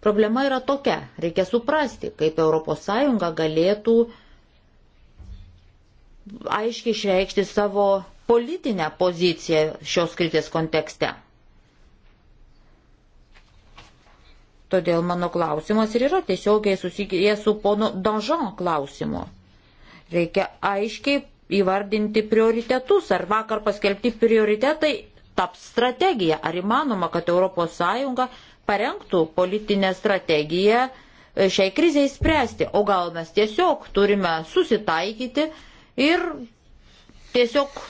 Problema yra tokia, reikia suprasti, kaip ES galėtų aiškiai išreikšti savo politinę poziciją šios kritės kontekste. Todėl mano klausimas ir yra tiesiogiai susijęs su pono Danžon klausimu. Reikia aiškiai įvardinti prioritetus, ar vakar paskelbti prioritetai taps strategija, ar įmanoma, kad ES parengtų politinę strategiją e, šiai kriziai spręsti. O gal mes tiesiog turime susitaikyti ir tiesiog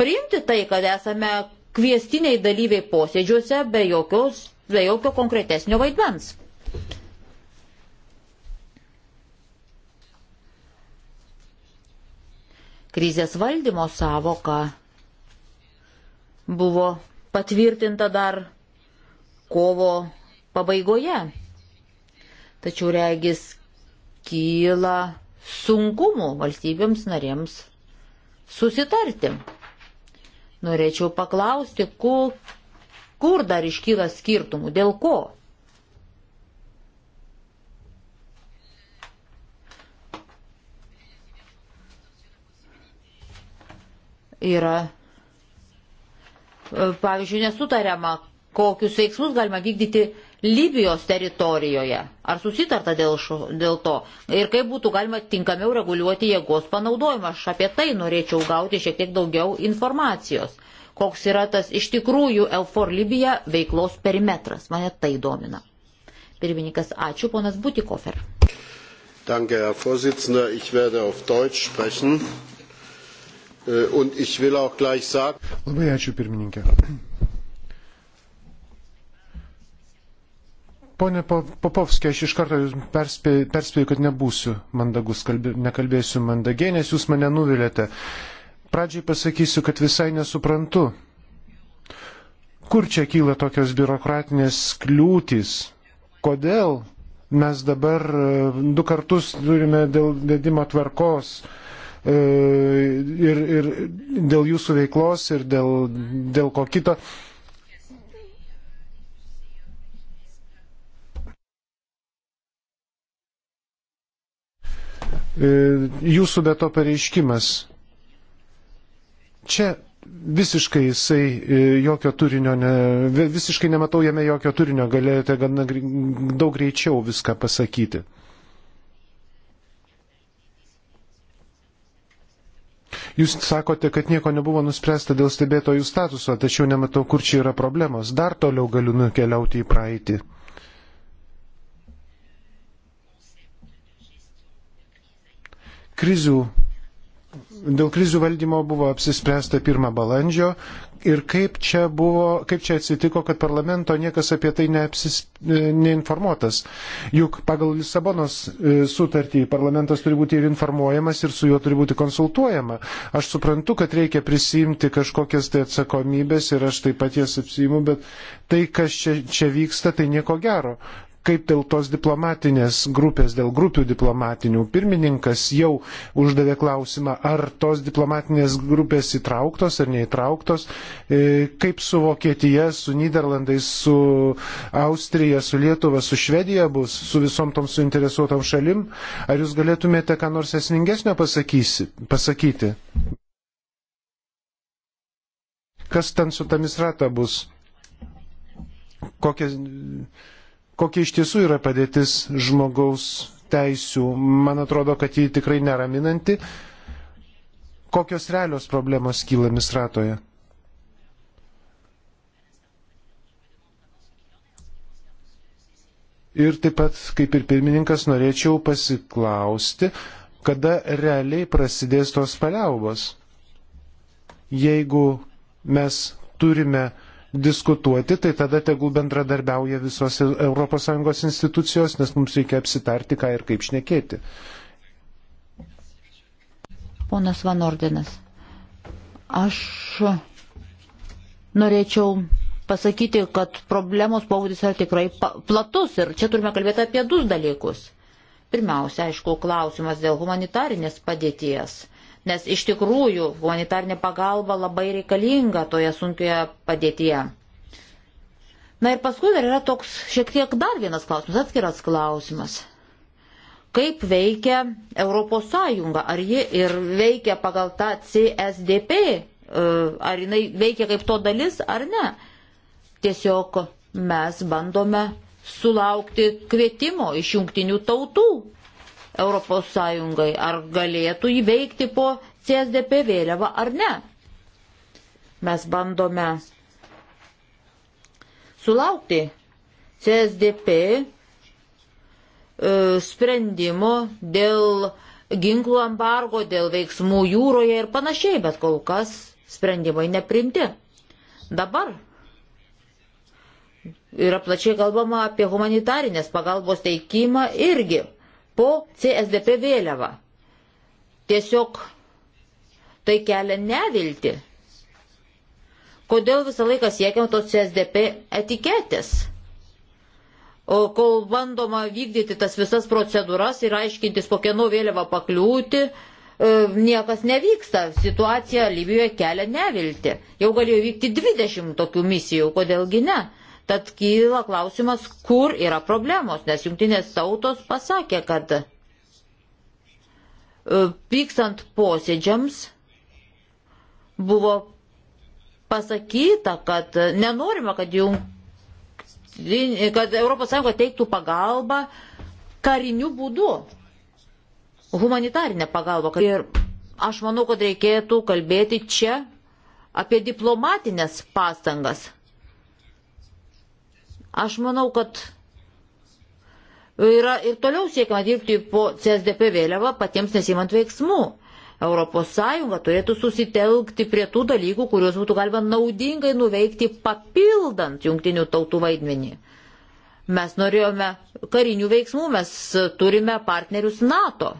priimti tai, kad esame kviestiniai dalyviai posėdžiuose be, jokios, be jokio konkretesnio vaidmens. Krizės valdymo savoka buvo patvirtinta dar kovo pabaigoje. Tačiau regis kyla sunkumų valstybėms narėms susitarti. Norėčiau paklausti, kur, kur dar iškyla skirtumų, dėl ko? Yra, e, pavyzdžiui, nesutariama, kokius veiksmus galima vykdyti Libijos teritorijoje. Ar susitarta dėl, šo, dėl to? Ir kaip būtų galima tinkamiau reguliuoti jėgos panaudojimą? Aš apie tai norėčiau gauti šiek tiek daugiau informacijos. Koks yra tas iš tikrųjų Eufor Libija veiklos perimetras? Mane tai domina. Pirmininkas, ačiū, ponas Butikofer. Danke, Herr Vorsitzender. Ich werde auf Deutsch sprechen. Äh, und ich will auch gleich sagen. Labai ačiū, pirmininkė. Pone Popovskė, aš iš karto jūs perspėju, perspėju kad nebūsiu mandagus, kalbė, nekalbėsiu mandagiai, nes jūs mane nuvilėte. Pradžiai pasakysiu, kad visai nesuprantu, kur čia kyla tokios biurokratinės kliūtis, kodėl mes dabar e, du kartus turime dėl vedimo tvarkos e, ir, ir dėl jūsų veiklos ir dėl, dėl ko kito E, jūsų beto pareiškimas. Čia visiškai jisai e, jokio turinio, ne, visiškai nematau jame jokio turinio, galėjote gana daug greičiau viską pasakyti. Jūs sakote, kad nieko nebuvo nuspręsta dėl stebėtojų statuso, tačiau nematau, kur čia yra problemos. Dar toliau galiu nukeliauti į praeitį. krizių, dėl krizių valdymo buvo apsispręsta 1 balandžio ir kaip čia, buvo, kaip čia atsitiko, kad parlamento niekas apie tai neapsis, e, neinformuotas. Juk pagal Lisabonos e, sutartį parlamentas turi būti ir informuojamas ir su juo turi būti konsultuojama. Aš suprantu, kad reikia prisimti kažkokias tai atsakomybės ir aš taip pat jas apsijimu, bet tai, kas čia, čia vyksta, tai nieko gero kaip dėl tos diplomatinės grupės, dėl grupių diplomatinių. Pirmininkas jau uždavė klausimą, ar tos diplomatinės grupės įtrauktos ar neįtrauktos, e, kaip su Vokietija, su Niderlandais, su Austrija, su Lietuva, su Švedija bus, su visom tom suinteresuotom šalim. Ar jūs galėtumėte ką nors esmingesnio pasakyti? Kas ten su tamisrata bus? Kokias kokia iš tiesų yra padėtis žmogaus teisių. Man atrodo, kad ji tikrai neraminanti. Kokios realios problemos kyla misratoje? Ir taip pat, kaip ir pirmininkas, norėčiau pasiklausti, kada realiai prasidės tos paliaubos. Jeigu mes turime diskutuoti, tai tada tegul bendradarbiauja visos ES institucijos, nes mums reikia apsitarti, ką ir kaip šnekėti. Ponas Vanordinas, aš norėčiau pasakyti, kad problemos pobūdis yra tikrai platus ir čia turime kalbėti apie du dalykus. Pirmiausia, aišku, klausimas dėl humanitarinės padėties nes iš tikrųjų humanitarnė pagalba labai reikalinga toje sunkioje padėtyje. Na ir paskui dar yra toks šiek tiek dar vienas klausimas, atskiras klausimas. Kaip veikia Europos Sąjunga? Ar ji ir veikia pagal tą CSDP? E, ar jinai veikia kaip to dalis, ar ne? Tiesiog mes bandome sulaukti kvietimo iš jungtinių tautų ES, ar galėtų įveikti po CSDP vėliavą ar ne. Mes bandome sulaukti CSDP e, sprendimo dėl ginklų embargo, dėl veiksmų jūroje ir panašiai, bet kol kas sprendimai neprimti. Dabar yra plačiai kalbama apie humanitarinės pagalbos teikimą irgi po CSDP vėliava. Tiesiog tai kelia nevilti. Kodėl visą laiką siekiam tos CSDP etiketės? O kol bandoma vykdyti tas visas procedūras ir aiškintis, kokią nu vėliavą pakliūti, e, niekas nevyksta. Situacija Libijoje kelia nevilti. Jau galėjo vykti 20 tokių misijų, kodėlgi ne? Tad kyla klausimas, kur yra problemos, nes jungtinės tautos pasakė, kad e, vykstant posėdžiams buvo pasakyta, kad nenorima, kad, jung... kad ES teiktų pagalbą kariniu būdu, humanitarinę pagalbą. Ir aš manau, kad reikėtų kalbėti čia apie diplomatinės pastangas Aš manau, kad yra ir toliau siekiama dirbti po CSDP vėliava, patiems nesimant veiksmų. ES turėtų susitelkti prie tų dalykų, kuriuos būtų galima naudingai nuveikti papildant jungtinių tautų vaidmenį. Mes norėjome karinių veiksmų, mes turime partnerius NATO.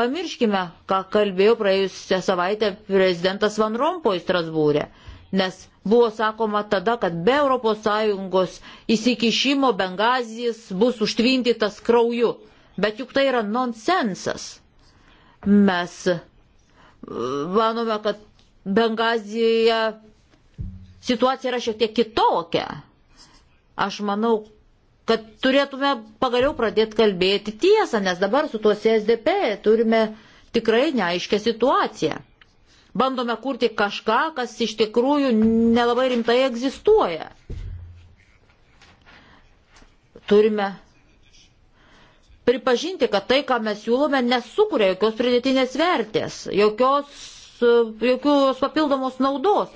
Pamirškime, ką kalbėjo praėjusią savaitę prezidentas Van Rompo į Strasbūrę. E nes buvo sakoma tada, kad be ES įsikišimo Bengazijas bus užtvindytas krauju. Bet juk tai yra nonsensas. Mes e, manome, kad Bengazija situacija yra šiek tiek kitokia. Aš manau, kad turėtume pagaliau pradėti kalbėti tiesą, nes dabar su tuo CSDP turime tikrai neaiškę situaciją bandome kurti kažką, kas iš tikrųjų nelabai rimtai egzistuoja. Turime pripažinti, kad tai, ką mes siūlome, nesukuria jokios pridėtinės vertės, jokios, jokios papildomos naudos.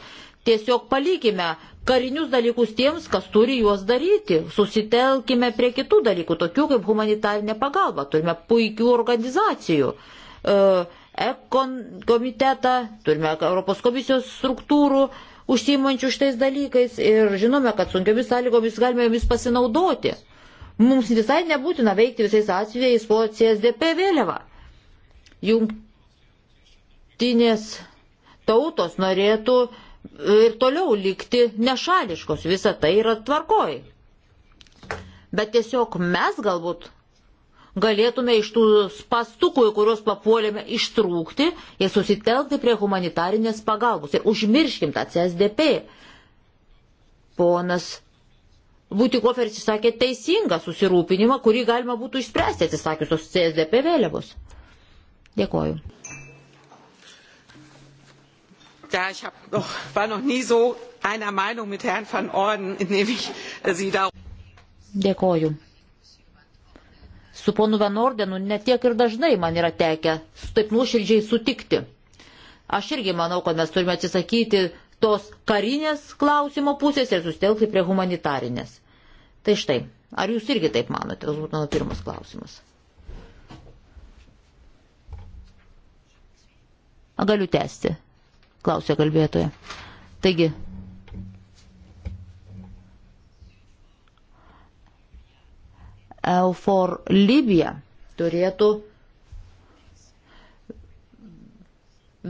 Tiesiog palikime karinius dalykus tiems, kas turi juos daryti. Susitelkime prie kitų dalykų, tokių kaip humanitarinė pagalba. Turime puikių organizacijų. Uh, ekon komitetą, turime Europos komisijos struktūrų užsimančių šitais dalykais ir žinome, kad sunkiomis sąlygomis galime jomis pasinaudoti. Mums visai nebūtina veikti visais atvejais po CSDP vėliavą. Jungtinės tautos norėtų ir toliau likti nešališkos, visa tai yra tvarkoj. Bet tiesiog mes galbūt galėtume iš tų spastukų, į kuriuos papuolėme, ištrūkti ir susitelkti prie humanitarinės pagalbos. Ir tai užmirškim tą CSDP. Ponas Būtikoferis išsakė teisingą susirūpinimą, kurį galima būtų išspręsti atsisakiusios CSDP vėliavos. Dėkoju. Ja, ich hab noch, war noch nie so einer Meinung mit Herrn van Orden, indem ich Sie da. Dėkoju su ponu Venordenu netiek ir dažnai man yra tekę taip nuoširdžiai sutikti. Aš irgi manau, kad mes turime atsisakyti tos karinės klausimo pusės ir sustelkti prie humanitarinės. Tai štai, ar jūs irgi taip manote? Toks būtų mano pirmas klausimas. Galiu tęsti, klausė kalbėtoja. Taigi, EUFOR Libija turėtų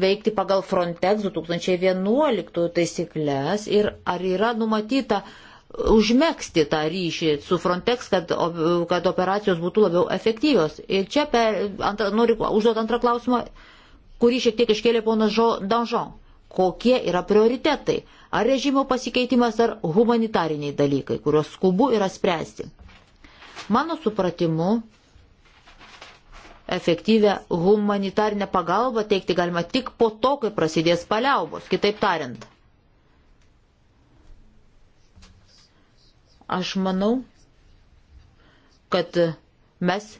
veikti pagal Frontex 2011 taisyklės ir ar yra numatyta užmėgsti tą ryšį su Frontex, kad, kad operacijos būtų labiau efektyvios. Ir čia per, antra, noriu užduoti antrą klausimą, kurį šiek tiek iškėlė ponas Danžon. Kokie yra prioritetai? Ar režimo pasikeitimas, ar humanitariniai dalykai, kuriuos skubu yra spręsti? Mano supratimu, efektyvę humanitarinę pagalbą teikti galima tik po to, kai prasidės paliaubos. Kitaip tariant, aš manau, kad mes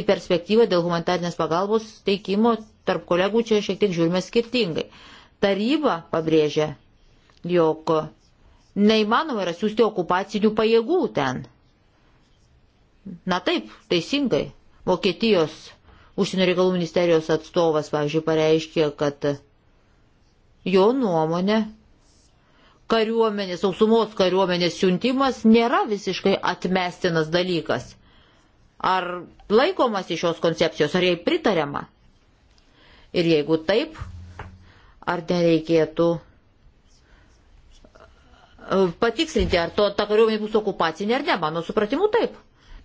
į perspektyvą dėl humanitarinės pagalbos teikimo tarp kolegų čia šiek tiek žiūrime skirtingai. Taryba pabrėžia, jog neįmanoma yra siūsti okupacinių pajėgų ten. Na taip, teisingai. Vokietijos užsienio reikalų ministerijos atstovas, pavyzdžiui, pareiškė, kad jo nuomonė kariuomenės, sausumos kariuomenės siuntimas nėra visiškai atmestinas dalykas. Ar laikomas iš šios koncepcijos, ar jai pritariama? Ir jeigu taip, ar nereikėtų e, patikslinti, ar to, ta kariuomenė bus okupacinė ar ne, mano supratimu taip.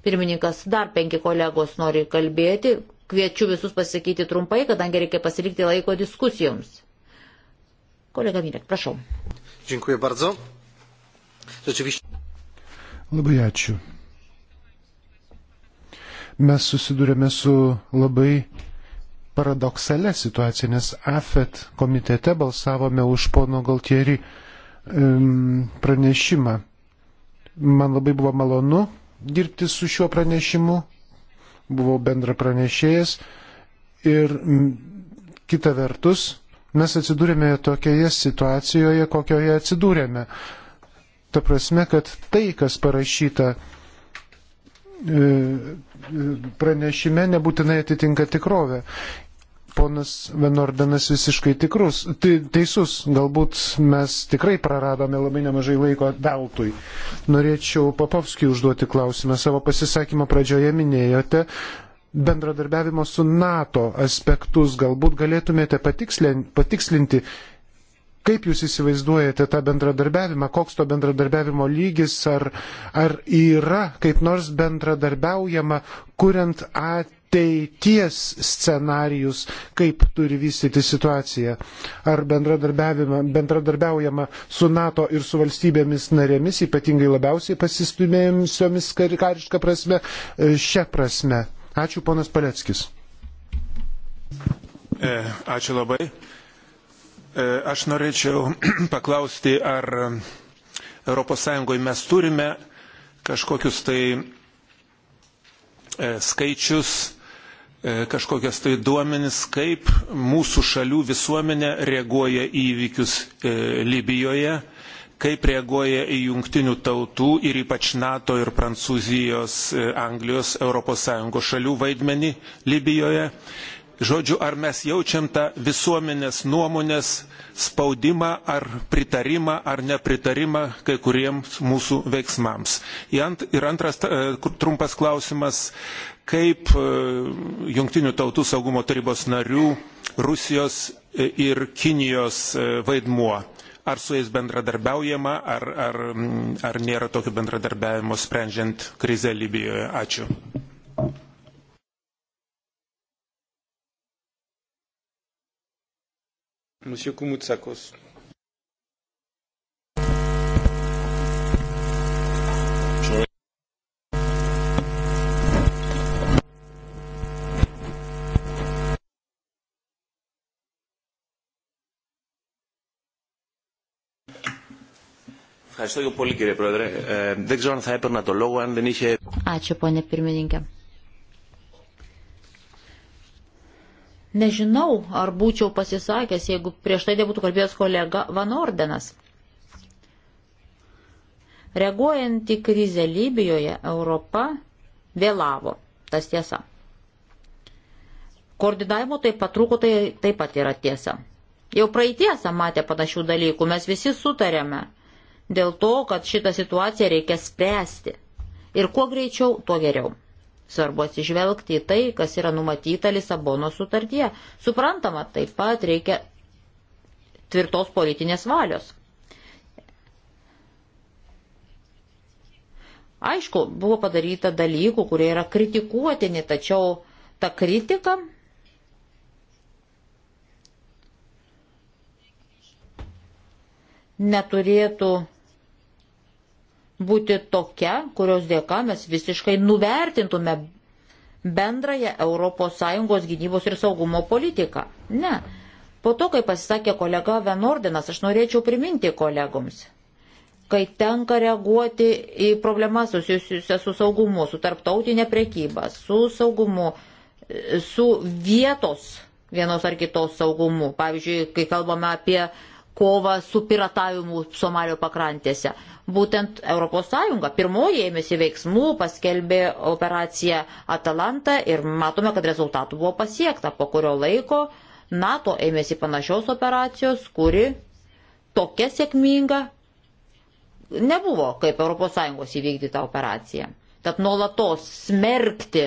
Pirmininkas, dar penki kolegos nori kalbėti. Kviečiu visus pasakyti trumpai, kadangi reikia pasilikti laiko diskusijoms. Kolega Mirek, prašau. Dziękuję bardzo. Rzeczywiście. Labai ačiū. Mes susidurėme su labai paradoksalia situacija, nes AFET komitete balsavome už pono Galtieri um, pranešimą. Man labai buvo malonu dirbti su šiuo pranešimu, buvau bendra pranešėjas ir kita vertus mes atsidūrėme tokioje situacijoje, kokioje atsidūrėme. Ta prasme, kad tai, kas parašyta e, e, pranešime, nebūtinai atitinka tikrovę ponas Venordanas visiškai tikrus, te, teisus. Galbūt mes tikrai praradome labai nemažai laiko veltui. Norėčiau Papovskijui užduoti klausimą. Savo pasisakymą pradžioje minėjote bendradarbiavimo su NATO aspektus. Galbūt galėtumėte patikslinti, kaip jūs įsivaizduojate tą bendradarbiavimą, koks to bendradarbiavimo lygis, ar, ar yra kaip nors bendradarbiaujama, kuriant at, ateities scenarius, kaip turi vystyti situaciją. Ar bendradarbiaujama su NATO ir su valstybėmis narėmis, ypatingai labiausiai pasistumėjusiomis karišką prasme, e, šią prasme. Ačiū, ponas Paleckis. E, ačiū labai. E, aš norėčiau paklausti, ar ES mes turime kažkokius tai skaičius E, kažkokias tai duomenis, kaip mūsų šalių visuomenė reaguoja į įvykius e, Libijoje, kaip reaguoja į jungtinių tautų ir ypač NATO ir Prancūzijos, e, Anglijos, ES šalių vaidmenį Libijoje. Žodžiu, ar mes jaučiam tą visuomenės nuomonės spaudimą ar pritarimą ar nepritarimą kai kuriems mūsų veiksmams. Ir antras trumpas klausimas kaip e, Junktinių tautų saugumo tarybos narių Rusijos e, ir Kinijos e, vaidmuo. Ar su jais bendradarbiaujama, ar, ar, ar nėra tokio bendradarbiavimo sprendžiant krizę Libijoje? Ačiū. Monsieur Koumoutsakos. Ευχαριστώ πολύ κύριε Πρόεδρε. Ε, δεν ξέρω αν θα έπαιρνα το λόγο αν δεν είχε... Ačiū ponė pirmininkė. Nežinau, ar būčiau pasisakęs, jeigu prieš tai nebūtų kalbėjęs kolega Van Ordenas. Reaguojant į krizę Libijoje, Europa vėlavo. Tas tiesa. Koordinavimo taip pat trūko, tai taip pat yra tiesa. Jau praeitiesą matė panašių dalykų, mes visi sutarėme dėl to, kad šitą situaciją reikia spręsti. Ir kuo greičiau, tuo geriau. Svarbu atsižvelgti į tai, kas yra numatyta Lisabono sutartyje. Suprantama, taip pat reikia tvirtos politinės valios. Aišku, buvo padaryta dalykų, kurie yra kritikuotini, tačiau ta kritika neturėtų būti tokia, kurios dėka mes visiškai nuvertintume bendrąją ES gynybos ir saugumo politiką. Ne. Po to, kai pasisakė kolega Venordinas, aš norėčiau priminti kolegoms, kai tenka reaguoti į problemas susijusią su saugumu, su tarptautinė prekyba, su saugumu, su vietos vienos ar kitos saugumu. Pavyzdžiui, kai kalbame apie kovą su piratavimu Somalio pakrantėse. Būtent ES pirmoji ėmėsi veiksmų, paskelbė operaciją Atalanta ir matome, kad rezultatų buvo pasiekta, po kurio laiko NATO ėmėsi panašios operacijos, kuri tokia sėkminga nebuvo kaip ES įvykdyta operacija. Tad nuolatos smerkti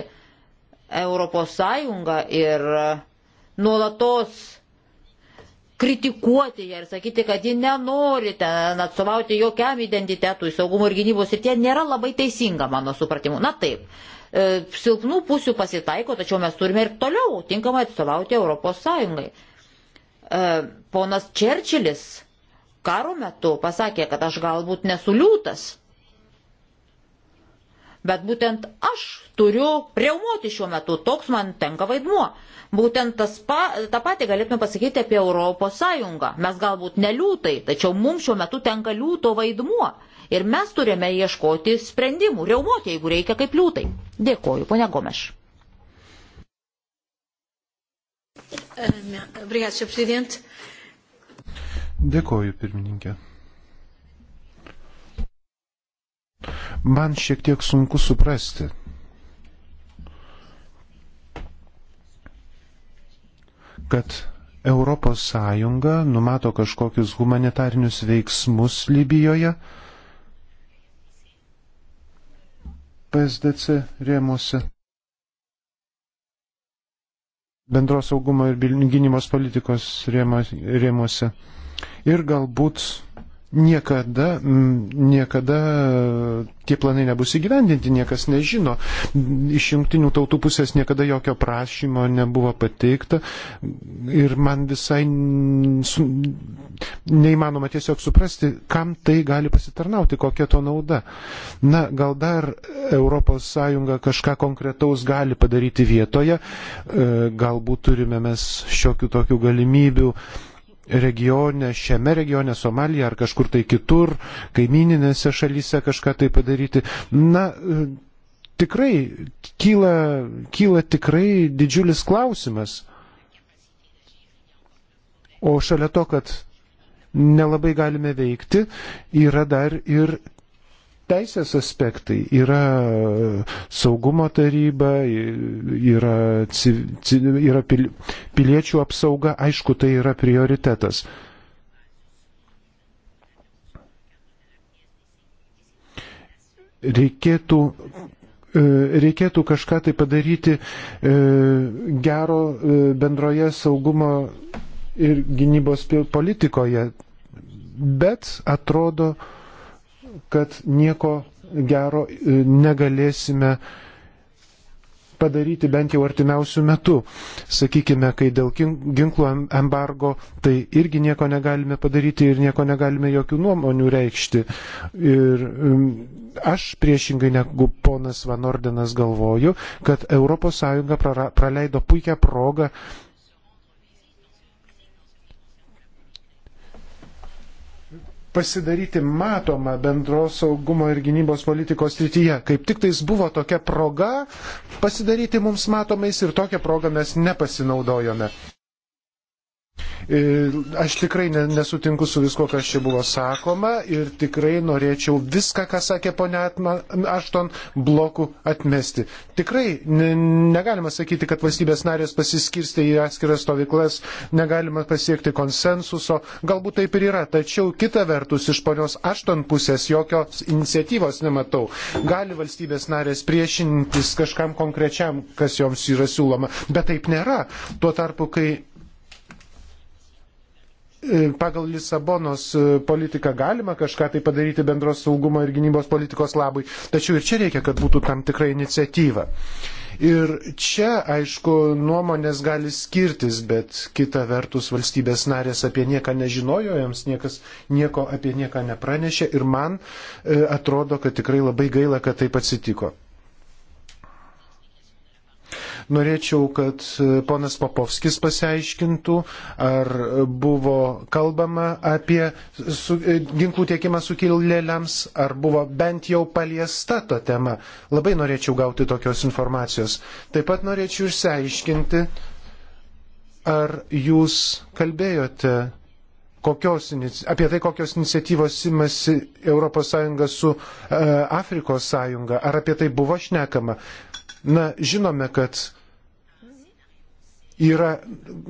ES ir nuolatos kritikuoti ją ir sakyti, kad ji nenori ten atstovauti jokiam identitetui saugumo ir gynybos ir tie nėra labai teisinga mano supratimu. Na taip, e, silpnų pusių pasitaiko, tačiau mes turime ir toliau tinkamai atstovauti Europos Sąjungai. E, ponas Čerčilis karo metu pasakė, kad aš galbūt nesuliūtas bet būtent aš turiu reumuoti šiuo metu, toks man tenka vaidmuo. Būtent tas pa, tą patį galėtume pasakyti apie Europos Sąjungą. Mes galbūt neliūtai, tačiau mums šiuo metu tenka liūto vaidmuo. Ir mes turime ieškoti sprendimų, reumuoti, jeigu reikia, kaip liūtai. Dėkoju, ponia Gomeš. Obrigado, Sr. Presidente. Dėkoju, pirmininkė. Man šiek tiek sunku suprasti. kad Europos Sąjunga numato kažkokius humanitarinius veiksmus Libijoje PSDC rėmose bendros saugumo ir gynybos politikos rėmose ir galbūt Niekada, niekada tie planai nebus įgyvendinti, niekas nežino. Iš jungtinių tautų pusės niekada jokio prašymo nebuvo pateikta ir man visai su, neįmanoma tiesiog suprasti, kam tai gali pasitarnauti, kokia to nauda. Na, gal dar ES kažką konkretaus gali padaryti vietoje, e, galbūt turime mes šiokių tokių galimybių regione, šiame regione, Somalija ar kažkur tai kitur, kaimininėse šalyse kažką tai padaryti. Na, e, tikrai kyla, kyla tikrai didžiulis klausimas. O šalia to, kad nelabai galime veikti, yra dar ir teisės aspektai yra saugumo taryba, yra, yra piliečių apsauga, aišku, tai yra prioritetas. Reikėtų, e, reikėtų kažką tai padaryti e, gero e, bendroje saugumo ir gynybos politikoje, bet atrodo, kad nieko gero e, negalėsime padaryti bent jau artimiausių metų. Sakykime, kai dėl ginklų embargo, tai irgi nieko negalime padaryti ir nieko negalime jokių nuomonių reikšti. Ir aš priešingai negu ponas Van Ordenas galvoju, kad ES praleido puikią progą pasidaryti matomą bendros saugumo ir gynybos politikos rytyje. Kaip tik tais buvo tokia proga pasidaryti mums matomais ir tokią progą mes nepasinaudojome. E, aš tikrai nesutinku su visko, kas čia buvo sakoma ir tikrai norėčiau viską, ką sakė ponia Ašton, blokų atmesti. Tikrai negalima sakyti, kad valstybės narės pasiskirstė į atskiras stovyklas, negalima pasiekti konsensuso, galbūt taip ir yra, tačiau kita vertus iš ponios Ašton pusės jokios iniciatyvos nematau. Gali valstybės narės priešintis kažkam konkrečiam, kas joms yra siūloma, bet taip nėra. Tuo tarpu, kai E, pagal Lisabonos e, politiką galima kažką tai padaryti bendros saugumo ir gynybos politikos labui, tačiau ir čia reikia, kad būtų tam tikra iniciatyva. Ir čia, aišku, nuomonės gali skirtis, bet kita vertus valstybės narės apie nieką nežinojo, jiems niekas nieko apie nieką nepranešė ir man e, atrodo, kad tikrai labai gaila, kad taip atsitiko. Norėčiau, kad e, ponas Popovskis pasiaiškintų, ar buvo kalbama apie su, e, ginklų tiekimą sukilėliams, ar buvo bent jau paliesta ta tema. Labai norėčiau gauti tokios informacijos. Taip pat norėčiau išsiaiškinti, ar jūs kalbėjote kokios, apie tai, kokios iniciatyvos imasi ES su e, Afrikos sąjunga, ar apie tai buvo šnekama. Na, žinome, kad yra,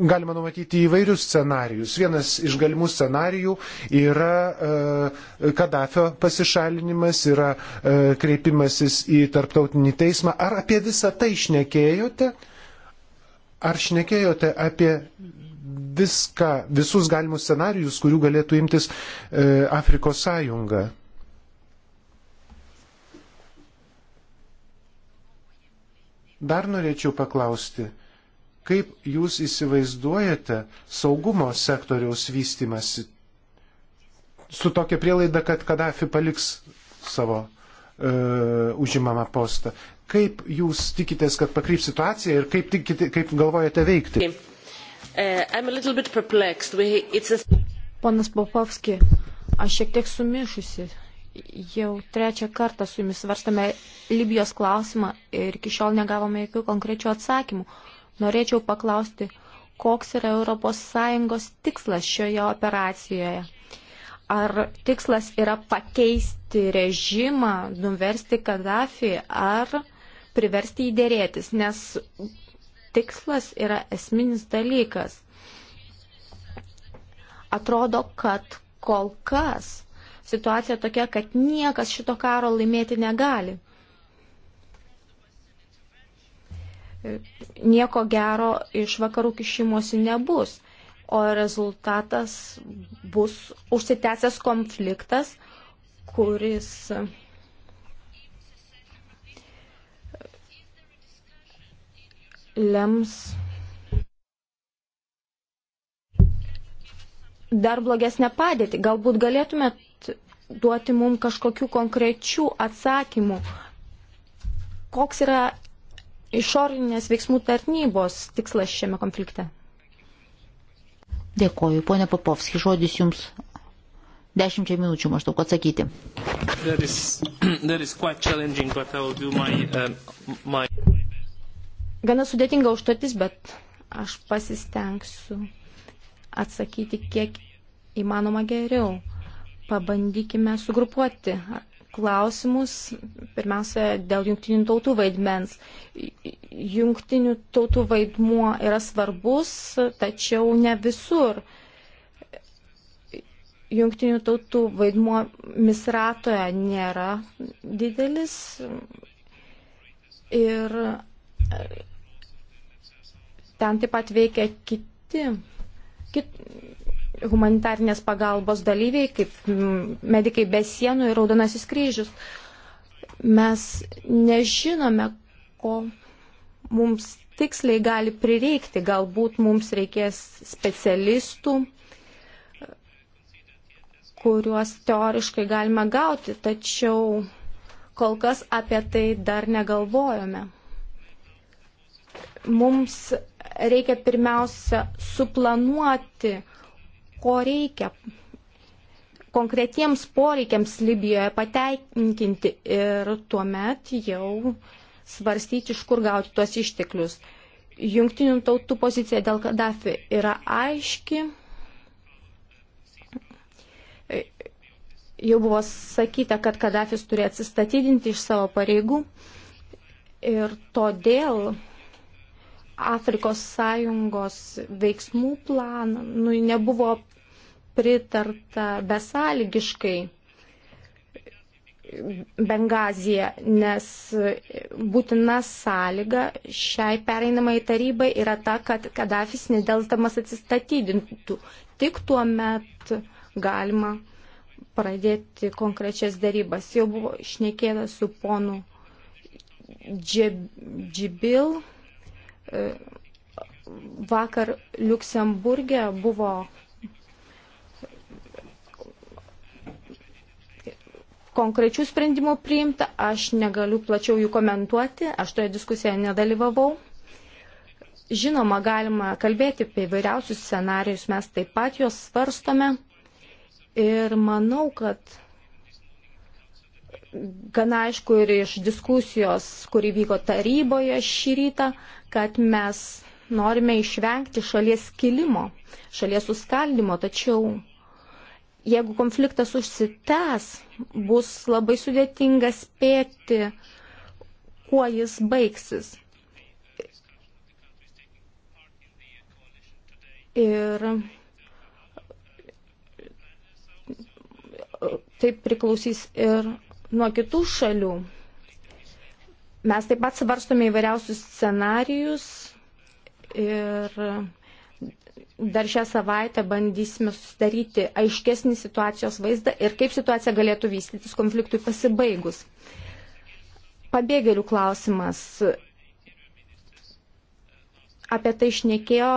galima numatyti įvairius scenarius. Vienas iš galimų scenarijų yra e, Kadafio pasišalinimas, yra e, kreipimasis į tarptautinį teismą. Ar apie visą tai šnekėjote? Ar šnekėjote apie viską, visus galimus scenarijus, kurių galėtų imtis e, Afrikos sąjunga? Dar norėčiau paklausti, Kaip jūs įsivaizduojate saugumo sektoriaus vystimasi su tokia prielaida, kad Kadafi paliks savo e, užimamą postą? Kaip jūs tikitės, kad pakryps situacija ir kaip, tikite, kaip galvojate veikti? Uh, Ponas Popovski, aš šiek tiek sumišusi. Jau trečią kartą su jumis svarstame Libijos klausimą ir iki šiol negavome jokių konkrečių atsakymų. Norėčiau paklausti, koks yra ES tikslas šioje operacijoje. Ar tikslas yra pakeisti režimą, nuversti Kadafį, ar priversti jį dėrėtis, nes tikslas yra esminis dalykas. Atrodo, kad kol kas situacija tokia, kad niekas šito karo laimėti negali. nieko gero iš vakarų kišimosi nebus, o rezultatas bus užsitęsęs konfliktas, kuris lems dar blogesnę padėtį. Galbūt galėtumėt duoti mums kažkokių konkrečių atsakymų, koks yra išorinės veiksmų tarnybos tikslas šiame konflikte? Dėkoju, ponė Papovski, žodis jums dešimčiai minučių maždaug atsakyti. That is, that is my, uh, my... Gana sudėtinga užduotis, bet aš pasistengsiu atsakyti kiek įmanoma geriau. Pabandykime sugrupuoti klausimus, pirmiausia, dėl jungtinių tautų vaidmens. Jungtinių tautų vaidmuo yra svarbus, tačiau ne visur. Jungtinių tautų vaidmuo misratoje nėra didelis ir ten taip pat veikia kiti, kit, humanitarnės pagalbos dalyviai, kaip medikai be sienų ir Raudonasis kryžius. Mes nežinome, ko mums tiksliai gali prireikti. Galbūt mums reikės specialistų, kuriuos teoriškai galime gauti, tačiau kol kas apie tai dar negalvojome. Mums reikia pirmiausia suplanuoti, ko reikia konkretiems poreikiams Libijoje pateikinti ir tuomet jau svarstyti, iš kur gauti tuos išteklius. Jungtinių tautų pozicija dėl Kadafi yra aiški. Jau buvo sakyta, kad Kadafis turi atsistatydinti iš savo pareigų ir todėl Afrikos sąjungos veiksmų planui nebuvo pritarta besąlygiškai Bengazija, nes būtina sąlyga šiai pereinamai tarybai yra ta, kad Kadafis nedelsdamas atsistatydintų. Tik tuo met galima pradėti konkrečias darybas. Jau buvo išnekėta su ponu Džibil. Vakar Luksemburgė buvo konkrečių sprendimų priimta, aš negaliu plačiau jų komentuoti, aš toje diskusijoje nedalyvavau. Žinoma, galima kalbėti apie įvairiausius scenarius, mes taip pat juos svarstome ir manau, kad gana aišku ir iš diskusijos, kuri vyko taryboje šį rytą, kad mes norime išvengti šalies skilimo, šalies suskaldimo, tačiau jeigu konfliktas užsitęs, bus labai sudėtinga spėti, kuo jis baigsis. Ir tai priklausys ir nuo kitų šalių. Mes taip pat svarstome įvairiausius scenarijus ir dar šią savaitę bandysime susidaryti aiškesnį situacijos vaizdą ir kaip situacija galėtų vystytis konfliktui pasibaigus. Pabėgėlių klausimas. Apie tai išnekėjo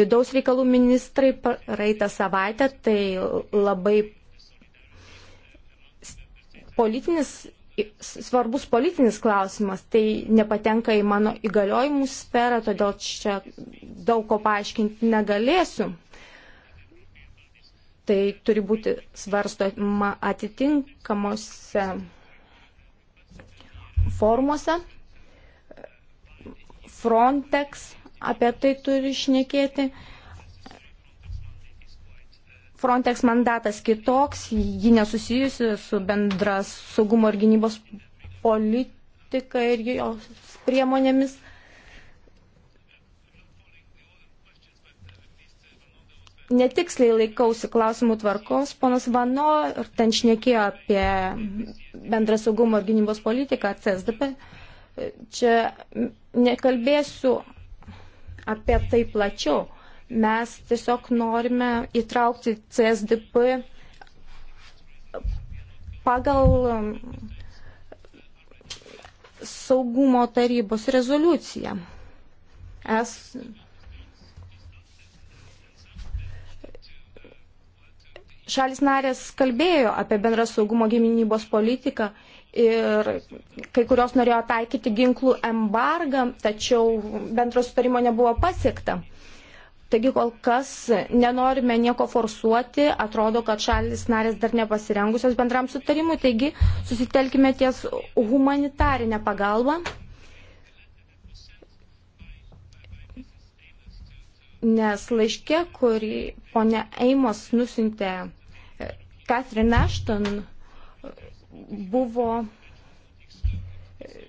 vidaus reikalų ministrai praeitą savaitę, tai labai politinis svarbus politinis klausimas, tai nepatenka į mano įgaliojimų sferą, todėl čia daug ko paaiškinti negalėsiu. Tai turi būti svarstoma atitinkamuose formuose. Frontex apie tai turi išnekėti. Frontex mandatas kitoks, ji nesusijusi su bendras saugumo ir gynybos politika ir jos priemonėmis. Netiksliai laikausi klausimų tvarkos. Ponas Vano ir ten šnekėjo apie bendrą saugumo ir gynybos politiką, CSDP. Čia nekalbėsiu apie tai plačiau Mes tiesiog norime įtraukti CSDP pagal um, saugumo tarybos rezoliuciją. Es šalis narės kalbėjo apie bendrą saugumo giminybos politiką ir kai kurios norėjo taikyti ginklų embargą, tačiau bendro sutarimo nebuvo pasiekta. Taigi kol kas nenorime nieko forsuoti, atrodo, kad šalis narės dar nepasirengusios bendram sutarimui, taigi susitelkime ties humanitarinę pagalbą. Nes laiškė, kurį ponia Eimos nusintė e, Catherine Ashton, buvo e,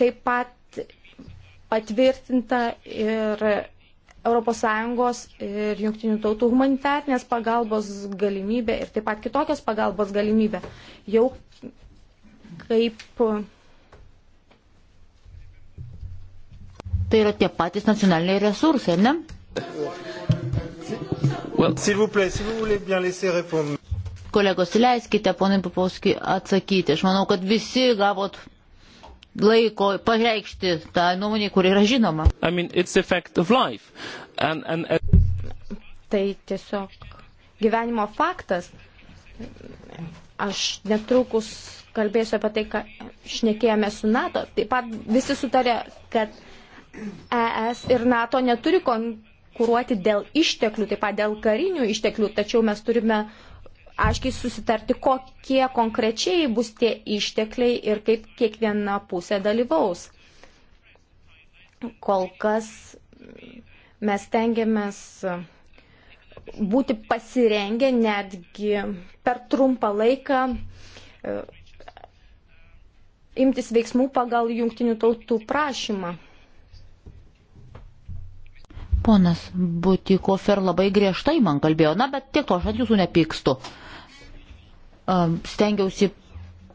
taip pat patvirtinta ir ES ir Junktinių tautų humanitarnės pagalbos galimybė ir taip pat kitokios pagalbos galimybė jau kaip. Tai yra tie patys nacionaliniai resursai, ne? Well. Plaît, Kolegos, leiskite ponai Papovskiai atsakyti. Aš manau, kad visi gavot laiko pareikšti tą nuomonę, kur yra žinoma. I mean, and, and, and... Tai tiesiog gyvenimo faktas. Aš netrukus kalbėsiu apie tai, ką šnekėjome su NATO. Taip pat visi sutarė, kad ES ir NATO neturi konkuruoti dėl išteklių, taip pat dėl karinių išteklių, tačiau mes turime uh, aiškiai susitarti, kokie konkrečiai bus tie ištekliai ir kaip kiekviena pusė dalyvaus. Kol kas mes tengiamės būti pasirengę netgi per trumpą laiką e, imtis veiksmų pagal jungtinių tautų prašymą. Ponas Butikofer labai griežtai man kalbėjo, na bet tiek to aš ant jūsų nepykstu. Uh, stengiausi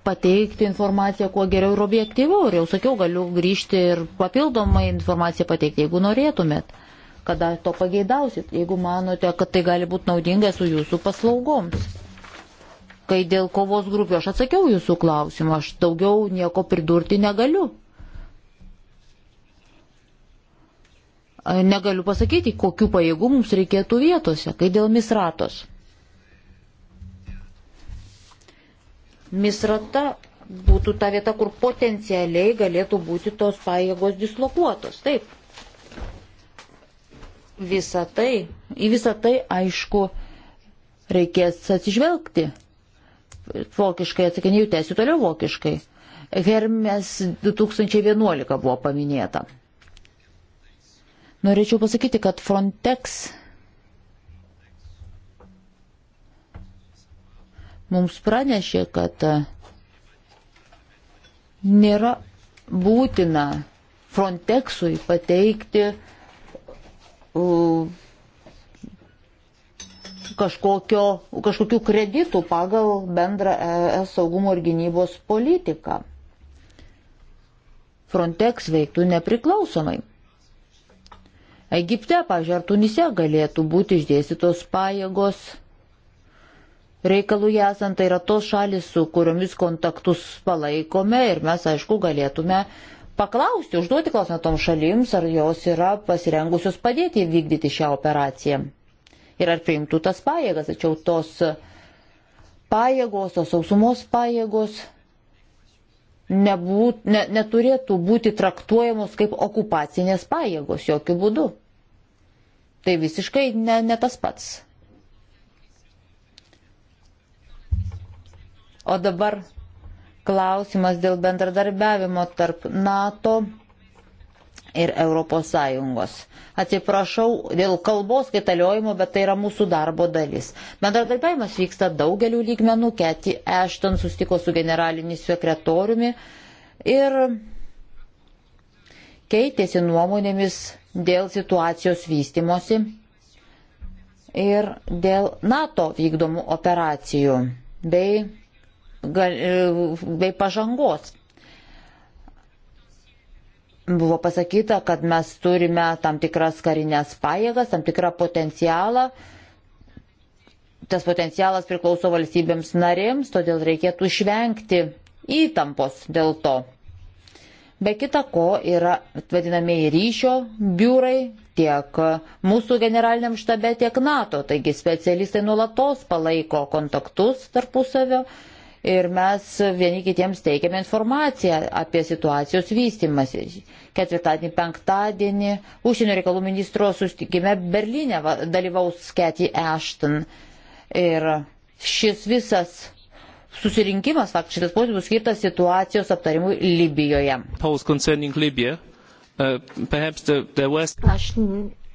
pateikti informaciją kuo geriau ir objektyviau. Ir jau sakiau, galiu grįžti ir papildomai informaciją pateikti, jeigu norėtumėt, kada to pageidausit, jeigu manote, kad tai gali būti naudinga su jūsų paslaugoms. Kai dėl kovos grupių aš atsakiau jūsų klausimą, aš daugiau nieko pridurti negaliu. Negaliu pasakyti, kokiu pajėgumu mums reikėtų vietose, kai dėl misratos. Misrata būtų ta vieta, kur potencialiai galėtų būti tos pajėgos dislokuotos. Taip. Visa tai, į visą tai, aišku, reikės atsižvelgti. Vokiškai atsakinėjau, tęsiu toliau vokiškai. Hermes 2011 buvo paminėta. Norėčiau pasakyti, kad Frontex mums pranešė, kad e, nėra būtina Frontexui pateikti kažkokio, kažkokių kreditų pagal bendrą ES saugumo ir gynybos politiką. Frontex veiktų nepriklausomai. Egipte, pažiūrėjau, ar Tunise galėtų būti išdėstytos pajėgos reikalų esant, tai yra tos šalis, su kuriomis kontaktus palaikome ir mes, aišku, galėtume paklausti, užduoti klausimą tom šalims, ar jos yra pasirengusios padėti vykdyti šią operaciją ir ar priimtų tas pajėgas, tačiau tos pajėgos, tos sausumos pajėgos nebūt, ne, neturėtų būti traktuojamos kaip okupacinės pajėgos, jokių būdų. Tai visiškai ne, ne tas pats. O dabar klausimas dėl bendradarbiavimo tarp NATO ir ES. Atsiprašau dėl kalbos kaitaliojimo, bet tai yra mūsų darbo dalis. Bendradarbiavimas vyksta daugeliu lygmenų, Keti Ešton sustiko su generaliniu sekretoriumi ir keitėsi nuomonėmis dėl situacijos vystimosi ir dėl NATO vykdomų operacijų bei E, bei pažangos. Buvo pasakyta, kad mes turime tam tikras karinės pajėgas, tam tikrą potencialą. Tas potencialas priklauso valstybėms narėms, todėl reikėtų išvengti įtampos dėl to. Be kita ko yra vadinamieji ryšio biurai tiek mūsų generaliniam štabe, tiek NATO. Taigi specialistai nuolatos palaiko kontaktus tarpusavio ir mes vieni kitiems teikiame informaciją apie situacijos vystimąsi. Ketvirtadienį, penktadienį užsienio reikalų ministro sustikime Berlyne dalyvaus Keti Ashton. Ir šis visas susirinkimas, faktiškai šitas posėdis bus skirtas situacijos aptarimui Libijoje. Libya, uh, the, the West... Aš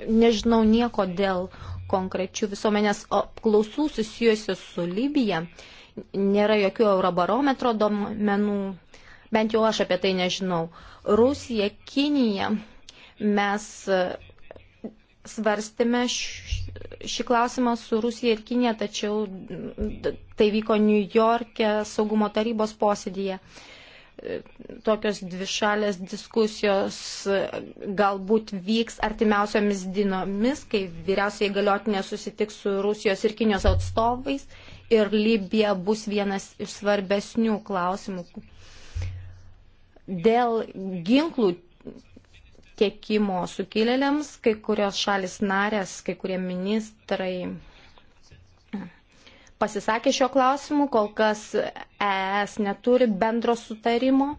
nežinau nieko dėl konkrečių visuomenės apklausų susijusių su Libija. Uh, nėra jokių eurobarometro domenų, bent jau aš apie tai nežinau. Rusija, Kinija, mes e, svarstėme šį klausimą su Rusija ir Kinė, tačiau tai vyko New York'e saugumo tarybos posėdėje. E, tokios dvišalės diskusijos e, galbūt vyks artimiausiomis dienomis, kai vyriausiai galiotinė susitiks su Rusijos ir Kinijos atstovais. Uh, ir Libija bus vienas iš svarbesnių klausimų. Dėl ginklų tiekimo sukilėliams, kai kurios šalis narės, kai kurie ministrai pasisakė šio klausimu, kol kas ES neturi bendro sutarimo.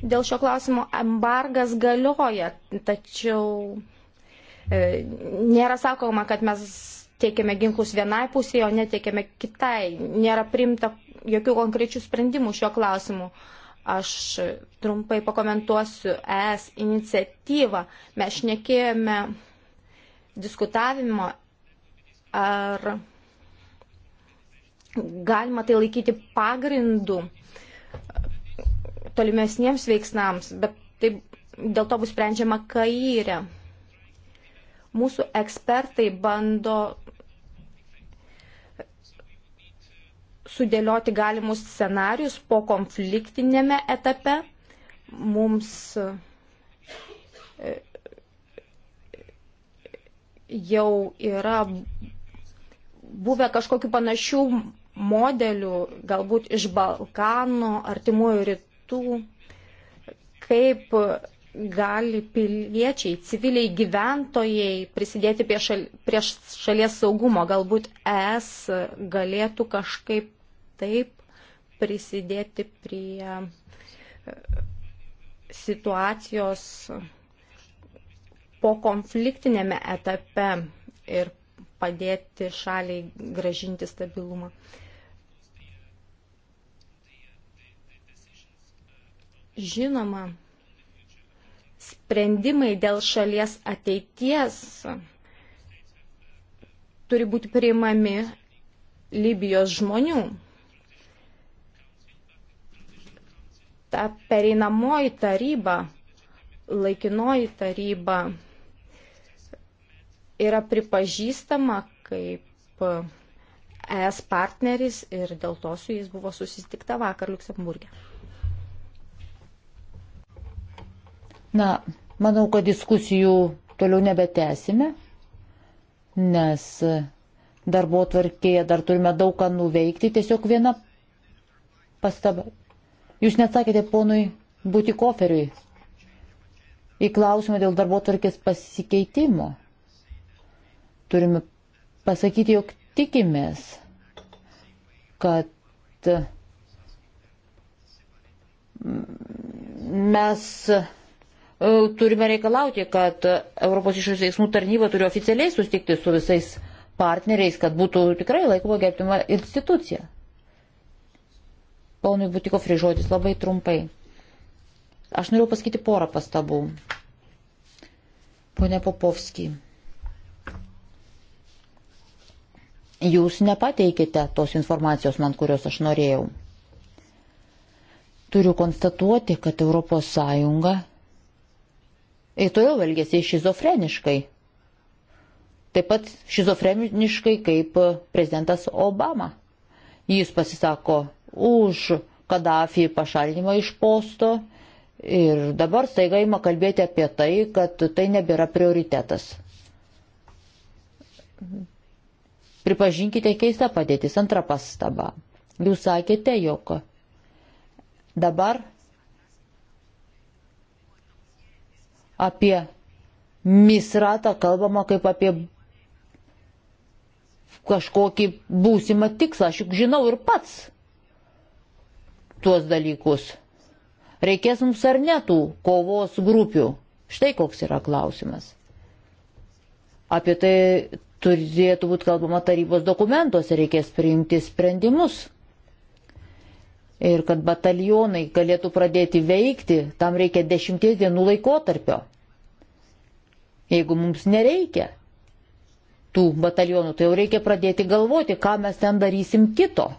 Dėl šio klausimo embargas galioja, tačiau e, nėra sakoma, kad mes tiekiame ginklus vienai pusėje, o netiekiame kitai. Nėra primta jokių konkrečių sprendimų šiuo klausimu. Aš trumpai pakomentuosiu ES iniciatyvą. Mes šnekėjome diskutavimo, ar galima tai laikyti pagrindu tolimesniems veiksmams, bet taip dėl to bus sprendžiama kairė. Mūsų ekspertai bando sudėlioti galimus scenarius po konfliktinėme etape. Mums e, e, jau yra buvę kažkokiu panašių modelių, galbūt iš Balkanų, artimųjų rytų, kaip gali piliečiai, civiliai gyventojai prisidėti prie, šal, prie šalies saugumo. Galbūt ES galėtų kažkaip taip prisidėti prie e, situacijos po konfliktinėme etape ir padėti šaliai gražinti stabilumą. Žinoma, sprendimai dėl šalies ateities turi būti priimami Libijos žmonių. ta pereinamoji taryba, laikinoji taryba yra pripažįstama kaip ES partneris ir dėl to su jais buvo susitikta vakar Luksemburgė. Na, manau, kad diskusijų toliau nebetesime, nes darbo tvarkėje dar turime daug ką nuveikti. Tiesiog viena pastaba. Jūs neatsakėte ponui būti koferiui į klausimą dėl darbo tvarkės pasikeitimo. Turime pasakyti, jog tikimės, kad mes e, turime reikalauti, kad Europos išorės veiksmų tarnyba turi oficialiai sustikti su visais partneriais, kad būtų tikrai laikoma gerbtima institucija. Ponui Butikofri žodis labai trumpai. Aš noriu pasakyti porą pastabų. Pone Popovski, jūs nepateikite tos informacijos man, kurios aš norėjau. Turiu konstatuoti, kad ES ir toliau elgėsi šizofreniškai. Taip pat šizofreniškai kaip prezidentas Obama. Jis pasisako už Kadafį pašalinimą iš posto ir dabar staiga ima kalbėti apie tai, kad tai nebėra prioritetas. Pripažinkite keistą padėtis. Antra pastaba. Jūs sakėte, jog dabar apie misratą kalbama kaip apie kažkokį būsimą tikslą. Aš juk žinau ir pats, tuos dalykus. Reikės mums ar netų kovos grupių. Štai koks yra klausimas. Apie tai turėtų būti kalbama tarybos dokumentuose, reikės priimti sprendimus. Ir kad batalionai galėtų pradėti veikti, tam reikia dešimties dienų laikotarpio. Jeigu mums nereikia tų batalionų, tai jau reikia pradėti galvoti, ką mes ten darysim kito.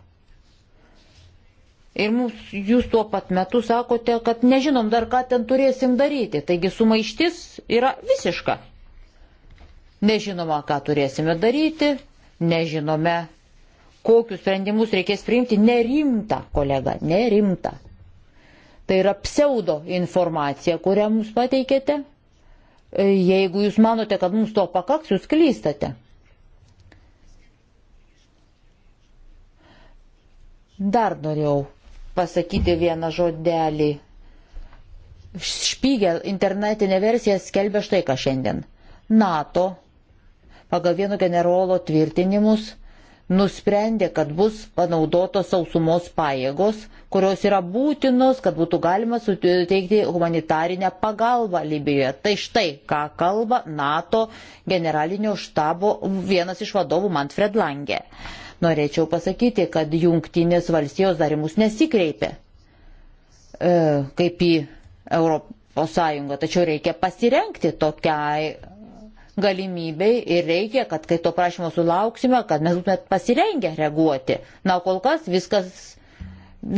Ir mums, jūs tuo pat metu sakote, kad nežinom dar, ką ten turėsim daryti. Taigi sumaištis yra visiška. Nežinoma, ką turėsime daryti, nežinome, kokius sprendimus reikės priimti. Nerimta, kolega, nerimta. Tai yra pseudo informacija, kurią mums pateikėte. Jeigu jūs manote, kad mums to pakaks, jūs klystate. Dar norėjau pasakyti vieną žodelį. Špygel internetinė versija skelbia štai ką šiandien. NATO pagal vieno generolo tvirtinimus nusprendė, kad bus panaudotos sausumos pajėgos, kurios yra būtinos, kad būtų galima suteikti humanitarinę pagalbą Libijoje. Tai štai, ką kalba NATO generalinio štabo vienas iš vadovų Manfred Lange. Uh, Norėčiau pasakyti, kad jungtinės valstijos dar į mus nesikreipė e, kaip į Europos Sąjungą, tačiau reikia pasirenkti tokiai galimybei ir reikia, kad kai to prašymo sulauksime, kad mes būtume pasirengę reaguoti. Na, kol kas viskas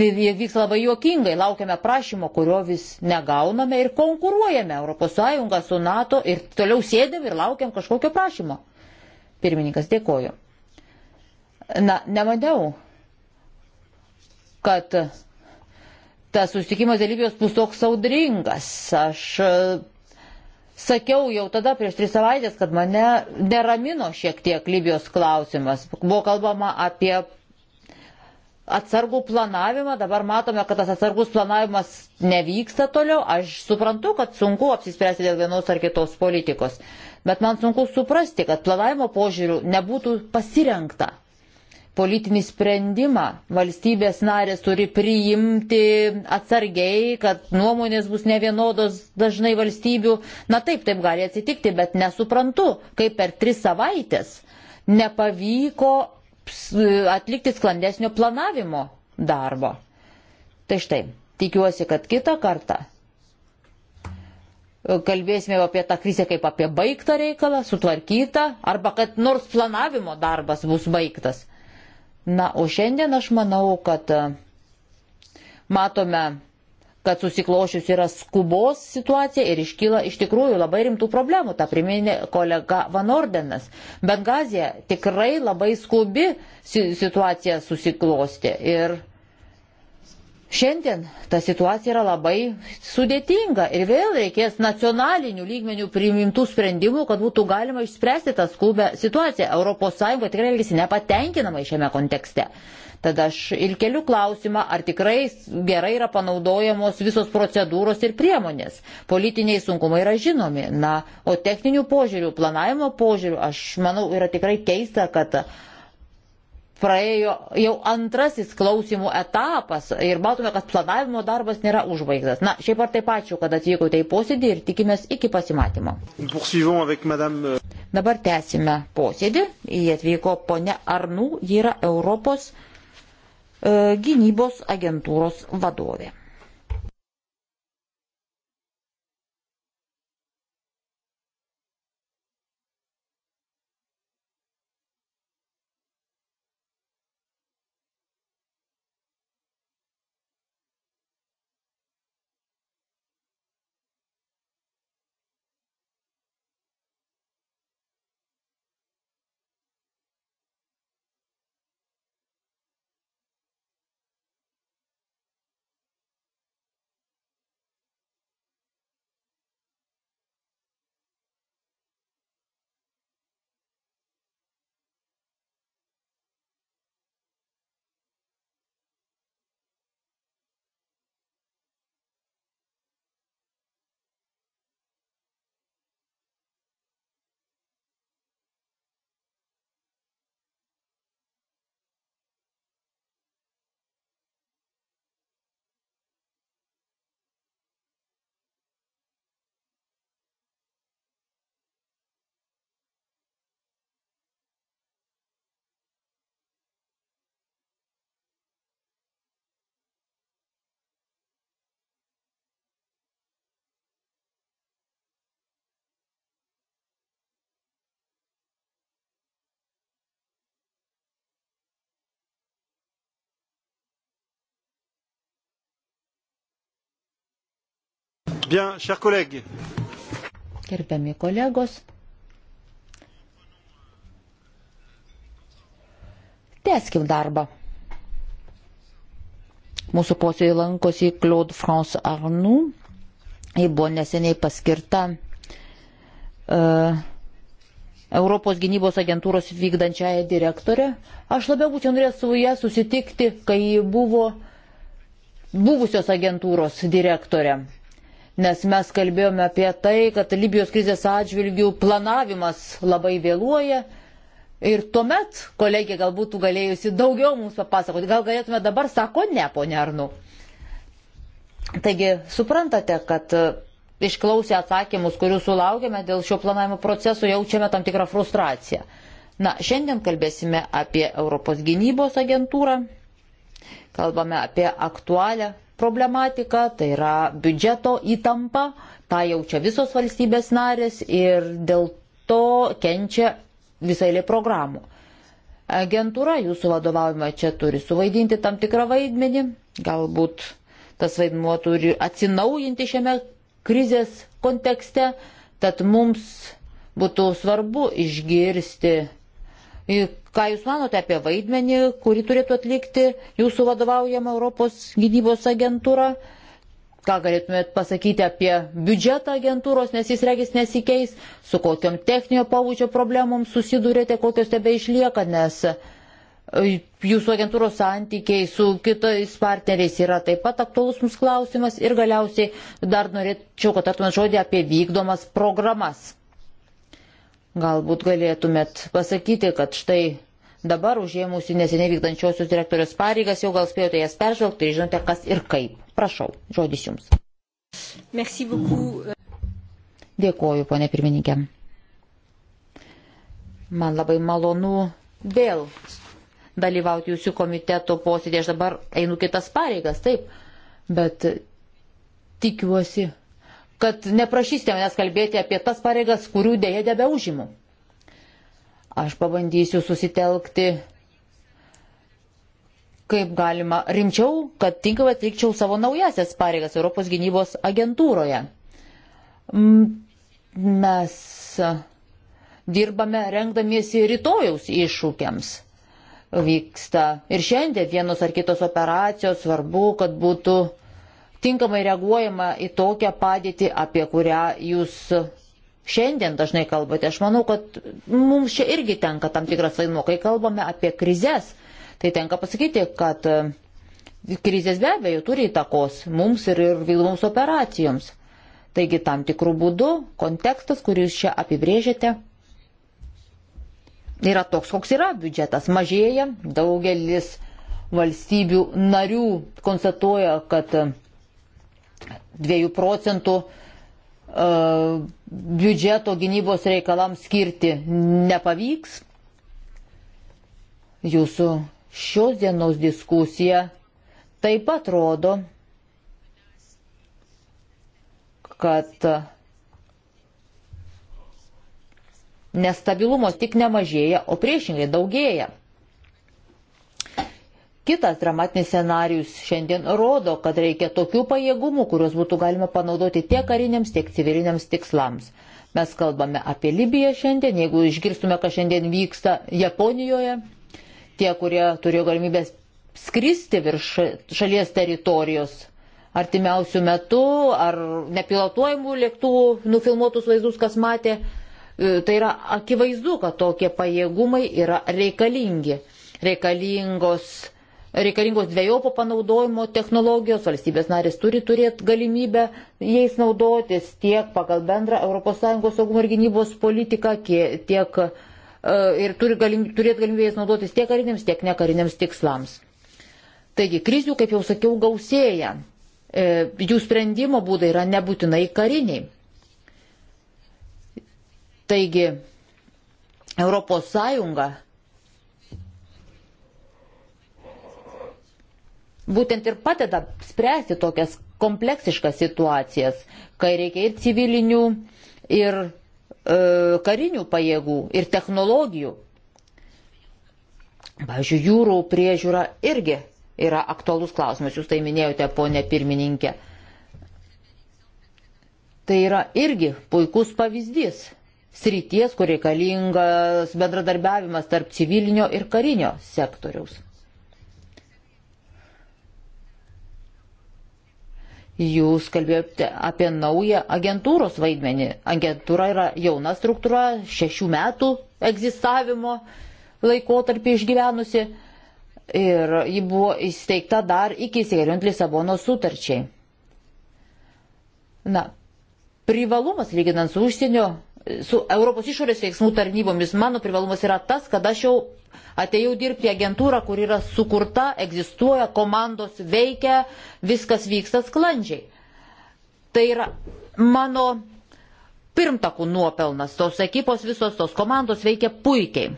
vyks labai juokingai, laukiame prašymo, kurio vis negauname ir konkuruojame ES su NATO ir toliau sėdėm ir laukiam kažkokio prašymo. Pirmininkas, dėkoju. Na, nemaniau, kad tas susitikimas dėl Libijos bus toks saudringas. Aš e, sakiau jau tada prieš tris savaitės, kad mane neramino šiek tiek Libijos klausimas. Buvo kalbama apie atsargų planavimą, dabar matome, kad tas atsargus planavimas nevyksta toliau. Aš suprantu, kad sunku apsispręsti dėl vienos ar kitos politikos, bet man sunku suprasti, kad planavimo požiūrių nebūtų pasirengta politinį sprendimą valstybės narės turi priimti atsargiai, kad nuomonės bus nevienodos dažnai valstybių. Na taip, taip gali atsitikti, bet nesuprantu, kaip per tris savaitės nepavyko atlikti sklandesnio planavimo darbo. Tai štai, tikiuosi, kad kitą kartą kalbėsime apie tą krizę kaip apie baigtą reikalą, sutvarkytą, arba kad nors planavimo darbas bus baigtas. Na, o šiandien aš manau, kad e, matome, kad susiklošius yra skubos situacija ir iškyla iš tikrųjų labai rimtų problemų, tą priminė kolega Van Ordenas. Bengazija tikrai labai skubi situacija susiklosti ir Šiandien ta situacija yra labai sudėtinga ir vėl reikės nacionalinių lygmenių priimtų sprendimų, kad būtų galima išspręsti tą skubę situaciją. ES tikrai elgesi nepatenkinamai šiame kontekste. Tada aš ir keliu klausimą, ar tikrai gerai yra panaudojamos visos procedūros ir priemonės. Politiniai sunkumai yra žinomi. Na, o techninių požiūrių, planavimo požiūrių, aš manau, yra tikrai keista, kad praėjo jau antrasis klausimų etapas ir matome, kad planavimo darbas nėra užbaigtas. Na, šiaip ar taip ačiū, kad atvykote į posėdį ir tikimės iki pasimatymo. Madame... Euh, Dabar tęsime posėdį. Į atvyko ponia Arnų, ji yra Europos e, gynybos agentūros vadovė. Bien, chers collègues. Gerbiami kolegos. Teskim darbą. Mūsų posėdį lankosi Claude France Arnoux. Ji buvo neseniai paskirta uh, Europos gynybos agentūros vykdančiąją direktorę. Aš labiau būčiau norėjęs su ją susitikti, kai ji buvo buvusios agentūros direktorė nes mes kalbėjome apie tai, kad Libijos krizės atžvilgių planavimas labai vėluoja. Ir tuomet kolegė galbūt galėjusi daugiau mums papasakoti. Gal galėtume dabar, sako ne, ponia Arnu. Taigi, suprantate, kad e, išklausę atsakymus, kurių sulaukėme dėl šio planavimo proceso, jaučiame tam tikrą frustraciją. Na, šiandien kalbėsime apie Europos gynybos agentūrą, kalbame apie aktualią problematika, tai yra biudžeto įtampa, tą jaučia visos valstybės narės ir dėl to kenčia visai lė programų. Agentūra jūsų vadovavimą čia turi suvaidinti tam tikrą vaidmenį, galbūt tas vaidmuo turi atsinaujinti šiame krizės kontekste, tad mums būtų svarbu išgirsti Ką Jūs manote apie vaidmenį, kurį turėtų atlikti Jūsų vadovaujama Europos gynybos agentūra? Ką galėtumėt pasakyti apie biudžetą agentūros, nes jis regis nesikeis, su kokiam techninio pavūdžio problemom susidurėte, kokios tebe išlieka, nes e, jūsų agentūros santykiai su kitais partneriais yra taip pat aktuolus mums klausimas ir galiausiai dar norėčiau, kad atumėt žodį apie vykdomas programas. Galbūt galėtumėt pasakyti, kad štai dabar užėmusi neseniai vykdančiosios direktorius pareigas, jau gal spėjote jas peržvelgti ir žinote, kas ir kaip. Prašau, žodis jums. Merci beaucoup. Dėkoju, ponė pirmininkė. Man labai malonu vėl dalyvauti jūsų komiteto posėdėje. Aš dabar einu kitas pareigas, taip, bet tikiuosi, kad neprašysite manęs kalbėti apie tas pareigas, kurių dėja nebeužimu. Aš pabandysiu susitelkti kaip galima rimčiau, kad tinkamai atlikčiau savo naujasias pareigas Europos gynybos agentūroje. Mes dirbame rengdamiesi rytojaus iššūkiams. Vyksta ir šiandien vienos ar kitos operacijos, svarbu, kad būtų tinkamai reaguojama į tokią padėtį, apie kurią jūs šiandien dažnai kalbate. Aš manau, kad mums čia irgi tenka tam tikras vaidmuo, kai kalbame apie krizės. Tai tenka pasakyti, kad e, krizės be abejo turi įtakos mums ir, ir vykdomoms operacijoms. Taigi tam tikrų būdų kontekstas, kurį jūs čia apibrėžėte, yra toks, koks yra biudžetas. Mažėja, daugelis valstybių narių konstatuoja, kad 2 procentų e, biudžeto gynybos reikalams skirti nepavyks. Jūsų šios dienos diskusija taip pat rodo, kad nestabilumo tik nemažėja, o priešingai daugėja. Kitas dramatinis scenarius šiandien rodo, kad reikia tokių pajėgumų, kuriuos būtų galima panaudoti tiek kariniams, tiek civiliniams tikslams. Mes kalbame apie Libiją šiandien, jeigu išgirstume, kas šiandien vyksta Japonijoje, tie, kurie turėjo galimybės skristi virš šalies teritorijos artimiausių metų, ar nepilotuojamų lėktuvų nufilmuotus vaizdus, kas matė, e, tai yra akivaizdu, kad tokie pajėgumai yra reikalingi. Reikalingos reikalingos dviejopo panaudojimo technologijos, valstybės narės turi turėti galimybę jais naudotis tiek pagal bendrą ES saugumo ir gynybos politiką, tiek e, ir turi galim, turėti galimybę jais naudotis tiek kariniams, tiek nekariniams tikslams. Taigi, krizių, kaip jau sakiau, gausėja. E, jų sprendimo būdai yra nebūtinai kariniai. Taigi, ES būtent ir padeda spręsti tokias kompleksiškas situacijas, kai reikia ir civilinių, ir e, karinių pajėgų, ir technologijų. Pavyzdžiui, jūrų priežiūra irgi yra aktualus klausimas, jūs tai minėjote, ponė pirmininkė. Tai yra irgi puikus pavyzdys srities, kur reikalingas bendradarbiavimas tarp civilinio ir karinio sektoriaus. Jūs kalbėjote apie naują agentūros vaidmenį. Agentūra yra jauna struktūra, šešių metų egzistavimo laikotarpį išgyvenusi ir ji buvo įsteigta dar iki įsigaliuojant Lisabono sutarčiai. Na, privalumas lyginant su užsienio, su Europos išorės veiksmų tarnybomis, mano privalumas yra tas, kad aš jau Atėjau dirbti agentūrą, kur yra sukurta, egzistuoja, komandos veikia, viskas vyksta sklandžiai. Tai yra mano pirmtakų nuopelnas, tos ekipos visos tos komandos veikia puikiai.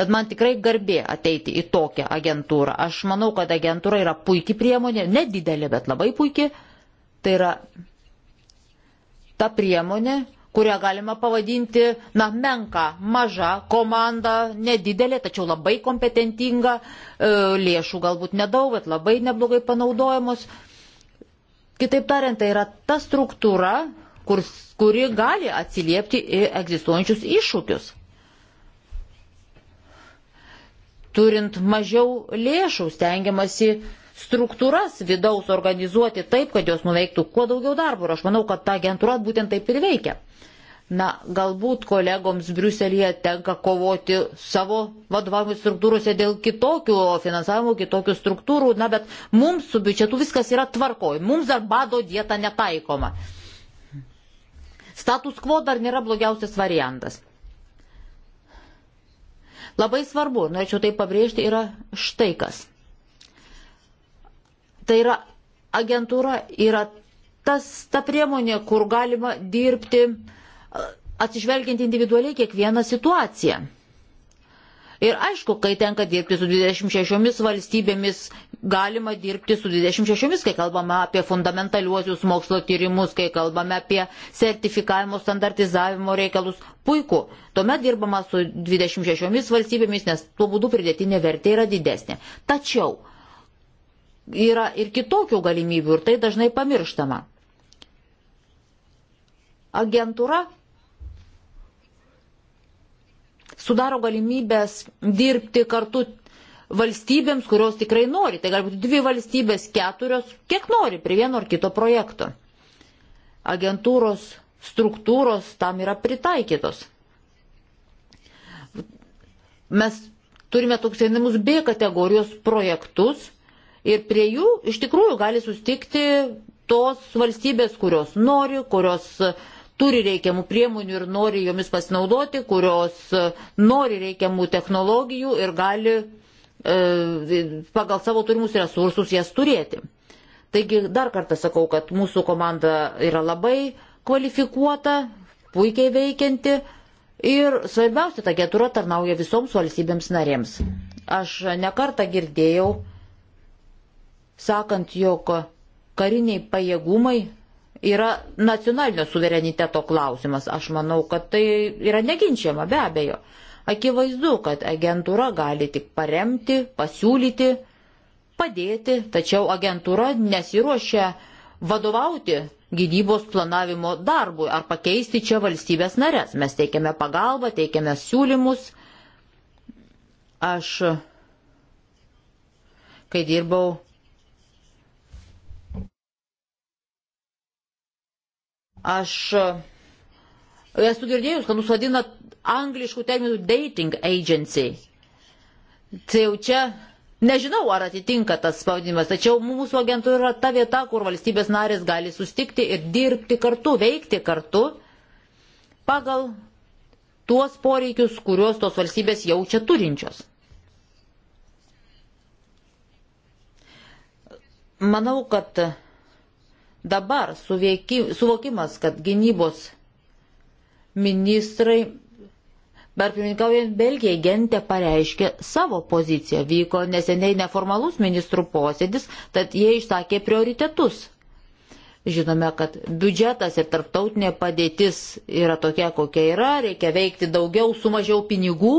Tad man tikrai garbė ateiti į tokią agentūrą. Aš manau, kad agentūra yra puikia priemonė, nedidelė, bet labai puikia. Tai yra ta priemonė, kurią galima pavadinti, na, menka, maža komanda, nedidelė, tačiau labai kompetentinga, e, lėšų galbūt nedaug, bet labai neblogai panaudojamos. Kitaip tariant, tai yra ta struktūra, kur, kuri gali atsiliepti į egzistuojančius iššūkius. Turint mažiau lėšų, stengiamasi struktūras vidaus organizuoti taip, kad jos nuveiktų kuo daugiau darbo. Ir aš manau, kad ta agentūra būtent taip ir veikia. Na, galbūt kolegoms Briuselėje tenka kovoti savo vadovavimo struktūrose dėl kitokių finansavimo, kitokių struktūrų, na, bet mums su biudžetu viskas yra tvarkoj, mums dar bado dieta netaikoma. Status quo dar nėra blogiausias variantas. Labai svarbu, norėčiau tai pabrėžti, yra štai kas. Tai yra agentūra, yra tas, ta priemonė, kur galima dirbti atsižvelgiant individualiai kiekvieną situaciją. Ir aišku, kai tenka dirbti su 26 valstybėmis, galima dirbti su 26, kai kalbame apie fundamentaliuosius mokslo tyrimus, kai kalbame apie sertifikavimo standartizavimo reikalus. Puiku, tuomet dirbama su 26 valstybėmis, nes tuo būdu pridėtinė vertė yra didesnė. Tačiau yra ir kitokių galimybių ir tai dažnai pamirštama. Agentūra sudaro galimybės dirbti kartu valstybėms, kurios tikrai nori. Tai galbūt dvi valstybės, keturios, kiek nori prie vieno ar kito projekto. Agentūros struktūros tam yra pritaikytos. Mes turime toks einamus B kategorijos projektus ir prie jų iš tikrųjų gali sustikti tos valstybės, kurios nori, kurios uh, turi reikiamų priemonių ir nori jomis pasinaudoti, kurios e, nori reikiamų technologijų ir gali e, pagal savo turimus resursus jas turėti. Taigi dar kartą sakau, kad mūsų komanda yra labai kvalifikuota, puikiai veikianti ir svarbiausia, ta ketūra tarnauja visoms valstybėms narėms. Aš nekartą girdėjau, sakant, jog kariniai pajėgumai yra nacionalinio suvereniteto klausimas. Aš manau, kad tai yra neginčiama be abejo. Akivaizdu, kad agentūra gali tik paremti, pasiūlyti, padėti, tačiau agentūra nesiruošia vadovauti gynybos planavimo darbui ar pakeisti čia valstybės narės. Mes teikiame pagalbą, teikiame siūlymus. Aš, kai dirbau Aš e, esu girdėjus, kad nusodina angliškų terminų dating agency. Tai jau čia nežinau, ar atitinka tas spaudimas, tačiau mūsų agentūra yra ta vieta, kur valstybės narės gali sustikti ir dirbti kartu, veikti kartu pagal tuos poreikius, kuriuos tos valstybės jaučia turinčios. Manau, kad Dabar suveiki, suvokimas, kad gynybos ministrai, bet pirmininkaujant Belgijai, Gente pareiškė savo poziciją. Vyko neseniai neformalus ministrų posėdis, tad jie išsakė prioritetus. Žinome, kad biudžetas ir tarptautinė padėtis yra tokia, kokia yra, reikia veikti daugiau su mažiau pinigų,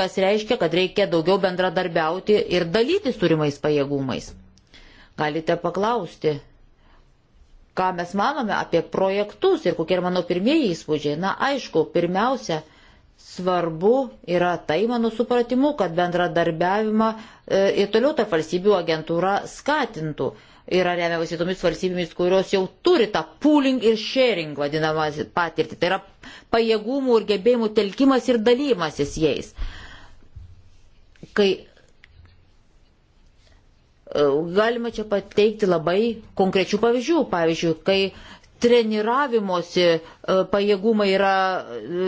kas reiškia, kad reikia daugiau bendradarbiauti ir dalytis turimais pajėgumais. Galite paklausti, ką mes manome apie projektus ir kokie yra mano pirmieji įspūdžiai. Na, aišku, pirmiausia, svarbu yra tai, mano supratimu, kad bendradarbiavimą e, ir toliau tarp valstybių agentūra skatintų. Yra remiamasi tomis valstybėmis, kurios jau turi tą pooling ir sharing vadinamą patirtį. Tai yra pajėgumų ir gebėjimų telkimas ir dalymasis jais. Kai E, galima čia pateikti labai konkrečių pavyzdžių. Pavyzdžiui, kai treniravimosi e, pajėgumai yra e,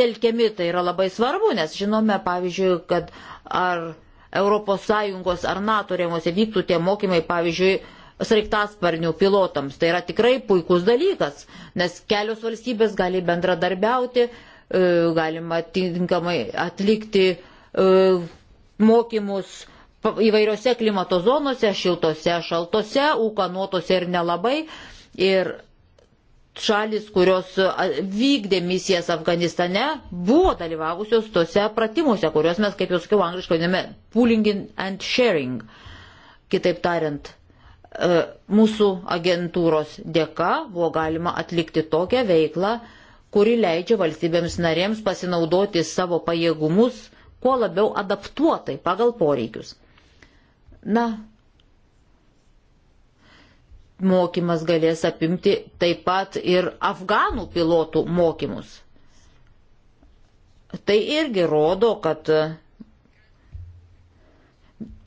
telkiami, tai yra labai svarbu, nes žinome, pavyzdžiui, kad ar ES ar NATO rėmose vyktų tie mokymai, pavyzdžiui, sraigtasparnių pilotams. Tai yra tikrai puikus dalykas, nes kelios valstybės gali bendradarbiauti, galima tinkamai atlikti mokymus įvairiose klimato zonose, šiltose, šaltose, ūkanotose ir nelabai. Ir šalis, kurios vykdė misijas Afganistane, buvo dalyvavusios tose pratimuose, kuriuos mes, kaip jau sakiau, angliškai vadiname pooling and sharing. Kitaip tariant, e, mūsų agentūros dėka buvo galima atlikti tokią veiklą, kuri leidžia valstybėms narėms pasinaudoti savo pajėgumus kuo labiau adaptuotai pagal poreikius. Na, mokymas galės apimti taip pat ir afganų pilotų mokymus. Tai irgi rodo, kad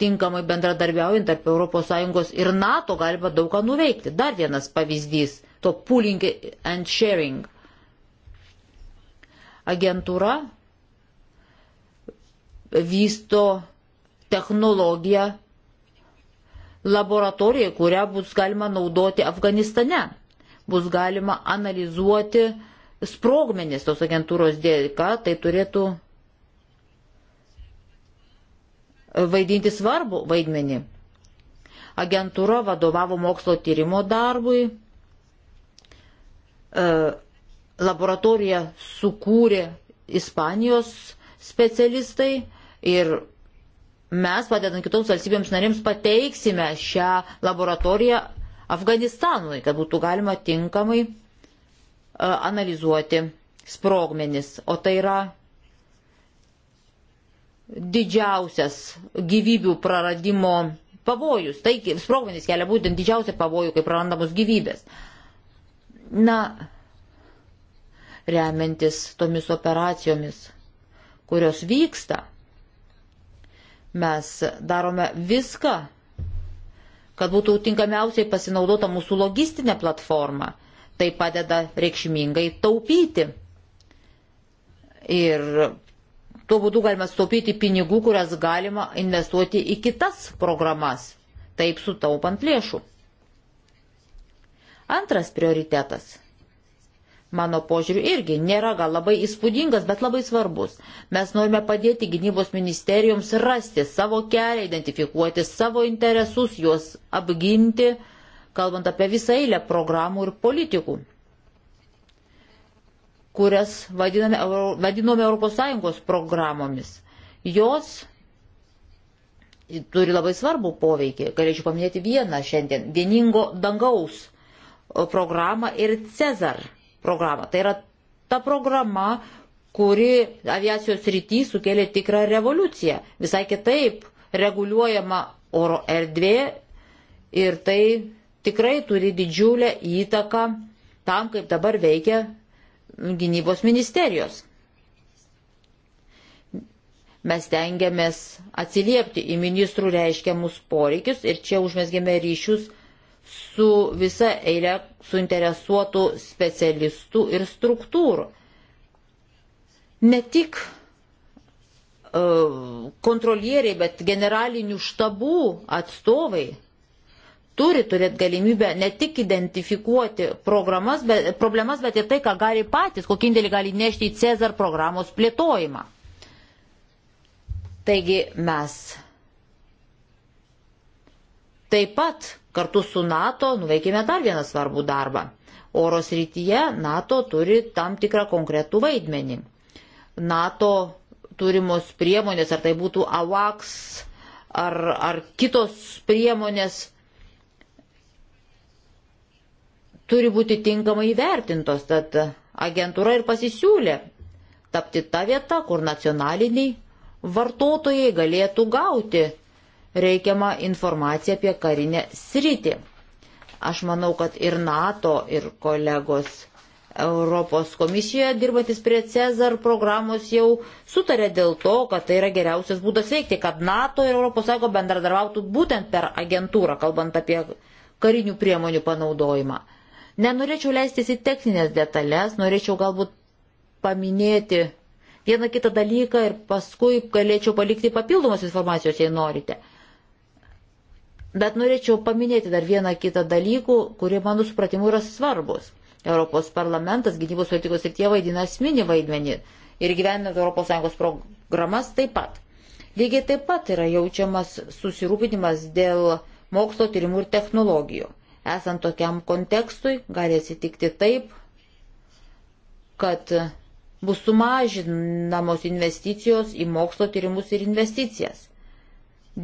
tinkamai bendradarbiaujant tarp ES ir NATO galima daug ką nuveikti. Dar vienas pavyzdys to pooling and sharing. Agentūra vysto technologiją laboratorija, kurią bus galima naudoti Afganistane. Bus galima analizuoti sprogmenis tos agentūros dėka, tai turėtų vaidinti svarbu vaidmenį. Agentūra vadovavo mokslo tyrimo darbui, e, laboratoriją sukūrė Ispanijos specialistai ir mes, padedant kitoms valstybėms narėms, pateiksime šią laboratoriją Afganistanui, kad būtų galima tinkamai e, analizuoti sprogmenis. O tai yra didžiausias gyvybių praradimo pavojus. Tai sprogmenys kelia būtent didžiausią pavojų, kai prarandamos gyvybės. Na, remiantis tomis operacijomis, kurios vyksta, Mes darome viską, kad būtų tinkamiausiai pasinaudota mūsų logistinė platforma. Tai padeda reikšmingai taupyti. Ir tuo būdu galime sutaupyti pinigų, kurias galima investuoti į kitas programas, taip sutaupant lėšų. Antras prioritetas mano požiūriu, irgi nėra gal labai įspūdingas, bet labai svarbus. Mes norime padėti gynybos ministerijoms rasti savo kelią, identifikuoti savo interesus, juos apginti, kalbant apie visą eilę programų ir politikų kurias vadiname, vadinome ES programomis. Jos turi labai svarbų poveikį. Galėčiau paminėti vieną šiandien - vieningo dangaus programą ir Cezar programą. Tai yra ta programa, kuri aviacijos rytį sukėlė tikrą revoliuciją. Visai kitaip reguliuojama oro erdvė ir tai tikrai turi didžiulę įtaką tam, kaip dabar veikia gynybos ministerijos. Mes tengiamės atsiliepti į ministrų reiškiamus poreikius ir čia užmesgėme ryšius su visa eilė suinteresuotų specialistų ir struktūrų. Ne tik e, kontrolieriai, bet generalinių štabų atstovai turi turėti galimybę ne tik identifikuoti programas, bet, problemas, bet ir tai, ką gali patys, kokį indėlį gali nešti į Cezar programos plėtojimą. Taigi mes taip pat Kartu su NATO nuveikėme dar vieną svarbų darbą. Oro srityje NATO turi tam tikrą konkretų vaidmenį. NATO turimos priemonės, ar tai būtų AWACS, ar, ar kitos priemonės, turi būti tinkamai įvertintos. Tad agentūra ir pasisiūlė tapti tą vietą, kur nacionaliniai vartotojai galėtų gauti reikiamą informaciją apie karinę sritį. Aš manau, kad ir NATO, ir kolegos Europos komisijoje dirbantis prie Cezar programos jau sutarė dėl to, kad tai yra geriausias būdas veikti, kad NATO ir ES bendradarbiautų būtent per agentūrą, kalbant apie karinių priemonių panaudojimą. Nenorėčiau leistis į techninės detalės, norėčiau galbūt paminėti vieną kitą dalyką ir paskui galėčiau palikti papildomos informacijos, jei norite. Bet norėčiau paminėti dar vieną kitą dalykų, kurie mano supratimu yra svarbus. Europos parlamentas gynybos politikos ir tie vaidina asmenį vaidmenį ir gyvenant ES programas taip pat. Lygiai taip pat yra jaučiamas susirūpinimas dėl mokslo tyrimų ir technologijų. Esant tokiam kontekstui, gali atsitikti taip, kad bus sumažinamos investicijos į mokslo tyrimus ir investicijas.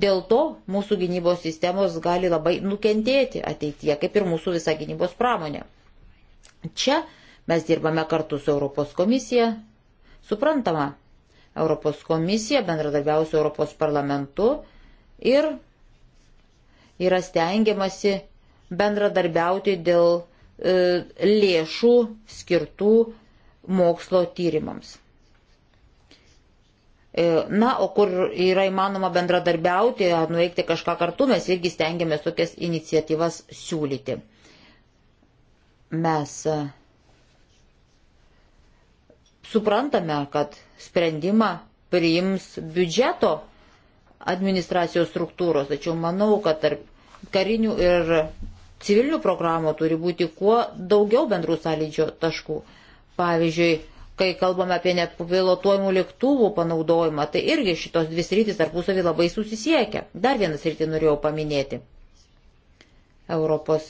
Dėl to mūsų gynybos sistemos gali labai nukentėti ateityje, kaip ir mūsų visa gynybos pramonė. Čia mes dirbame kartu su Europos komisija. Suprantama, Europos komisija bendradarbiausia Europos parlamentu ir yra stengiamasi bendradarbiauti dėl e, lėšų skirtų mokslo tyrimams. E, na, o kur yra įmanoma bendradarbiauti, nuveikti kažką kartu, mes irgi stengiamės tokias iniciatyvas siūlyti. Mes e, suprantame, kad sprendimą priims biudžeto administracijos struktūros, tačiau manau, kad tarp karinių ir civilinių programų turi būti kuo daugiau bendrų sąlydžio taškų. Pavyzdžiui, kai kalbame apie nepilotuojamų lėktuvų panaudojimą, tai irgi šitos dvi sritis tarpusavį labai susisiekia. Dar vieną sritį norėjau paminėti. Europos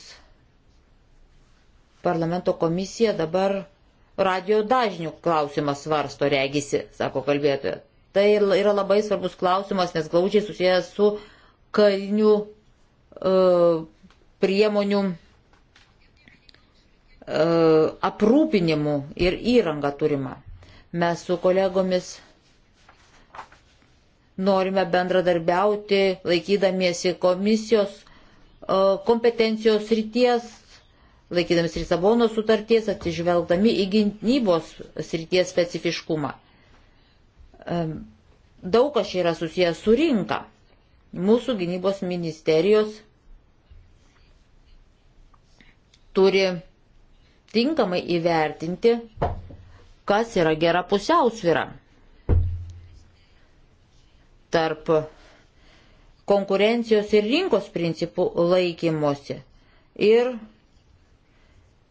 parlamento komisija dabar radio dažnių klausimas svarsto, regisi, sako kalbėtoja. Tai yra labai svarbus klausimas, nes glaudžiai susijęs su karinių e, priemonių E, aprūpinimu ir įranga turima. Mes su kolegomis norime bendradarbiauti, laikydamiesi komisijos e, kompetencijos ryties, laikydamiesi Lisabonos sutarties, atsižvelgdami į gynybos srities specifiškumą. E, daug kas yra susijęs su rinka. Mūsų gynybos ministerijos turi tinkamai įvertinti, kas yra gera pusiausvyra tarp konkurencijos ir rinkos principų laikymosi ir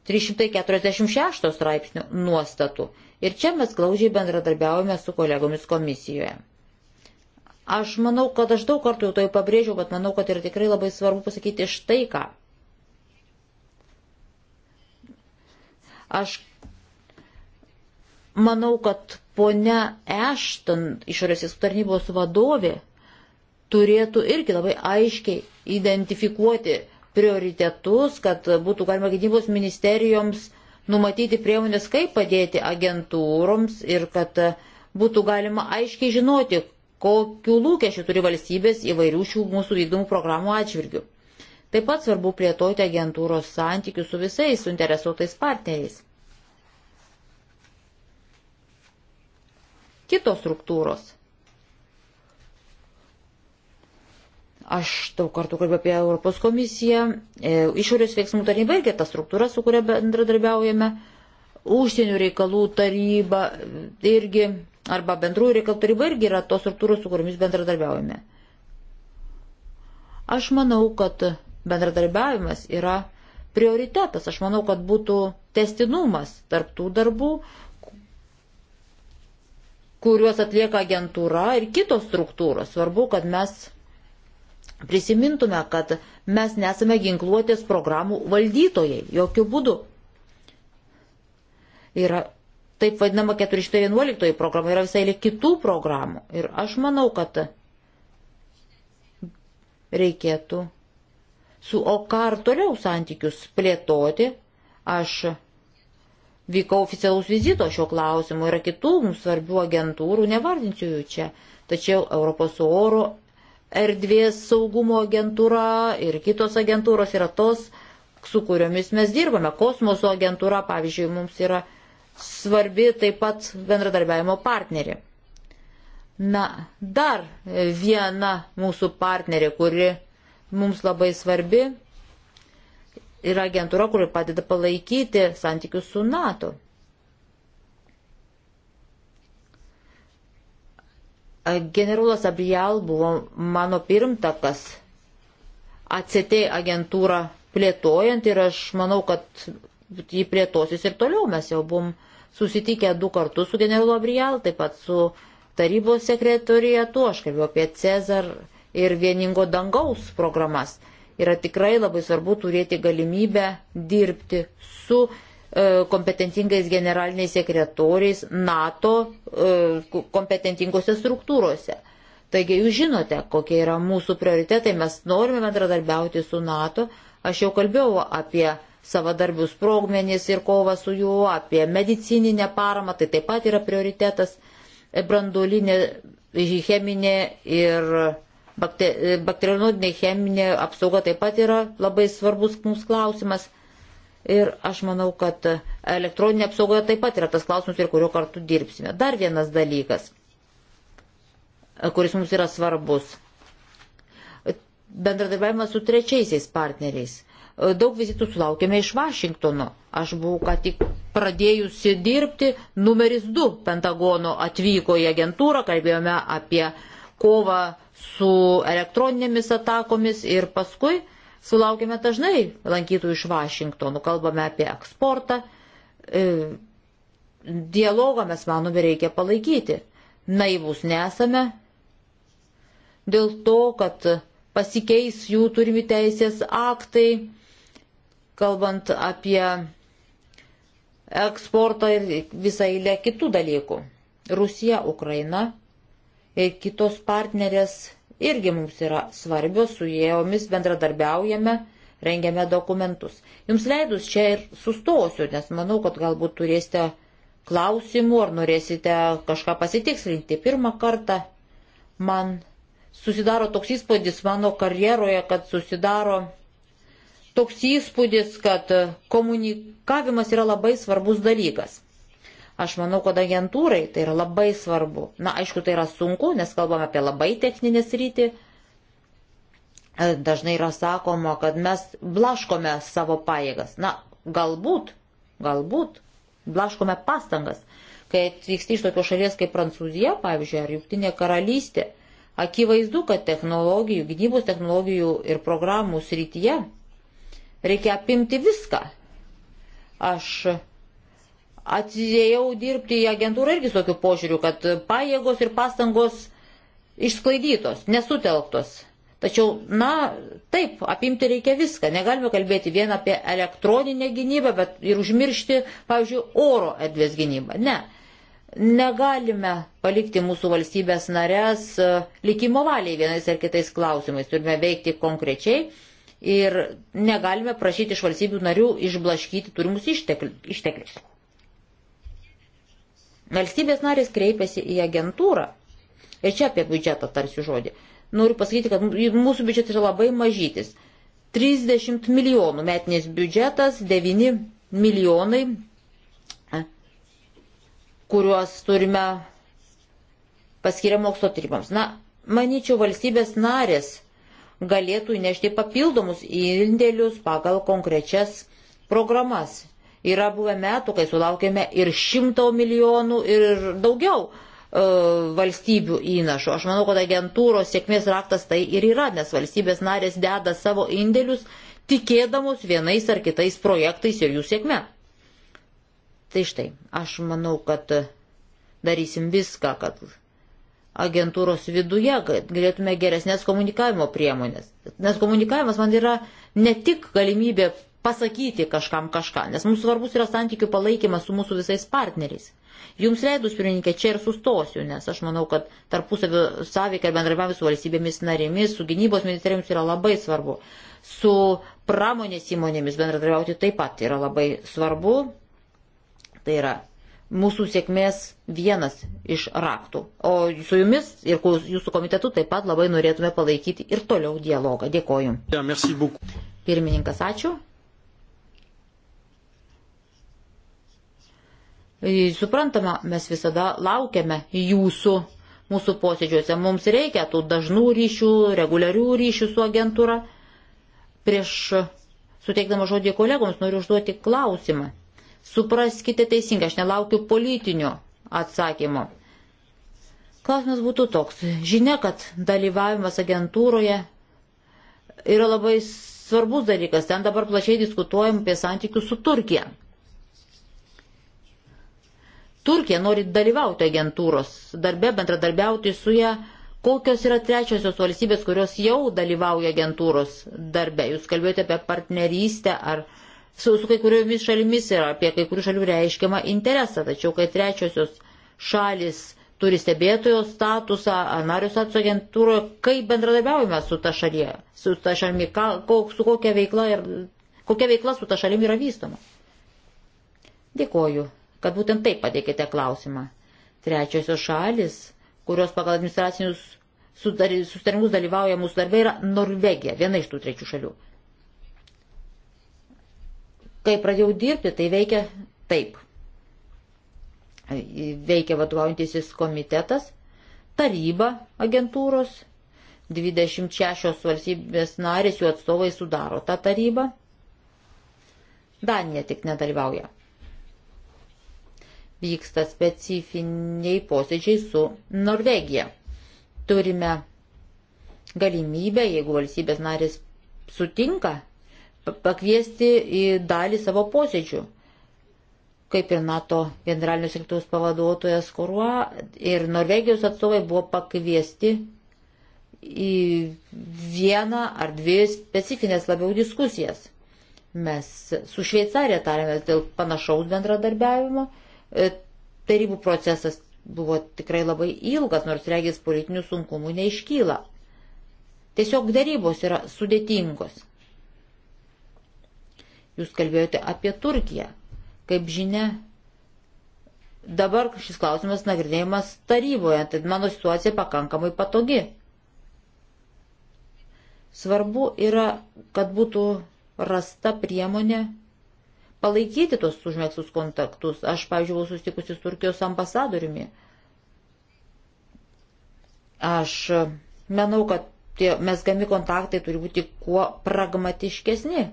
346 straipsnių nuostatų. Ir čia mes glaužiai bendradarbiaujame su kolegomis komisijoje. Aš manau, kad aš daug kartų jau to tai pabrėžiau, bet manau, kad yra tikrai labai svarbu pasakyti štai ką. Aš manau, kad ponia Ešton, išorės tarnybos vadovė, turėtų irgi labai aiškiai identifikuoti prioritetus, kad būtų galima gynybos ministerijoms numatyti priemonės, kaip padėti agentūroms ir kad būtų galima aiškiai žinoti, kokiu lūkesčiu turi valstybės įvairių šių mūsų vykdomų programų atžvilgių. Taip pat svarbu plėtoti agentūros santykių su visais suinteresuotais partneriais. Kitos struktūros. Aš daug kartų kalbėjau apie Europos komisiją, e, išorės veiksmų tarnybą ir kitą struktūrą, su kuria bendradarbiaujame, užsienio reikalų taryba irgi, arba bendrųjų reikalų taryba irgi yra tos struktūros, su kuriomis bendradarbiaujame. Aš manau, kad bendradarbiavimas yra prioritetas. Aš manau, kad būtų testinumas tarp tų darbų, kuriuos atlieka agentūra ir kitos struktūros. Svarbu, kad mes prisimintume, kad mes nesame ginkluotės programų valdytojai. Jokių būdų. Yra taip vadinama 411 programa, yra visai kitų programų. Ir aš manau, kad reikėtų su OKAR toliau santykius plėtoti. Aš vyko oficialus vizito šio klausimu, yra kitų mums svarbių agentūrų, nevardinsiu jų čia, tačiau Europos oro erdvės saugumo agentūra ir kitos agentūros yra tos, su kuriomis mes dirbame. Kosmoso agentūra, pavyzdžiui, mums yra svarbi taip pat bendradarbiavimo partnerė. Na, dar viena mūsų partnerė, kuri mums labai svarbi ir agentūra, kuri padeda palaikyti santykius su NATO. Generolas Abijal buvo mano pirmtakas ACT agentūrą plėtojant ir aš manau, kad jį plėtosis ir toliau. Mes jau buvom susitikę du kartus su generolu Abrijal, taip pat su tarybos sekretorijatu, aš kalbėjau apie Cezar ir vieningo dangaus programas. Yra tikrai labai svarbu turėti galimybę dirbti su e, kompetentingais generaliniais sekretoriais NATO e, kompetentingose struktūrose. Taigi jūs žinote, kokie yra mūsų prioritetai, mes norime bendradarbiauti su NATO. Aš jau kalbėjau apie savadarbius progmenis ir kovą su juo, apie medicininę paramą, tai taip pat yra prioritetas branduolinė, cheminė ir Bakteriologiniai cheminė apsauga taip pat yra labai svarbus mums klausimas. Ir aš manau, kad elektroninė apsauga taip pat yra tas klausimas, ir kurio kartu dirbsime. Dar vienas dalykas, kuris mums yra svarbus. Bendradarbiavimas su trečiaisiais partneriais. Daug vizitų sulaukėme iš Vašingtono. Aš buvau ką tik pradėjusi dirbti. Numeris 2 Pentagono atvyko į agentūrą, kalbėjome apie kovą su elektroninėmis atakomis ir paskui sulaukime dažnai lankytojų iš Vašingtonų, kalbame apie eksportą, e, dialogą mes manome reikia palaikyti. Naivus nesame dėl to, kad pasikeis jų turimi teisės aktai, kalbant apie eksportą ir visą eilę kitų dalykų. Rusija, Ukraina E, kitos partnerės irgi mums yra svarbios, su jomis bendradarbiaujame, rengiame dokumentus. Jums leidus čia ir sustosiu, nes manau, kad galbūt turėsite klausimų ar norėsite kažką pasitikslinti. Pirmą kartą man susidaro toks įspūdis mano karjeroje, kad susidaro toks įspūdis, kad komunikavimas yra labai svarbus dalykas. Aš manau, kad agentūrai tai yra labai svarbu. Na, aišku, tai yra sunku, nes kalbame apie labai techninį sritį. E, dažnai yra sakoma, kad mes blaškome savo pajėgas. Na, galbūt, galbūt blaškome pastangas. Kai atvyksti iš tokios šalies kaip Prancūzija, pavyzdžiui, ar Jungtinė karalystė, akivaizdu, kad technologijų, gynybos technologijų ir programų srityje reikia apimti viską. Aš Atėjau dirbti į agentūrą irgi tokiu požiūriu, kad pajėgos ir pastangos išsklaidytos, nesutelktos. Tačiau, na, taip, apimti reikia viską. Negalime kalbėti vien apie elektroninę gynybą, bet ir užmiršti, pavyzdžiui, oro erdvės gynybą. Ne. Negalime palikti mūsų valstybės narės e, likimo valiai vienais ar kitais klausimais. Turime veikti konkrečiai ir negalime prašyti iš valstybių narių išblaškyti turimus išteklius. Valstybės narės kreipiasi į agentūrą. Ir čia apie biudžetą tarsiu žodį. Noriu pasakyti, kad mūsų biudžetas yra labai mažytis. 30 milijonų metinės biudžetas, 9 milijonai, kuriuos turime paskiria mokslo tyrimams. Na, manyčiau, valstybės narės galėtų įnešti papildomus indėlius pagal konkrečias programas. Yra buvę metų, kai sulaukėme ir šimto milijonų ir daugiau e, valstybių įnašo. Aš manau, kad agentūros sėkmės raktas tai ir yra, nes valstybės narės deda savo indėlius, tikėdamos vienais ar kitais projektais ir jų sėkme. Tai štai, aš manau, kad darysim viską, kad agentūros viduje galėtume geresnės komunikavimo priemonės. Nes komunikavimas man yra ne tik galimybė pasakyti kažkam kažką, nes mums svarbus yra santykių palaikymas su mūsų visais partneriais. Jums leidus, pirmininkė, čia ir sustosiu, nes aš manau, kad tarpusavio sąveikia ir bendravimas su valstybėmis narėmis, su gynybos ministerijomis yra labai svarbu. Su pramonės įmonėmis bendradarbiauti taip pat yra labai svarbu. Tai yra mūsų sėkmės vienas iš raktų. O su jumis ir jūsų komitetu taip pat labai norėtume palaikyti ir toliau dialogą. Dėkoju. Ja, Pirmininkas, ačiū. Suprantama, mes visada laukiame jūsų mūsų posėdžiuose. Mums reikia tų dažnų ryšių, reguliarių ryšių su agentūra. Prieš suteikdama žodį kolegoms noriu užduoti klausimą. Supraskite teisingai, aš nelaukiu politinio atsakymo. Klausimas būtų toks. Žinia, kad dalyvavimas agentūroje yra labai svarbus dalykas. Ten dabar plačiai diskutuojam apie santykius su Turkija. Turkija nori dalyvauti agentūros darbe, bendradarbiauti su ją. Kokios yra trečiosios valstybės, kurios jau dalyvauja agentūros darbe? Jūs kalbėjote apie partnerystę ar su, su kai kuriomis šalimis ir apie kai kurių šalių reiškiamą interesą. Tačiau, kai trečiosios šalis turi stebėtojo statusą, nario statusą agentūroje, kaip bendradarbiaujame su ta šalyje, su ta šalimi, ka, ko, su kokia veikla ir kokia veikla su ta šalimi yra vystoma. Dėkoju kad būtent taip pateikėte klausimą. Trečiosios šalis, kurios pagal administracinius sustarimus dalyvauja mūsų darbė, yra Norvegija, viena iš tų trečių šalių. Kai pradėjau dirbti, tai veikia taip. Veikia vadovaujantisis komitetas, taryba agentūros, 26 valstybės narės jų atstovai sudaro tą tarybą. Danija tik nedalyvauja vyksta specifiniai posėdžiai su Norvegija. Turime galimybę, jeigu valstybės narės sutinka, pakviesti į dalį savo posėdžių. Kaip ir NATO generalinio sekretoriaus pavaduotojas Korua ir Norvegijos atstovai buvo pakviesti į vieną ar dvi specifines labiau diskusijas. Mes su Šveicarija tarėmės dėl panašaus bendradarbiavimo E, tarybų procesas buvo tikrai labai ilgas, nors regis politinių sunkumų neiškyla. Tiesiog darybos yra sudėtingos. Jūs kalbėjote apie Turkiją. Kaip žinia, dabar šis klausimas nagrinėjimas taryboje, tad mano situacija pakankamai patogi. Svarbu yra, kad būtų rasta priemonė palaikyti tuos užmėgstus kontaktus. Aš, pavyzdžiui, buvau susitikusi su Turkijos ambasadoriumi. Aš e, manau, kad tie mesgami kontaktai turi būti kuo pragmatiškesni.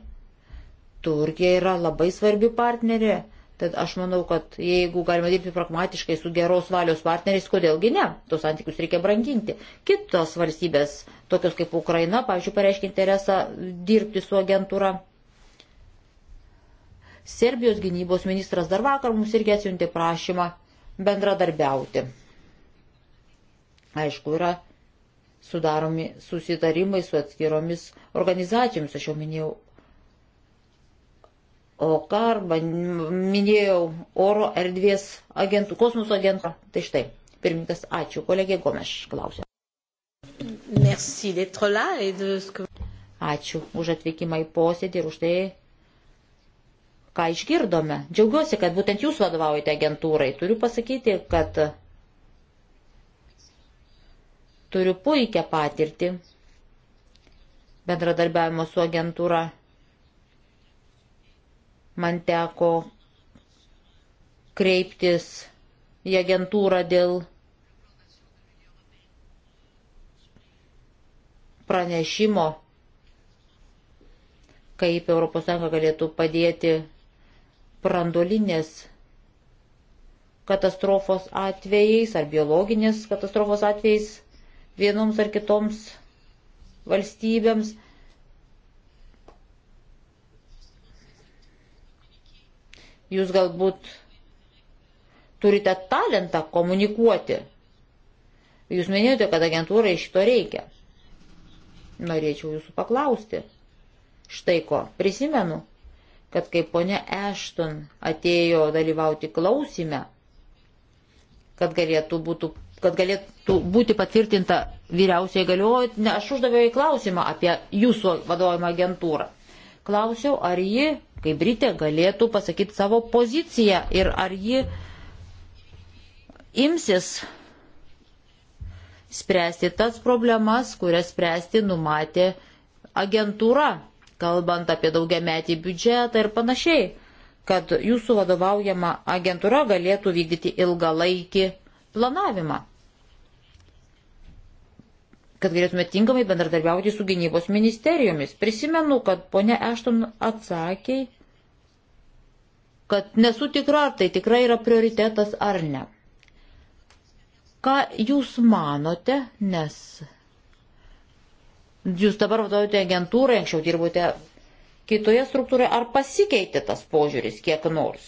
Turkija yra labai svarbi partnerė. Tad aš manau, kad jeigu galima dirbti pragmatiškai su geros valios partneriais, kodėlgi ne, tos santykius reikia branginti. Kitos valstybės, tokios kaip Ukraina, pavyzdžiui, pareiškia interesą dirbti su agentūra. Serbijos gynybos ministras dar vakar mums irgi atsiuntė prašymą bendradarbiauti. Aišku, yra sudaromi susitarimai su atskiromis organizacijomis, aš jau minėjau OKA arba minėjau oro erdvės agentų, kosmoso agentų. Tai štai, pirmininkas, ačiū. Kolegė Gomeš klausė. Merci d'être là et de ce que... Ačiū už atvykimą į posėdį ir už tai, ką išgirdome. Džiaugiuosi, kad būtent jūs vadovaujate agentūrai. Turiu pasakyti, kad turiu puikią patirtį bendradarbiavimo su agentūra. Man teko kreiptis į agentūrą dėl pranešimo, kaip ES galėtų padėti brandolinės katastrofos atvejais ar biologinės katastrofos atvejais vienoms ar kitoms valstybėms. Jūs galbūt turite talentą komunikuoti. Jūs minėjote, kad agentūrai iš to reikia. Norėčiau jūsų paklausti. Štai ko, prisimenu, kad kai ponia Ešton atėjo dalyvauti klausime, kad galėtų, būtų, kad galėtų būti patvirtinta vyriausiai galiojotinė, aš uždaviau į klausimą apie jūsų vadovimą agentūrą. Klausiau, ar ji, kaip Britė, galėtų pasakyti savo poziciją ir ar ji imsis spręsti tas problemas, kurias spręsti numatė agentūra kalbant apie daugiametį biudžetą ir panašiai, kad jūsų vadovaujama agentūra galėtų vykdyti ilgalaikį planavimą, kad galėtume tinkamai bendradarbiauti su gynybos ministerijomis. Prisimenu, kad ponia Ešton atsakė, kad nesu tikra, ar tai tikrai yra prioritetas ar ne. Ką jūs manote, nes Jūs dabar vadovaujate agentūrai, anksčiau dirbote kitoje struktūroje, ar pasikeitė tas požiūris kiek nors?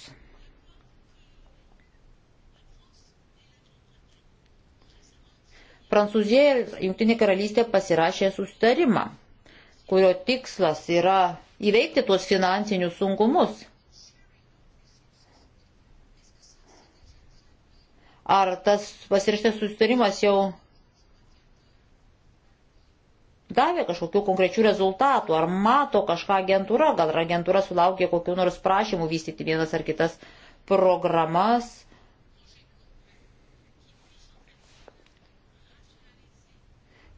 Prancūzija ir Junktinė karalystė pasirašė sustarimą, kurio tikslas yra įveikti tuos finansinius sunkumus. Ar tas pasirašytas sustarimas jau davė kažkokių konkrečių rezultatų, ar mato kažką agentūra, gal agentūra sulaukė kokiu nors prašymu vystyti vienas ar kitas programas.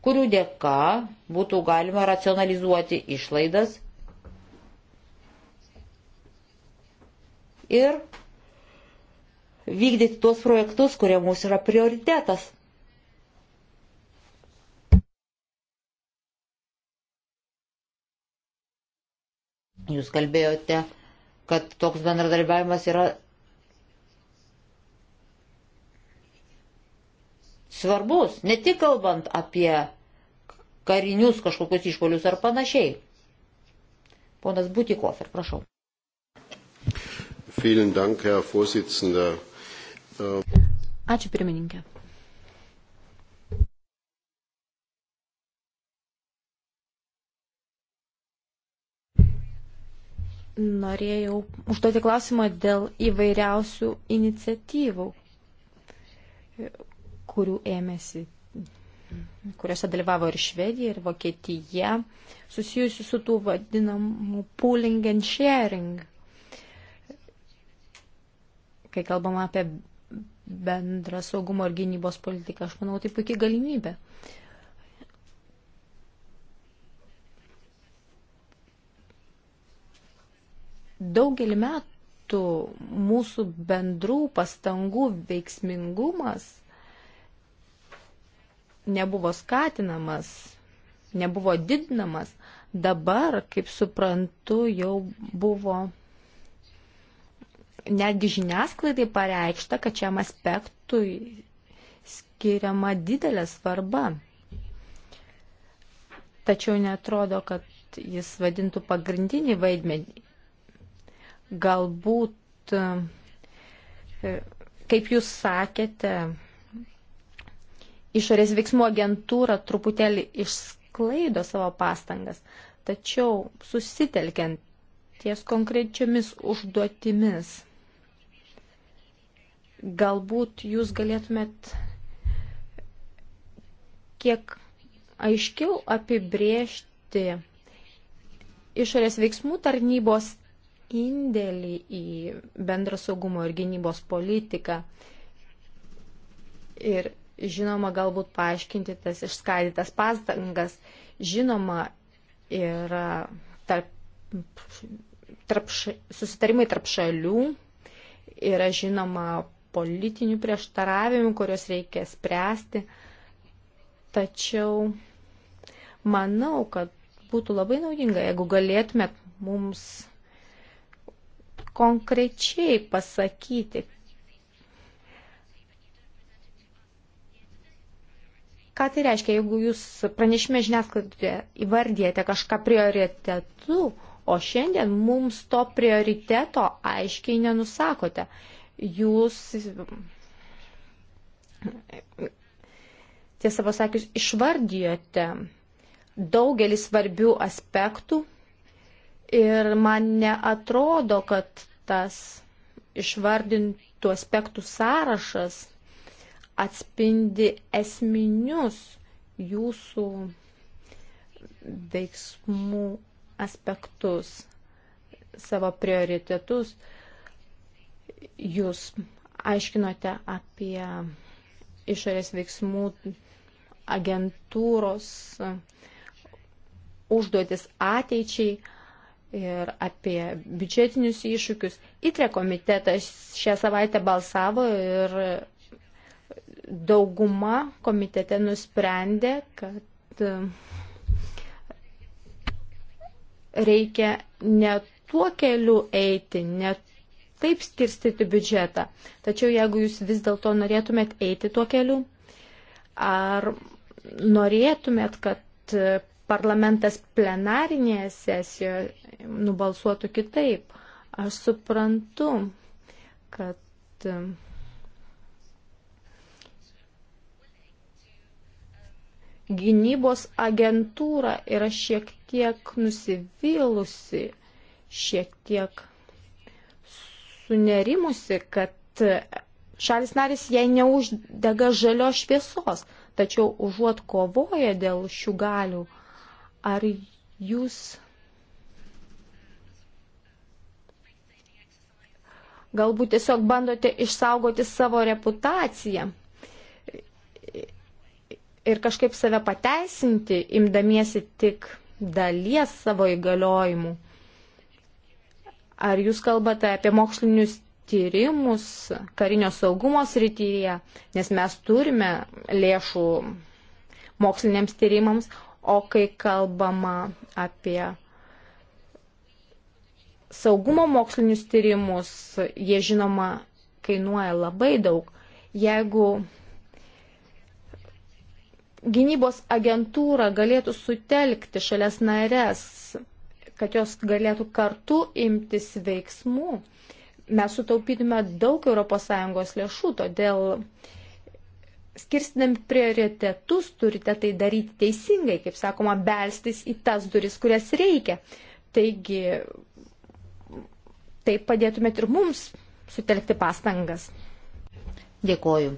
kurių dėka būtų galima racionalizuoti išlaidas ir vykdyti tuos projektus, kurie mūsų yra prioritetas. Jūs kalbėjote, kad toks bendradarbiavimas yra svarbus, ne tik kalbant apie karinius kažkokius išpolius ar panašiai. Ponas Butikofer, prašau. Dank, Ačiū pirmininkė. norėjau užduoti klausimą dėl įvairiausių iniciatyvų, kurių ėmėsi, kuriuose dalyvavo ir Švedija, ir Vokietija, susijusių su tų vadinamų pooling and sharing. Kai kalbama apie bendrą saugumo ir gynybos politiką, aš manau, tai puikiai galimybė. Uh, Daugelį metų mūsų bendrų pastangų veiksmingumas nebuvo skatinamas, nebuvo didinamas. Dabar, kaip suprantu, jau buvo netgi žiniasklaidai pareikšta, kad šiam aspektui skiriama didelė svarba. Tačiau netrodo, kad jis vadintų pagrindinį vaidmenį. Galbūt, e, kaip jūs sakėte, išorės veiksmų agentūra truputėlį išsklaido savo pastangas, tačiau susitelkiant ties konkrečiomis užduotimis, galbūt jūs galėtumėt kiek aiškiau apibriežti išorės veiksmų tarnybos indėlį į bendrą saugumo ir gynybos politiką. Ir žinoma, galbūt paaiškinti tas išskaidytas pastangas. Žinoma, yra tarp, tarp, susitarimai tarp šalių, yra žinoma politinių prieštaravimų, kuriuos reikia spręsti. Tačiau manau, kad būtų labai naudinga, jeigu galėtumėt mums konkrečiai pasakyti, ką tai reiškia, jeigu jūs pranešime žiniasklaidoje įvardijate kažką prioritetu, o šiandien mums to prioriteto aiškiai nenusakote. Jūs, tiesą pasakius, išvardijote daugelį svarbių aspektų, Ir man neatrodo, kad tas išvardintų aspektų sąrašas atspindi esminius jūsų veiksmų aspektus, savo prioritetus. Jūs aiškinote apie išorės veiksmų agentūros užduotis ateičiai ir apie biudžetinius iššūkius. ITRE komitetas šią savaitę balsavo ir dauguma komitete nusprendė, kad e, reikia ne tuo keliu eiti, ne taip skirstyti biudžetą. Tačiau jeigu jūs vis dėlto norėtumėt eiti tuo keliu, ar norėtumėt, kad e, parlamentas plenarinėje sesijoje nubalsuotų kitaip. Aš suprantu, kad um, gynybos agentūra yra šiek tiek nusivylusi, šiek tiek sunerimusi, kad šalis narys jai neuždega žalios šviesos, tačiau užuot kovoja dėl šių galių, ar jūs Galbūt tiesiog bandote išsaugoti savo reputaciją ir kažkaip save pateisinti, imdamiesi tik dalies savo įgaliojimų. Ar jūs kalbate apie mokslinius tyrimus karinio saugumo srityje, nes mes turime lėšų moksliniams tyrimams, o kai kalbama apie saugumo mokslinius tyrimus, jie žinoma kainuoja labai daug. Jeigu gynybos agentūra galėtų sutelkti šalias narės, kad jos galėtų kartu imtis veiksmų, mes sutaupytume daug ES lėšų, todėl skirstinam prioritetus turite tai daryti teisingai, kaip sakoma, belstis į tas duris, kurias reikia. Taigi Taip padėtumėt ir mums sutelkti pastangas. Dėkoju.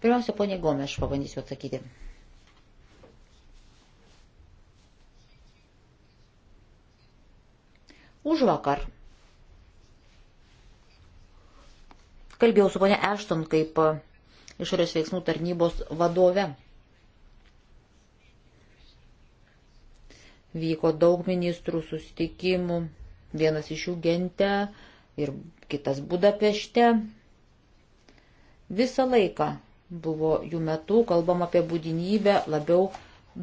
Pirmiausia, ponė Gomė, aš pabandysiu atsakyti. Už vakar kalbėjau su ponė Ešton kaip e, išorės veiksmų tarnybos vadove. Vyko daug ministrų susitikimų Vienas iš jų gente ir kitas Budapešte. Visą laiką buvo jų metu kalbam apie būdinybę labiau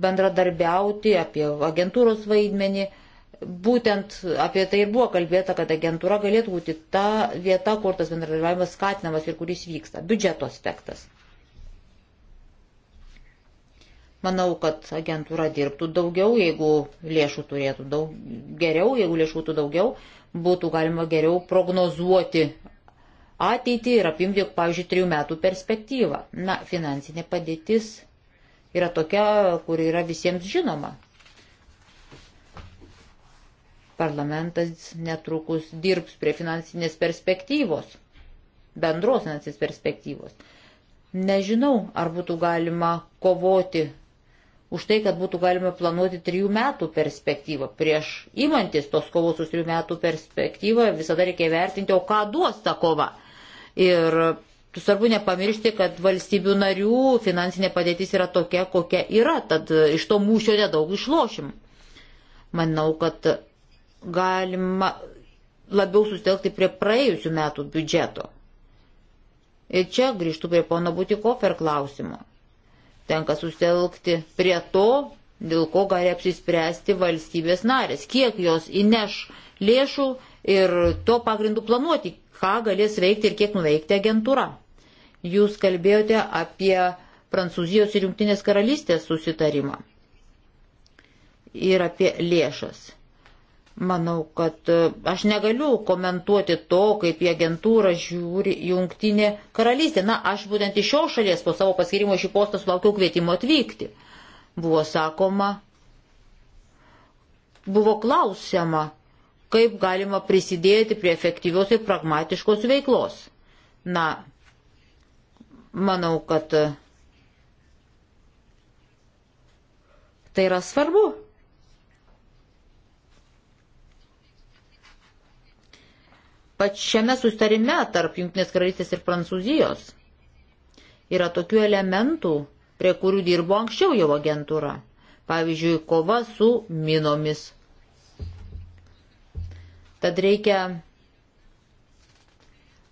bendradarbiauti, apie agentūros vaidmenį. Būtent apie tai ir buvo kalbėta, kad agentūra galėtų būti ta vieta, kur tas bendradarbiavimas skatinamas ir kuris vyksta. Biudžeto aspektas. Manau, kad agentūra dirbtų daugiau, jeigu lėšų turėtų daug, geriau, jeigu lėšų būtų daugiau, būtų galima geriau prognozuoti ateitį ir apimti, pavyzdžiui, trijų metų perspektyvą. Na, finansinė padėtis yra tokia, kuri yra visiems žinoma. Parlamentas netrukus dirbs prie finansinės perspektyvos, bendros finansinės perspektyvos. Nežinau, ar būtų galima kovoti už tai, kad būtų galima planuoti trijų metų perspektyvą. Prieš įmantis tos kovos už trijų metų perspektyvą visada reikia vertinti, o ką duos ta kova. Ir svarbu nepamiršti, kad valstybių narių finansinė padėtis yra tokia, kokia yra, tad iš to mūšio nedaug išlošim. Manau, kad galima labiau sustelkti prie praėjusių metų biudžeto. Ir čia grįžtų prie pono Butikofer klausimo Tenka susitelkti prie to, dėl ko gali apsispręsti valstybės narės, kiek jos įneš lėšų ir to pagrindu planuoti, ką galės veikti ir kiek nuveikti agentūra. Jūs kalbėjote apie Prancūzijos ir Junktinės karalystės susitarimą ir apie lėšas. Manau, kad e, aš negaliu komentuoti to, kaip į agentūrą žiūri jungtinė karalystė. Na, aš būtent iš šios šalies po savo paskirimo šį postą sulaukiau kvietimo atvykti. Buvo sakoma, buvo klausiama, kaip galima prisidėti prie efektyvios ir pragmatiškos veiklos. Na, manau, kad e, tai yra svarbu Pačiame sustarime tarp Junktinės karalystės ir Prancūzijos yra tokių elementų, prie kurių dirbo anksčiau jau agentūra. Pavyzdžiui, kova su minomis. Tad reikia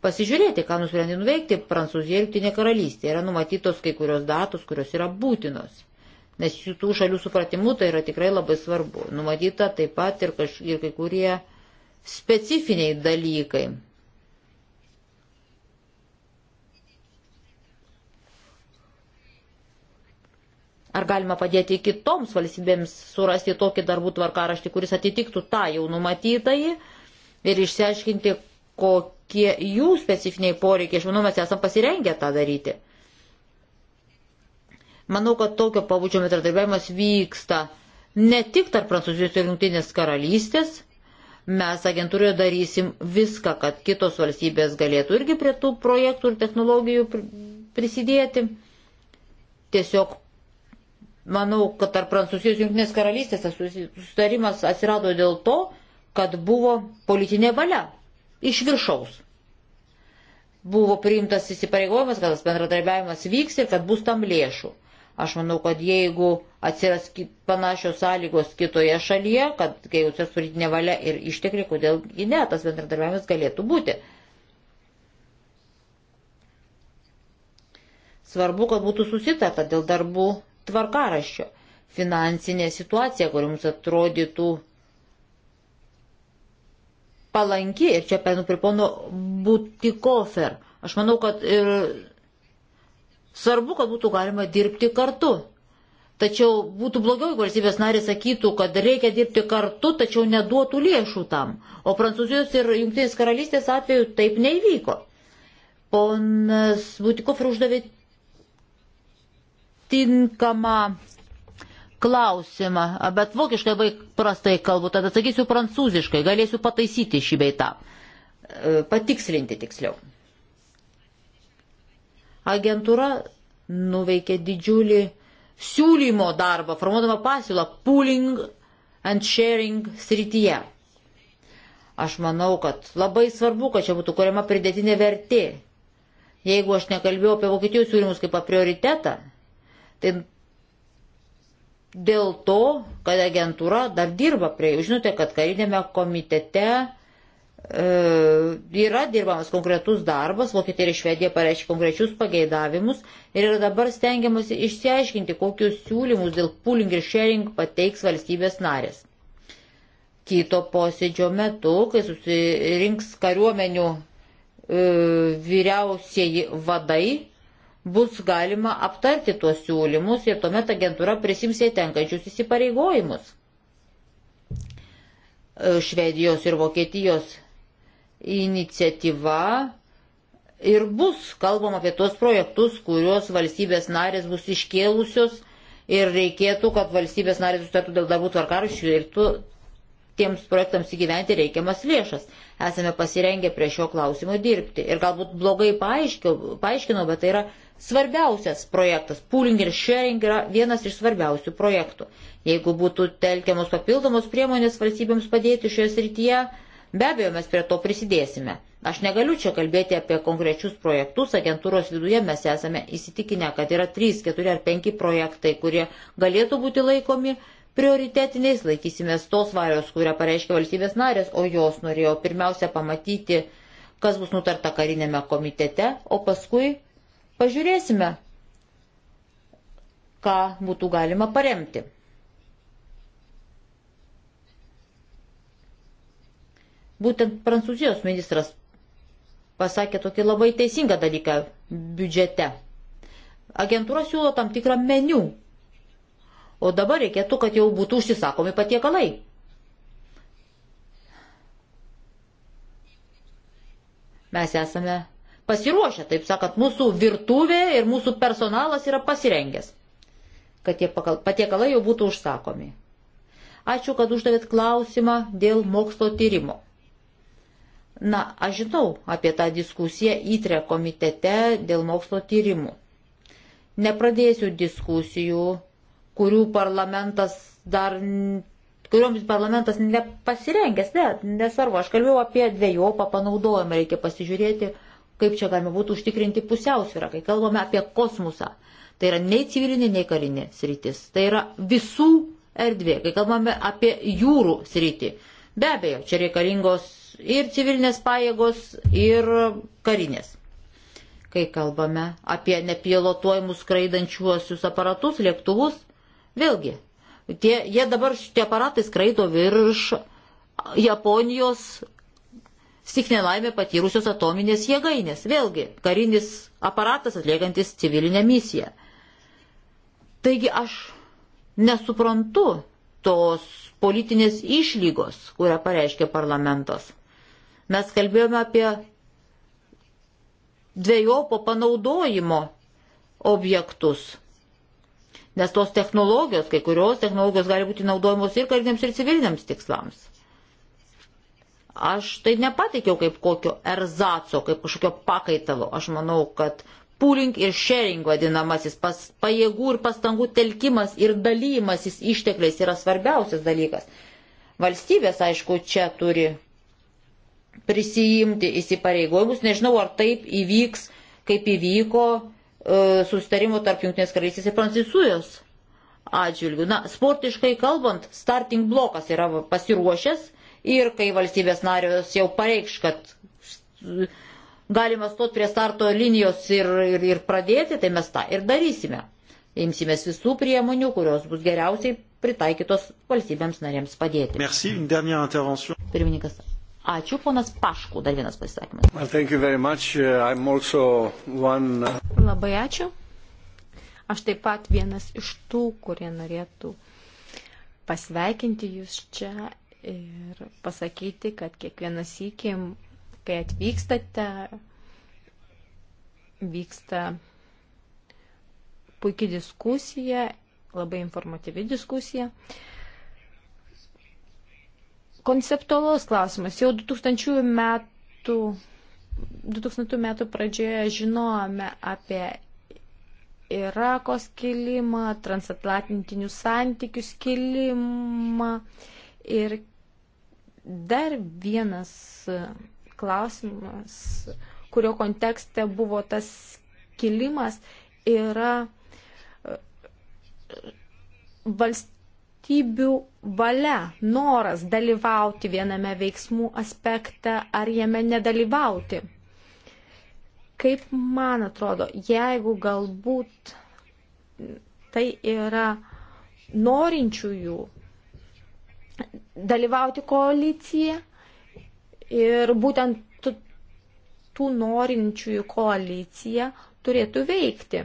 pasižiūrėti, ką nusprendė nuveikti Prancūzija ir Junktinė karalystė. Yra numatytos kai kurios datos, kurios yra būtinos. Nes jų tų šalių supratimu tai yra tikrai labai svarbu. Numatyta taip pat ir, kaž, ir kai kurie specifiniai dalykai. Ar galima padėti kitoms valstybėms surasti tokį darbų tvarkaraštį, kuris atitiktų tą jau numatytąjį ir išsiaiškinti, kokie jų specifiniai poreikiai. Aš manau, mes esam pasirengę tą daryti. Manau, kad tokio pabudžio metradarbiavimas vyksta ne tik tarp Prancūzijos ir Junktinės karalystės, Mes agentūroje darysim viską, kad kitos valstybės galėtų irgi prie tų projektų ir technologijų prisidėti. Tiesiog manau, kad tarp Prancūzijos ir Junktinės karalystės susitarimas atsirado dėl to, kad buvo politinė valia iš viršaus. Buvo priimtas įsipareigojimas, kad tas bendradarbiavimas vyks ir kad bus tam lėšų. Aš manau, kad jeigu atsiras panašios sąlygos kitoje šalyje, kad kai jausios politinė valia ir ištekliai, kodėl ne, tas bendradarbiavimas galėtų būti. Svarbu, kad būtų susitarta dėl darbų tvarkaraščio. Finansinė situacija, kur jums atrodytų palanki, ir čia penu prie pono Butikofer. Aš manau, kad ir Svarbu, kad būtų galima dirbti kartu. Tačiau būtų blogiau, jeigu valstybės narė sakytų, kad reikia dirbti kartu, tačiau neduotų lėšų tam. O Prancūzijos ir Junktinės karalystės atveju taip neįvyko. Ponas Butikofer uždavė tinkamą klausimą, bet vokiškai baig prastai kalbu, tada atsakysiu prancūziškai, galėsiu pataisyti šį beitą, e, patikslinti tiksliau. Agentūra nuveikė didžiulį siūlymo darbą, formuodama pasiūlą pooling and sharing srityje. Aš manau, kad labai svarbu, kad čia būtų kuriama pridėtinė vertė. Jeigu aš nekalbėjau apie Vokietijos siūlymus kaip apie prioritetą, tai dėl to, kad agentūra dar dirba prie jų. Žinote, kad karinėme komitete E, yra dirbamas konkretus darbas, Vokietija ir Švedija pareiškia konkrečius pageidavimus ir yra dabar stengiamasi išsiaiškinti, kokius siūlymus dėl pooling ir sharing pateiks valstybės narės. Kito posėdžio metu, kai susirinks kariuomenių e, vyriausieji vadai, bus galima aptarti tuos siūlymus ir tuomet agentūra prisims jai tenkančius įsipareigojimus. E, Švedijos ir Vokietijos iniciatyva ir bus kalbama apie tuos projektus, kuriuos valstybės narės bus iškėlusios ir reikėtų, kad valstybės narės sutartų dėl darbų tvarkaraščių ir tu tiems projektams įgyventi reikiamas lėšas. Esame pasirengę prie šio klausimo dirbti. Ir galbūt blogai paaiškiau, paaiškinau, bet tai yra svarbiausias projektas. Pooling ir sharing yra vienas iš svarbiausių projektų. Jeigu būtų telkiamos papildomos priemonės valstybėms padėti šioje srityje, Be abejo, mes prie to prisidėsime. Aš negaliu čia kalbėti apie konkrečius projektus, agentūros viduje mes esame įsitikinę, kad yra 3, 4 ar 5 projektai, kurie galėtų būti laikomi prioritetiniais, laikysimės tos valios, kurią pareiškia valstybės narės, o jos norėjo pirmiausia pamatyti, kas bus nutarta karinėme komitete, o paskui pažiūrėsime, ką būtų galima paremti. Būtent prancūzijos ministras pasakė tokį labai teisingą dalyką biudžete. Agentūra siūlo tam tikrą meniu, o dabar reikėtų, kad jau būtų užsisakomi patiekalai. Mes esame pasiruošę, taip sakant, mūsų virtuvė ir mūsų personalas yra pasirengęs, kad tie patiekalai jau būtų užsakomi. Ačiū, kad uždavėt klausimą dėl mokslo tyrimo. Na, aš žinau apie tą diskusiją įtre komitete dėl mokslo tyrimų. Nepradėsiu diskusijų, kurių parlamentas dar, kuriuoms parlamentas nepasirengęs, ne, nesvarbu, aš kalbėjau apie dviejopą panaudojimą, reikia pasižiūrėti, kaip čia galima būtų užtikrinti pusiausvyrą, kai kalbame apie kosmosą. Tai yra nei civilinė, nei karinė sritis. Tai yra visų erdvė, kai kalbame apie jūrų sritį. Be abejo, čia reikalingos ir civilinės pajėgos, ir karinės. Kai kalbame apie nepilotuojamus skraidančiuosius aparatus, lėktuvus, vėlgi, tie, jie dabar šitie aparatai skraido virš Japonijos stiknė laimė patyrusios atominės jėgainės. Vėlgi, karinis aparatas atliekantis civilinę misiją. Taigi aš nesuprantu tos politinės išlygos, kurią pareiškia parlamentas. Mes kalbėjome apie dviejopo panaudojimo objektus. Nes tos technologijos, kai kurios technologijos gali būti naudojamos ir kariniams, ir civiliniams tikslams. Aš tai nepatikiau kaip kokio erzaco, kaip kažkokio pakaitalo. Aš manau, kad pooling ir sharing vadinamasis pas, pajėgų ir pastangų telkimas ir dalymasis ištekliais yra svarbiausias dalykas. Valstybės, aišku, čia turi prisijimti įsipareigojimus. Nežinau, ar taip įvyks, kaip įvyko e, sustarimo tarp Junktinės karalystės ir Prancūzijos atžvilgių. Na, sportiškai kalbant, starting blokas yra pasiruošęs ir kai valstybės narės jau pareikš, kad galima stot prie starto linijos ir, ir, ir pradėti, tai mes tą ir darysime. Imsimės visų priemonių, kurios bus geriausiai pritaikytos valstybėms narėms padėti. Merci, Pirmininkas, Ačiū, ponas Paškų, dar vienas pasisakymas. Well, uh, also one... Uh, labai ačiū. Aš taip pat vienas iš tų, kurie norėtų pasveikinti jūs čia ir pasakyti, kad kiekvienas įkim, kai atvykstate, vyksta puikia diskusija, labai informatyvi diskusija. Uh, konceptualus klausimas. Jau 2000 metų, 2000 metų pradžioje žinojome apie Irakos kilimą, transatlantinių santykių kilimą. Ir dar vienas klausimas, kurio kontekste buvo tas kilimas, yra e, valstybės valstybių valia, noras dalyvauti viename veiksmų aspekte ar jame nedalyvauti. Kaip man atrodo, jeigu galbūt tai yra norinčiųjų dalyvauti koaliciją ir būtent tų norinčiųjų koalicija turėtų veikti.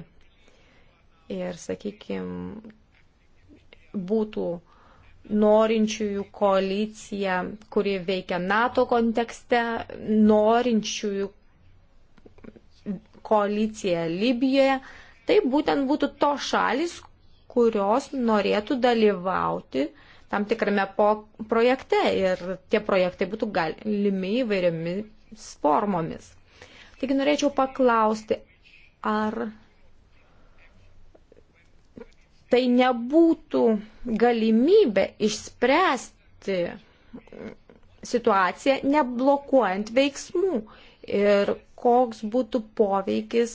Ir, sakykime, būtų norinčiųjų koalicija, kuri veikia NATO kontekste, norinčiųjų koalicija Libijoje, tai būtent būtų to šalis, kurios norėtų dalyvauti tam tikrame projekte ir tie projektai būtų galimi įvairiomis formomis. Taigi norėčiau paklausti, ar tai nebūtų galimybė išspręsti situaciją, neblokuojant veiksmų ir koks būtų poveikis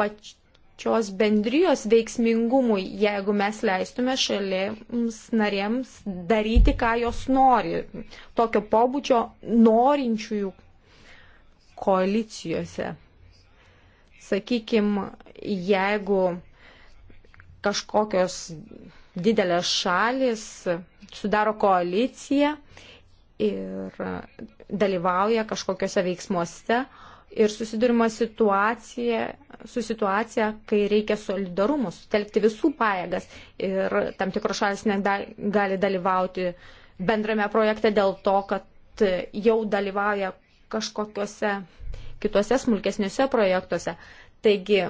pačios bendrijos veiksmingumui, jeigu mes leistume šalims narėms daryti, ką jos nori, tokio pobūdžio norinčiųjų koalicijose. Sakykime, jeigu kažkokios didelės šalis sudaro koaliciją ir dalyvauja kažkokiuose veiksmuose ir susidurima situacija, su situacija, kai reikia solidarumo, sutelkti visų pajėgas ir tam tikros šalis negali dalyvauti bendrame projekte dėl to, kad jau dalyvauja kažkokiuose kituose smulkesniuose projektuose. Taigi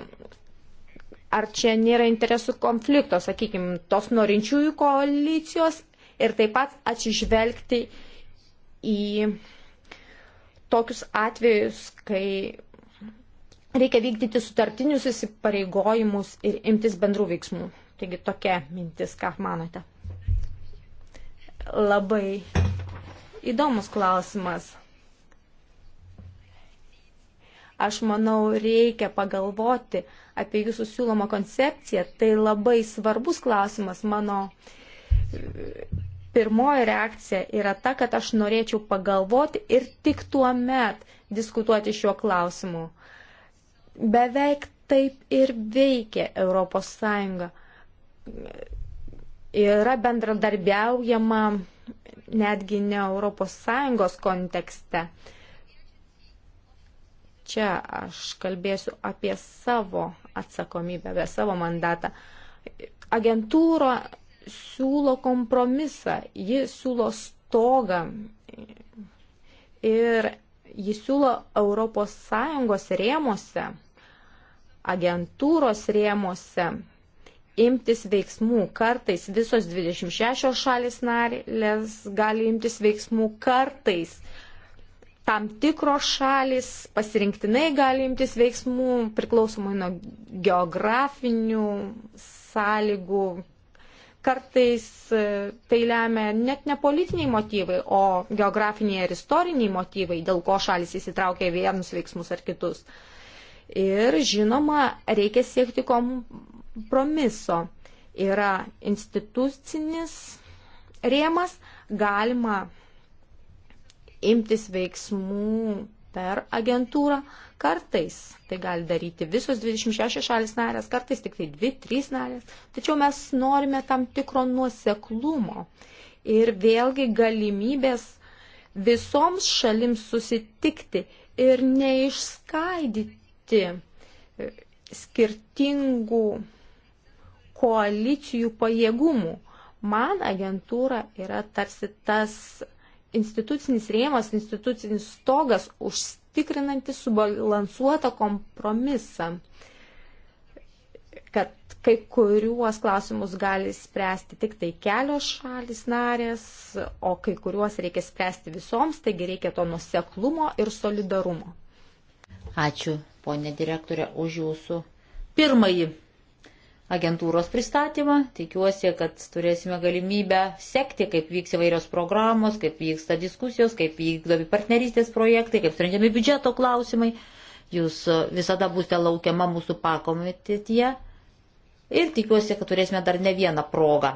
Ar čia nėra interesų konflikto, sakykime, tos norinčiųjų koalicijos ir taip pat atsižvelgti į tokius atvejus, kai reikia vykdyti sutartinius įsipareigojimus ir imtis bendrų veiksmų. Taigi tokia mintis, ką manote. Labai įdomus klausimas. Aš manau, reikia pagalvoti, apie jūsų siūlomą koncepciją. Tai labai svarbus klausimas. Mano e, pirmoji reakcija yra ta, kad aš norėčiau pagalvoti ir tik tuo met diskutuoti šiuo klausimu. Beveik taip ir veikia ES. Yra bendradarbiaujama netgi ne ES kontekste. Čia aš kalbėsiu apie savo atsakomybę, apie savo mandatą. Agentūra siūlo kompromisą, ji siūlo stogą ir ji siūlo ES rėmose, agentūros rėmose imtis veiksmų. Kartais visos 26 šalis narės gali imtis veiksmų, kartais uh, tam tikros šalis pasirinktinai gali imtis veiksmų priklausomai nuo geografinių sąlygų. Kartais e, tai lemia net ne politiniai motyvai, o geografiniai ir istoriniai motyvai, dėl ko šalis įsitraukia vienus veiksmus ar kitus. Ir žinoma, reikia siekti kompromiso. Yra institucinis rėmas, galima imtis veiksmų per agentūrą. Kartais tai gali daryti visos 26 šalis narės, kartais tik tai 2-3 narės. Tačiau mes norime tam tikro nuoseklumo ir vėlgi galimybės visoms šalims susitikti ir neišskaidyti e, skirtingų koalicijų pajėgumų. Man agentūra yra tarsi tas uh, institucinis rėmas, institucinis stogas užtikrinantis subalansuotą kompromisą, kad kai kuriuos klausimus gali spręsti tik tai kelios šalis narės, o kai kuriuos reikia spręsti visoms, taigi reikia to nuseklumo ir solidarumo. Ačiū, ponė direktorė, už jūsų pirmąjį agentūros pristatymą. Tikiuosi, kad turėsime galimybę sekti, kaip vyks įvairios programos, kaip vyksta diskusijos, kaip vykdomi partnerystės projektai, kaip sprendžiami biudžeto klausimai. Jūs e, visada būsite laukiama mūsų pakomitetyje. Ir tikiuosi, kad turėsime dar ne vieną progą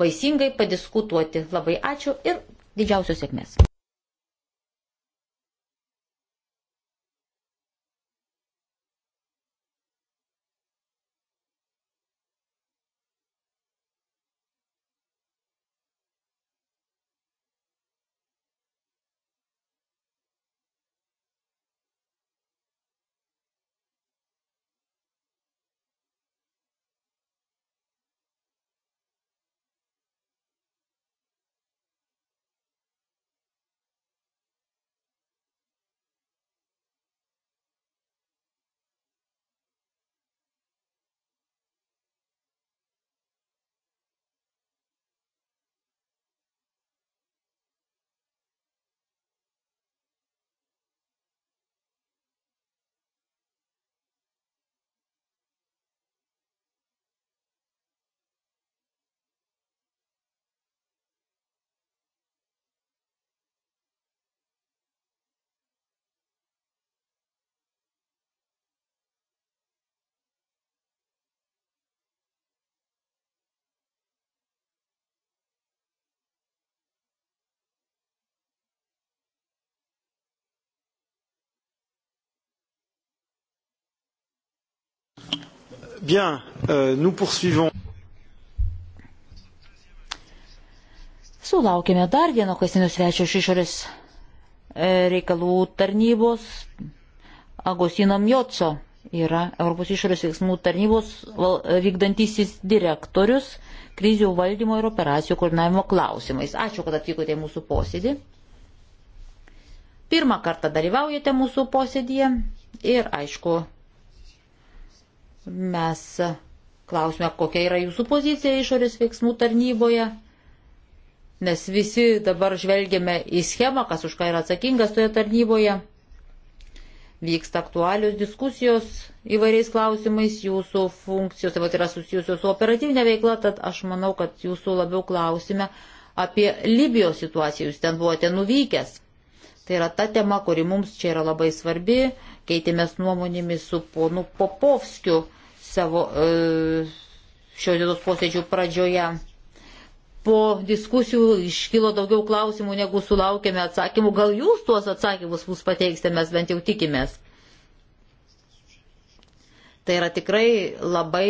vaisingai padiskutuoti. Labai ačiū ir didžiausios sėkmės. Bien, euh, nous poursuivons. Sulaukime dar vieno kasdienio svečio iš išorės e, reikalų tarnybos. Agosino Mjoco yra Europos išorės veiksmų tarnybos vykdantisis direktorius krizių valdymo ir operacijų koordinavimo klausimais. Ačiū, kad atvykote į mūsų posėdį. Pirmą kartą dalyvaujate mūsų posėdėje ir, aišku, Mes klausime, kokia yra jūsų pozicija išorės veiksmų tarnyboje, nes visi dabar žvelgiame į schemą, kas už ką yra atsakingas toje tarnyboje. Vyksta aktualios diskusijos įvairiais klausimais, jūsų funkcijos taip pat yra susijusios su operatyvinė veikla, tad aš manau, kad jūsų labiau klausime apie Libijos situaciją, jūs ten buvote nuvykęs. Tai yra ta tema, kuri mums čia yra labai svarbi keitėmės nuomonėmis su ponu Popovskiu savo e, šio dienos posėdžių pradžioje. Po diskusijų iškilo daugiau klausimų, negu sulaukėme atsakymų. Gal jūs tuos atsakymus mums pateiksite, mes bent jau tikimės. Tai yra tikrai labai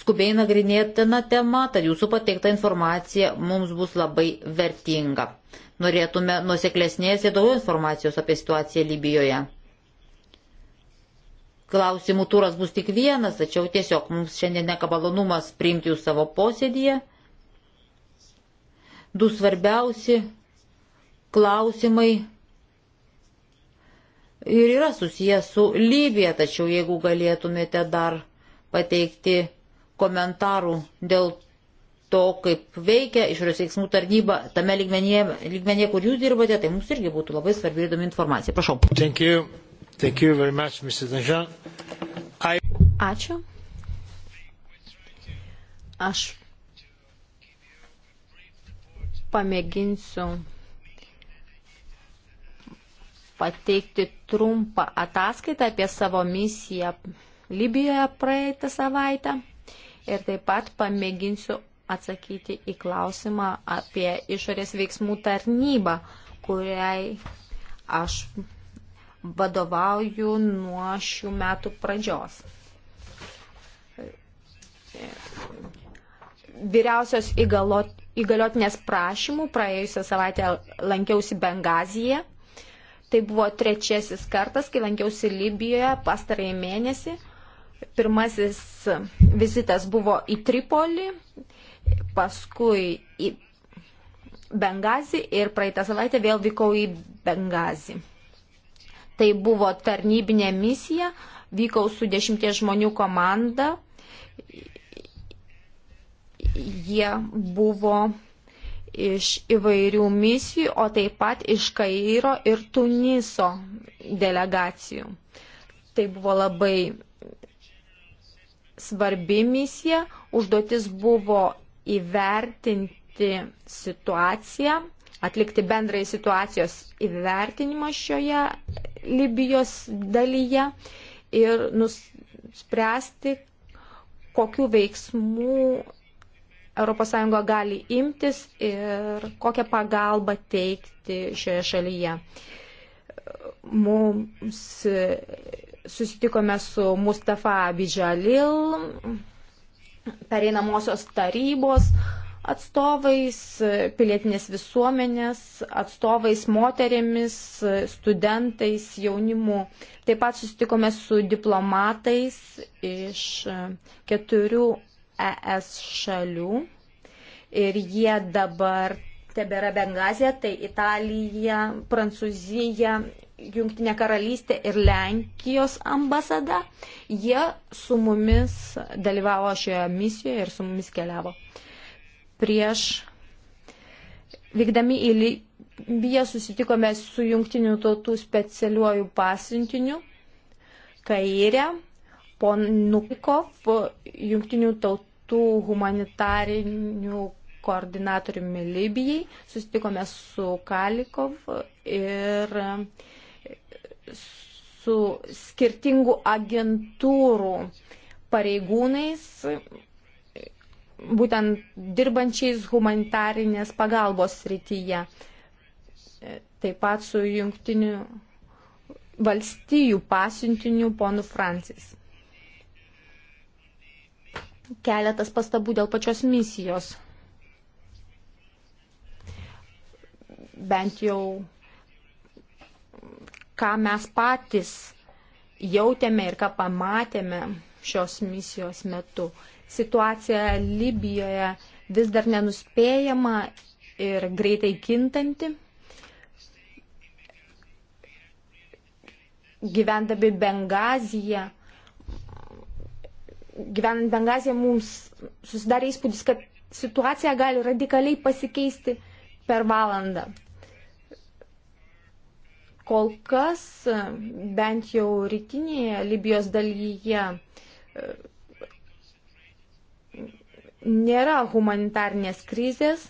skubiai nagrinėtina tema, tad jūsų pateikta informacija mums bus labai vertinga. Norėtume nuseklesnės ir daugiau informacijos apie situaciją Libijoje klausimų turas bus tik vienas, tačiau tiesiog mums šiandien nekabalonumas priimti jūs savo posėdėje. Du svarbiausi klausimai ir yra susijęs su Libija, tačiau jeigu galėtumėte dar pateikti komentarų dėl to, kaip veikia išorės veiksmų tarnyba tame lygmenyje, lygmenyje, kur jūs dirbate, tai mums irgi būtų labai svarbi įdomi informacija. Prašau. Thank you. Thank you very much, Mr. Danjean. I... Ačiū. Aš pamėginsiu pateikti trumpą ataskaitą apie savo misiją Libijoje praeitą savaitę ir taip pat pamėginsiu atsakyti į klausimą apie išorės veiksmų tarnybą, kuriai aš vadovauju nuo šių metų pradžios. Vyriausios įgaliotinės prašymų praėjusią savaitę lankiausi Bengazijoje. Tai buvo trečiasis kartas, kai lankiausi Libijoje pastarąjį mėnesį. Pirmasis vizitas buvo į Tripolį, paskui į Bengazį ir praeitą savaitę vėl vykau į Bengazį. Tai buvo tarnybinė misija, vykau su dešimties žmonių komanda. Jie buvo iš įvairių misijų, o taip pat iš Kairo ir Tuniso delegacijų. Tai buvo labai svarbi misija. Užduotis buvo įvertinti situaciją atlikti bendrai situacijos įvertinimą šioje Libijos dalyje ir nuspręsti, kokiu veiksmu ES gali imtis ir kokią pagalbą teikti šioje šalyje. Mums susitikome su Mustafa Abidžalil, pereinamosios tarybos atstovais, pilietinės visuomenės atstovais, moterėmis, studentais, jaunimu. Taip pat susitikome su diplomatais iš keturių ES šalių ir jie dabar tebėra Bengazija, tai Italija, Prancūzija, Junktinė karalystė ir Lenkijos ambasada. Jie su mumis dalyvavo šioje misijoje ir su mumis keliavo. Uh, prieš vykdami į Libiją susitikome su jungtinių tautų specialiuoju pasiuntiniu Kairė, ponukov, jungtinių tautų humanitarinių koordinatoriumi Libijai, susitikome su Kalikov ir su skirtingų agentūrų pareigūnais būtent dirbančiais humanitarinės pagalbos srityje. Taip pat su jungtiniu valstijų pasiuntiniu ponu Francis. Keletas pastabų dėl pačios misijos. Bent jau ką mes patys jautėme ir ką pamatėme šios misijos metu situacija Libijoje vis dar nenuspėjama ir greitai kintanti. Gyvendami Bengaziją, gyvenant Bengaziją mums susidarė įspūdis, kad situacija gali radikaliai pasikeisti per valandą. Kol kas, bent jau rytinėje Libijos dalyje, nėra humanitarnės krizės,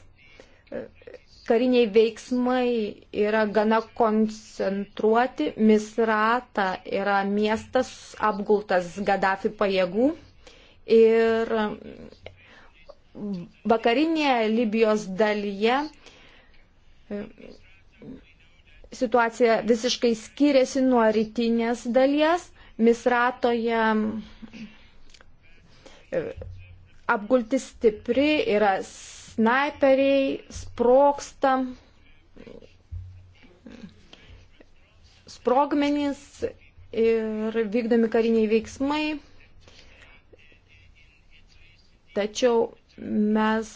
kariniai veiksmai yra gana koncentruoti, Misrata yra miestas apgultas Gaddafi pajėgų ir vakarinėje Libijos dalyje e, situacija visiškai skiriasi nuo rytinės dalies. Misratoje e, apgulti stipri, yra snaiperiai, sproksta, sprogmenys ir vykdomi kariniai veiksmai. Tačiau mes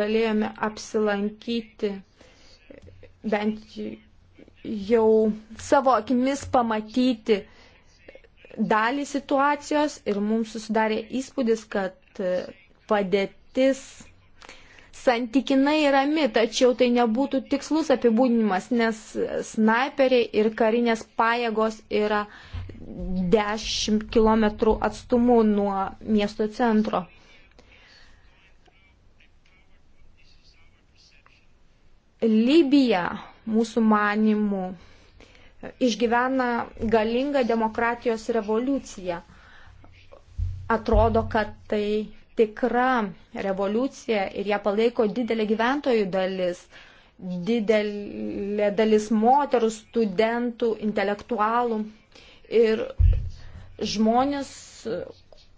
galėjome apsilankyti bent jau savo akimis pamatyti dalį situacijos ir mums susidarė įspūdis, kad kad padėtis santykinai rami, tačiau tai nebūtų tikslus apibūdinimas, nes snaiperiai ir karinės pajėgos yra 10 km atstumu nuo miesto centro. Libija, mūsų manimų, išgyvena galingą demokratijos revoliuciją atrodo, kad tai tikra revoliucija ir ją palaiko didelė gyventojų dalis, didelė dalis moterų, studentų, intelektualų ir žmonės,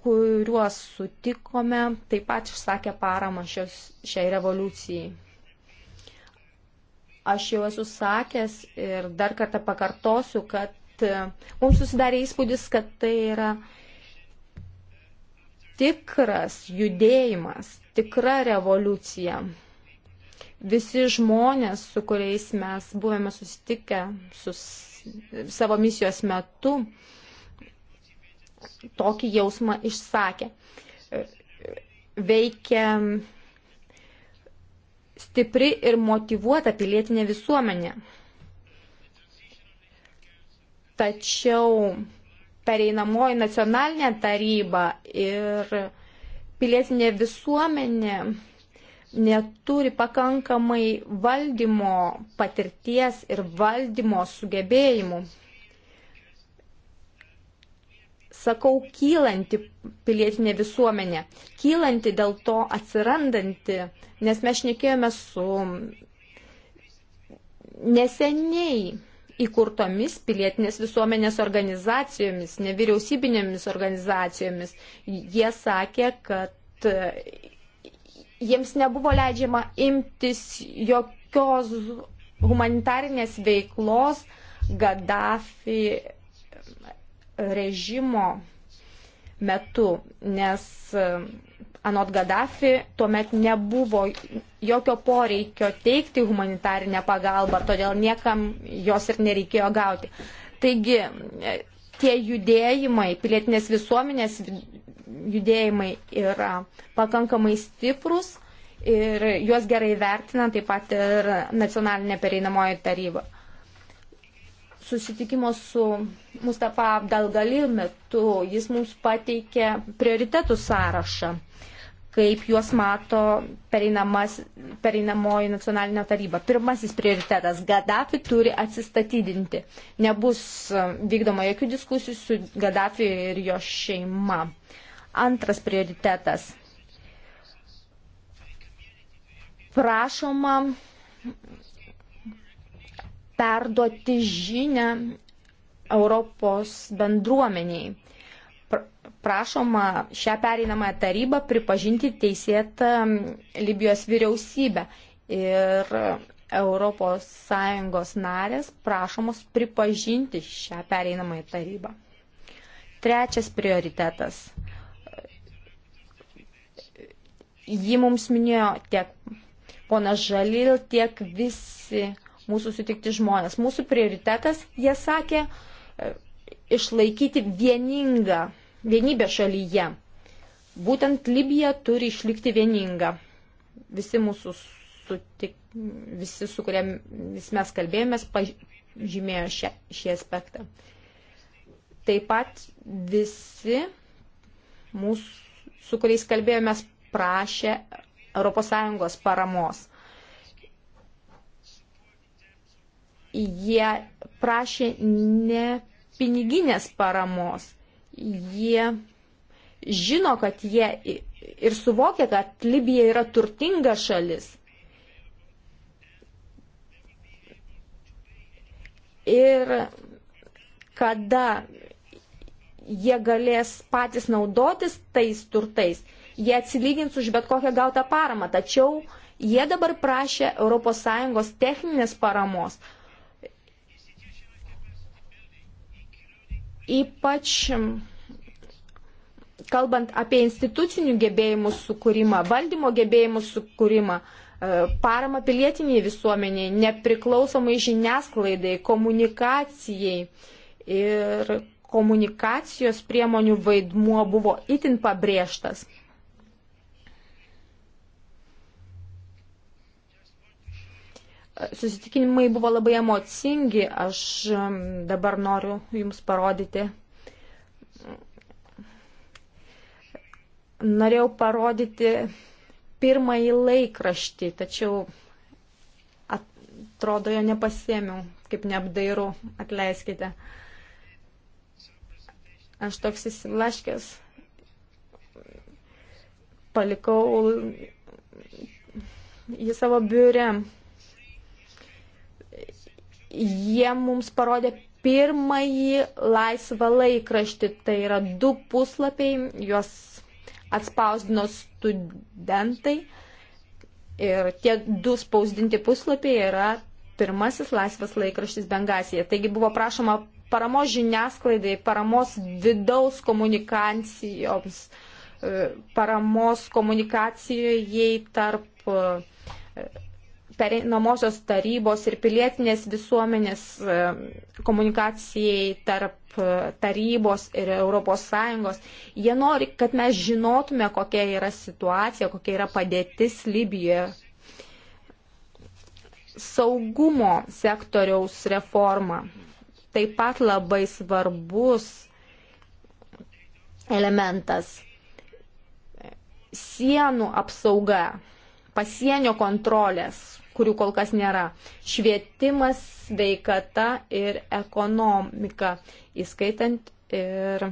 kuriuos sutikome, taip pat išsakė paramą šios, šiai revoliucijai. Aš jau esu sakęs ir dar kartą pakartosiu, kad e, mums susidarė įspūdis, kad tai yra uh, tikras judėjimas, tikra revoliucija. Visi žmonės, su kuriais mes buvome susitikę su savo misijos metu, tokį jausmą išsakė. Veikia stipri ir motivuota pilietinė visuomenė. Tačiau pereinamoji nacionalinė taryba ir pilietinė visuomenė neturi pakankamai valdymo patirties ir valdymo sugebėjimų. Sakau, kylanti pilietinė visuomenė, kylanti dėl to atsirandanti, nes mes šnekėjome su neseniai įkurtomis pilietinės visuomenės organizacijomis, nevyriausybinėmis organizacijomis. Jie sakė, kad e, jiems nebuvo leidžiama imtis jokios humanitarinės veiklos Gaddafi e, režimo metu, nes e, anot Gaddafi, tuomet nebuvo jokio poreikio teikti humanitarinę pagalbą, todėl niekam jos ir nereikėjo gauti. Taigi e, tie judėjimai, pilietinės visuomenės judėjimai yra pakankamai stiprus ir juos gerai vertina taip pat ir nacionalinė pereinamoji taryba. Susitikimo su Mustafa Abdalgali metu jis mums pateikė prioritetų sąrašą. Uh, kaip juos mato pereinamoji nacionalinė taryba. Pirmasis prioritetas - Gaddafi turi atsistatydinti. Nebus e, vykdoma jokių diskusijų su Gaddafi ir jo šeima. Antras prioritetas - prašoma perduoti žinę Europos bendruomeniai prašoma šią pereinamąją tarybą pripažinti teisėtą Libijos vyriausybę. Ir ES narės prašomos pripažinti šią pereinamąją tarybą. Trečias prioritetas. Jį mums minėjo tiek ponas Žalil, tiek visi mūsų sutikti žmonės. Mūsų prioritetas, jie sakė, e, išlaikyti vieningą vienybę šalyje. Būtent Libija turi išlikti vieninga. Visi mūsų sutik, visi, su kuriamis mes kalbėjomės, pažymėjo šią, šį aspektą. Taip pat visi mūsų, su kuriais kalbėjomės, prašė ES paramos. Jie prašė ne piniginės paramos, jie žino, kad jie ir suvokia, kad Libija yra turtinga šalis. Ir kada jie galės patys naudotis tais turtais, jie atsilygins už bet kokią gautą paramą. Tačiau jie dabar prašė ES techninės paramos, Ypač kalbant apie institucinių gebėjimų sukūrimą, valdymo gebėjimų sukūrimą, e, paramą pilietiniai visuomeniai, nepriklausomai žiniasklaidai, komunikacijai ir komunikacijos priemonių vaidmuo buvo itin pabrėžtas. susitikinimai buvo labai emocingi. Aš dabar noriu Jums parodyti. Norėjau parodyti pirmąjį laikraštį, tačiau atrodo jo nepasėmiau, kaip neapdairu, atleiskite. Aš toks įsilaškęs palikau jį savo biure. Jie mums parodė pirmąjį laisvą laikraštį, tai yra du puslapiai, juos atspausdino studentai ir tie du spausdinti puslapiai yra pirmasis laisvas laikraštis Bengasija. Taigi buvo prašoma paramos žiniasklaidai, paramos vidaus komunikacijoms, e, paramos komunikacijai tarp e, pereinamosios tarybos ir pilietinės visuomenės e, komunikacijai tarp e, tarybos ir ES. Jie nori, kad mes žinotume, kokia yra situacija, kokia yra padėtis Libijoje. Saugumo sektoriaus reforma taip pat labai svarbus elementas. Sienų apsauga pasienio kontrolės kurių kol kas nėra. Švietimas, veikata ir ekonomika, įskaitant ir.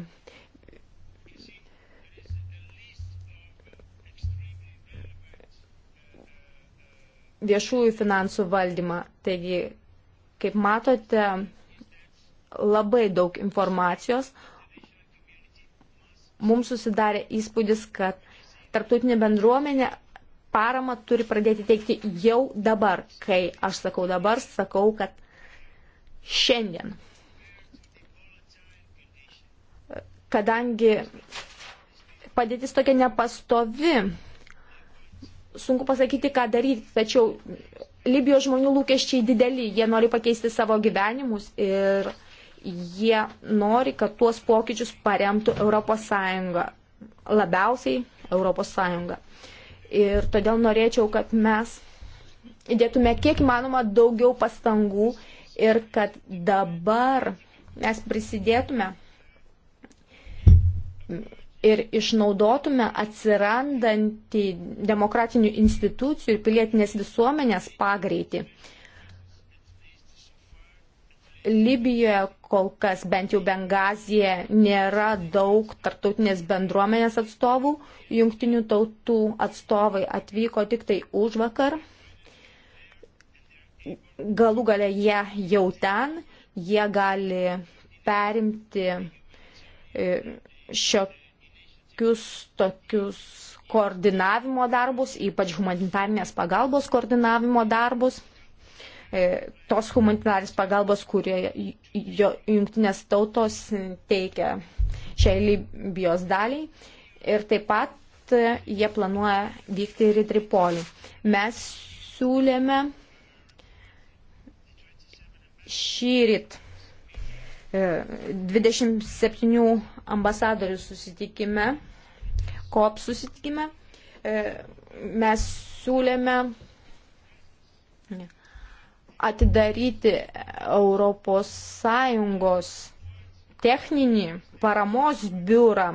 viešųjų finansų valdymą. Taigi, kaip matote, labai daug informacijos. Mums susidarė įspūdis, kad tarptautinė bendruomenė paramą turi pradėti teikti jau dabar. Kai aš sakau dabar, sakau, kad šiandien. Kadangi padėtis tokia nepastovi, sunku pasakyti, ką daryti, tačiau Libijos žmonių lūkesčiai dideli, jie nori pakeisti savo gyvenimus ir jie nori, kad tuos pokyčius paremtų ES, labiausiai ES. Ir todėl norėčiau, kad mes įdėtume kiek įmanoma daugiau pastangų ir kad dabar mes prisidėtume ir išnaudotume atsirandantį demokratinių institucijų ir pilietinės visuomenės pagreitį. Libijoje kol kas, bent jau Bengazija, nėra daug tarptautinės bendruomenės atstovų. Jungtinių tautų atstovai atvyko tik tai už vakar. Galų gale jie jau ten, jie gali perimti e, šiokius tokius koordinavimo darbus, ypač humanitarnės pagalbos koordinavimo darbus. E, tos humanitarės pagalbos, kurie jungtinės tautos teikia šiai Libijos daliai. Ir taip pat e, jie planuoja vykti ir į Tripolį. Mes siūlėme šį ryt 27 ambasadorių susitikime, COP susitikime, e, mes siūlėme ne, atidaryti ES techninį paramos biurą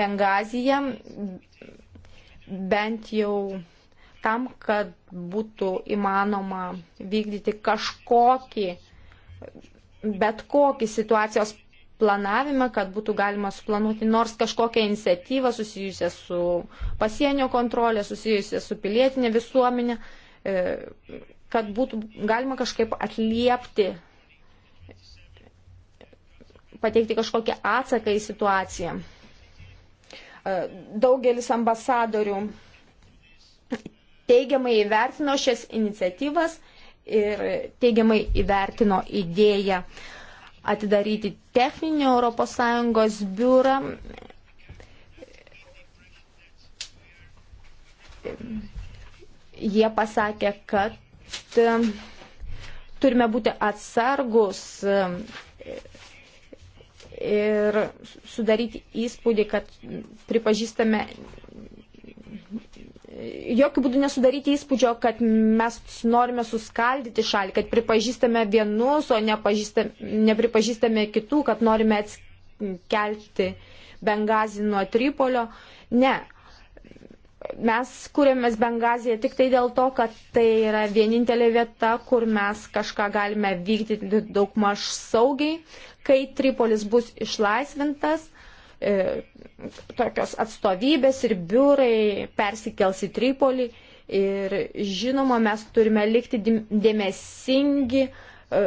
Bengazija, bent jau tam, kad būtų įmanoma vykdyti kažkokį, bet kokį situacijos planavimą, kad būtų galima suplanuoti nors kažkokią iniciatyvą susijusią su pasienio kontrolė, susijusią su pilietinė visuomenė, e, kad būtų galima kažkaip atliepti, pateikti kažkokią atsaką į situaciją. E, daugelis ambasadorių teigiamai įvertino šias iniciatyvas ir teigiamai įvertino idėją atidaryti techninį ES biurą. Jie pasakė, kad turime būti atsargus ir sudaryti įspūdį, kad pripažįstame, jokių būdų nesudaryti įspūdžio, kad mes norime suskaldyti šalį, kad pripažįstame vienus, o nepripažįstame kitų, kad norime atskelti Bengazį nuo Tripolio. Ne, mes kūrėmės Bengaziją tik tai dėl to, kad tai yra vienintelė vieta, kur mes kažką galime vykdyti daug maž saugiai, kai Tripolis bus išlaisvintas. E, tokios atstovybės ir biurai persikels į Tripolį ir žinoma, mes turime likti dėmesingi e, E,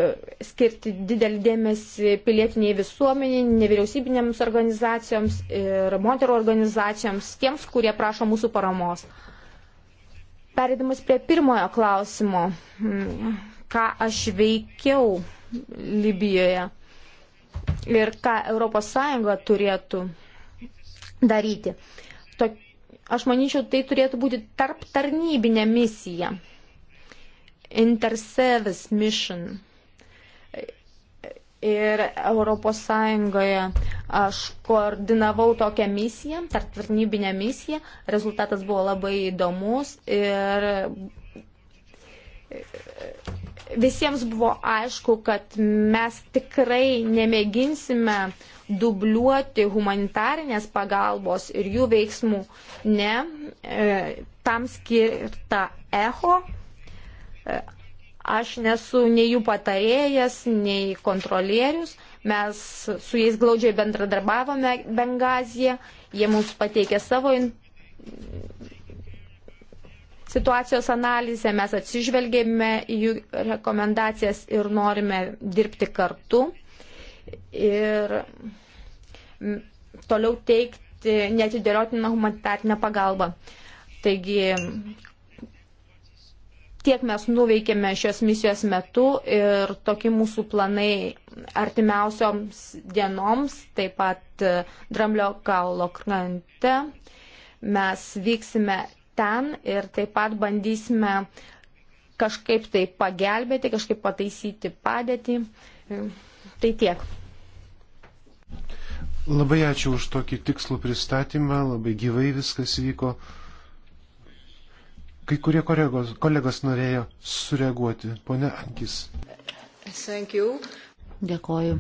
skirti didelį dėmesį pilietiniai visuomeniai, nevyriausybinėms organizacijoms ir moterų organizacijoms, tiems, kurie prašo mūsų paramos. Perėdamas prie pirmojo klausimo, ką aš veikiau Libijoje ir ką ES turėtų daryti. Tok, aš manyčiau, tai turėtų būti tarp tarnybinė misija. Interservice mission ir Europos Sąjungoje aš koordinavau tokią misiją, tarptvarnybinę misiją. Rezultatas buvo labai įdomus ir visiems buvo aišku, kad mes tikrai nemėginsime dubliuoti humanitarinės pagalbos ir jų veiksmų. Ne, e, tam skirta echo Aš nesu nei jų patarėjas, nei kontrolierius. Mes su jais glaudžiai bendradarbavome Bengaziją. Jie mums pateikė savo in... situacijos analizę. Mes atsižvelgėme į jų rekomendacijas ir norime dirbti kartu. Ir toliau teikti netidėliotiną humanitarinę pagalbą. Taigi tiek mes nuveikėme šios misijos metu ir tokie mūsų planai artimiausioms dienoms, taip pat e, Dramblio kaulo krante. Mes vyksime ten ir taip pat bandysime kažkaip tai pagelbėti, kažkaip pataisyti padėtį. E, tai tiek. Labai ačiū už tokį tikslų pristatymą, labai gyvai viskas vyko. Kai kurie kolegos, kolegos norėjo sureaguoti. Pone Ankis. Dėkoju.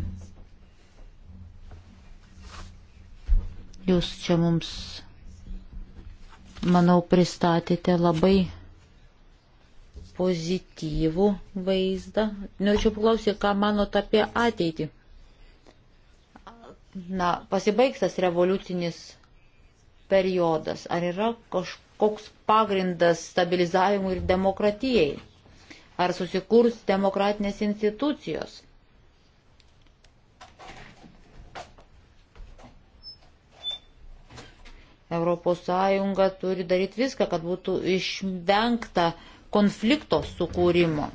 Jūs čia mums, manau, pristatėte labai pozityvų vaizdą. Norėčiau paklausyti, ką manot apie ateitį. Na, pasibaigtas revoliucinis periodas. Ar yra kažkokia koks pagrindas stabilizavimui ir demokratijai? Ar susikurs demokratinės institucijos? Europos Sąjunga turi daryti viską, kad būtų išvengta konflikto sukūrimo.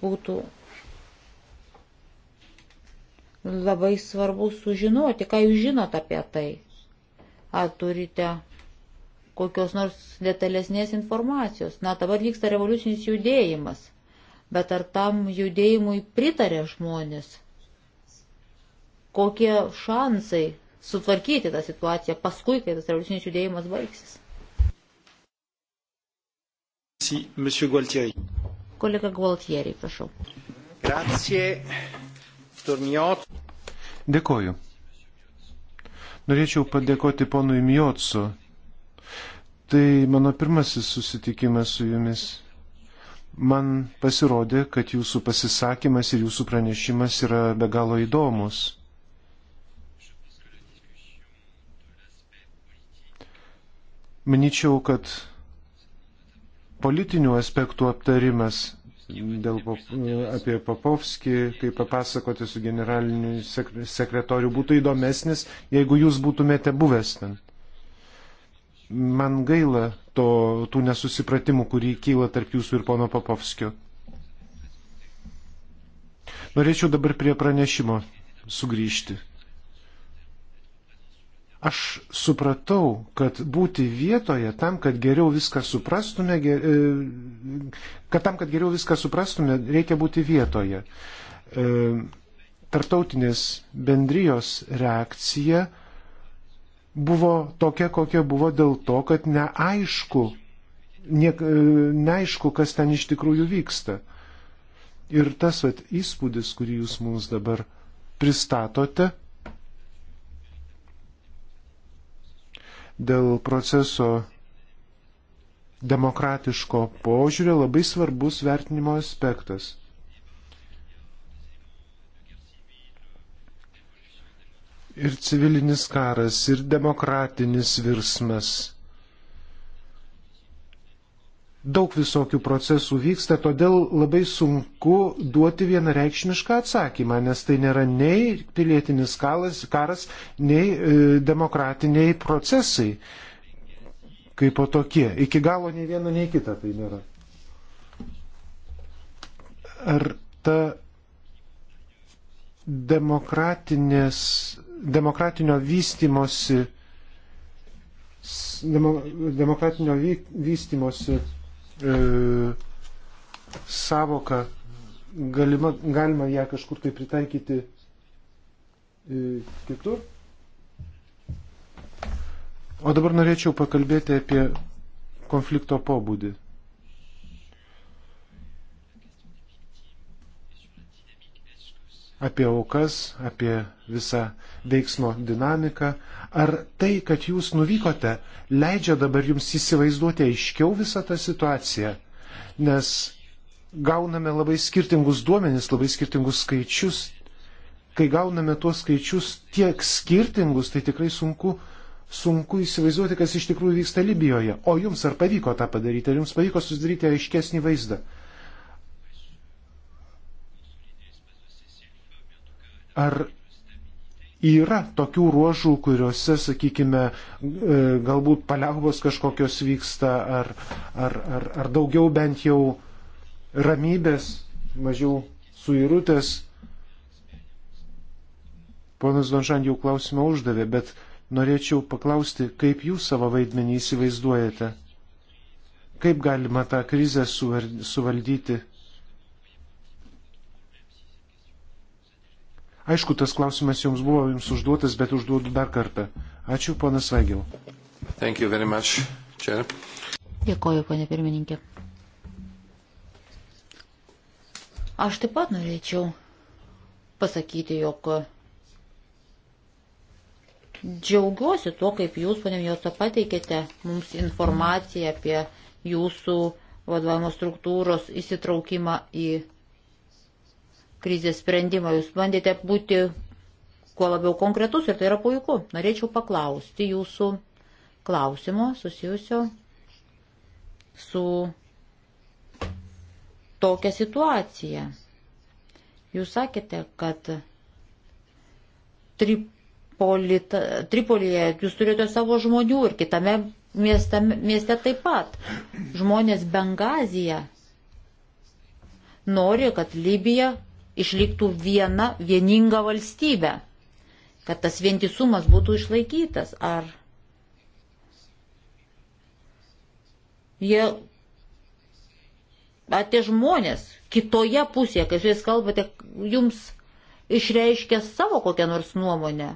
Būtų labai svarbu sužinoti, ką jūs žinot apie tai. Ar turite kokios nors detalesnės informacijos. Na, dabar vyksta revoliucinis judėjimas, bet ar tam judėjimui pritarė žmonės? Kokie šansai sutvarkyti tą situaciją paskui, kai tas revoliucinis judėjimas baigsis? Si, Gualtieri. Kolega Gualtieri, prašau. Grazie, Turmiot. Dėkoju. Norėčiau padėkoti ponui Miotsu tai mano pirmasis susitikimas su jumis. Man pasirodė, kad jūsų pasisakymas ir jūsų pranešimas yra be galo įdomus. Manyčiau, kad politinių aspektų aptarimas dėl, apie Popovskį, kaip papasakoti su generaliniu sekretoriu, būtų įdomesnis, jeigu jūs būtumėte buvęs ten. Man gaila to, tų nesusipratimų, kurį kyla tarp jūsų ir pono Papovskio. Norėčiau dabar prie pranešimo sugrįžti. Aš supratau, kad būti vietoje tam, kad geriau viską suprastume, ger... E, kad tam, kad geriau viską suprastume, reikia būti vietoje. E, Tartautinės bendrijos reakcija buvo tokia, kokia buvo dėl to, kad neaišku, ne, neaišku kas ten iš tikrųjų vyksta. Ir tas vat, įspūdis, kurį jūs mums dabar pristatote dėl proceso demokratiško požiūrio, labai svarbus vertinimo aspektas. ir civilinis karas, ir demokratinis virsmas. Daug visokių procesų vyksta, todėl labai sunku duoti vienareikšmišką atsakymą, nes tai nėra nei pilietinis kalas, karas, nei e, demokratiniai procesai kaip po tokie. Iki galo nei viena, nei kita tai nėra. Ar ta demokratinės demokratinio vystimosi, demo, demokratinio vystimosi e, savoka, galima, galima ją kažkur tai pritaikyti e, kitur. O dabar norėčiau pakalbėti apie konflikto pobūdį. apie aukas, apie visą veiksmo dinamiką. Ar tai, kad jūs nuvykote, leidžia dabar jums įsivaizduoti aiškiau visą tą situaciją? Nes gauname labai skirtingus duomenis, labai skirtingus skaičius. Kai gauname tuos skaičius tiek skirtingus, tai tikrai sunku, sunku įsivaizduoti, kas iš tikrųjų vyksta Libijoje. O jums ar pavyko tą padaryti, ar jums pavyko susidaryti aiškesnį vaizdą? Ar yra tokių ruožų, kuriuose, sakykime, e, galbūt paliaubos kažkokios vyksta, ar, ar, ar, ar daugiau bent jau ramybės, mažiau suirutės. Ponas Donžan jau klausimą uždavė, bet norėčiau paklausti, kaip jūs savo vaidmenį įsivaizduojate? Kaip galima tą krizę suvaldyti? Aišku, tas klausimas jums buvo jums užduotas, bet užduodu dar kartą. Ačiū, ponas Vaigil. Dėkoju, ponė pirmininkė. Aš taip pat norėčiau pasakyti, jog džiaugiuosi tuo, kaip jūs, ponė Jota, pateikėte mums informaciją apie jūsų vadovavimo struktūros įsitraukimą į krizės sprendimą. Jūs bandėte būti kuo labiau konkretus ir tai yra puiku. Norėčiau paklausti jūsų klausimo susijusio su tokia situacija. Jūs sakėte, kad Tripolita, Tripolyje jūs turėjote savo žmonių ir kitame mieste, mieste taip pat. Žmonės Bengazija nori, kad Libija išliktų viena vieninga valstybė, kad tas vientisumas būtų išlaikytas. Ar jie, ar tie žmonės kitoje pusėje, kai su jais kalbate, jums išreiškia savo kokią nors nuomonę?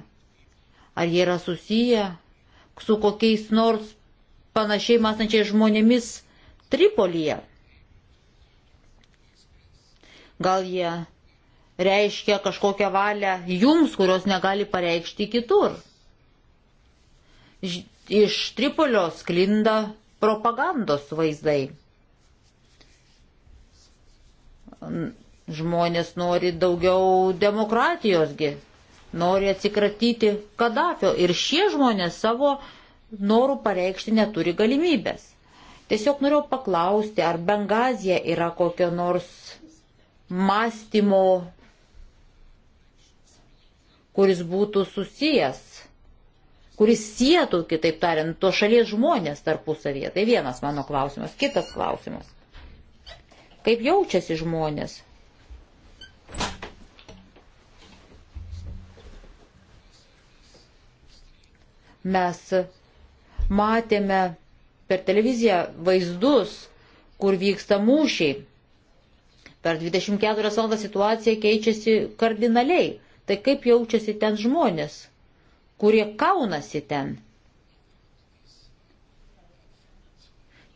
Ar jie yra susiję su kokiais nors panašiai mąstančiais žmonėmis Tripolyje? Gal jie reiškia kažkokią valią jums, kurios negali pareikšti kitur. Iš Tripolio sklinda propagandos vaizdai. Žmonės nori daugiau demokratijosgi, nori atsikratyti Kadafio ir šie žmonės savo norų pareikšti neturi galimybės. Tiesiog norėjau paklausti, ar Bengazija yra kokio nors mąstymo kuris būtų susijęs, kuris sėtų, kitaip tariant, to šalies žmonės tarpusavyje. Tai vienas mano klausimas. Kitas klausimas. Kaip jaučiasi žmonės? Mes matėme per televiziją vaizdus, kur vyksta mūšiai. Per 24 valandą situacija keičiasi kardinaliai tai kaip jaučiasi ten žmonės, kurie kaunasi ten.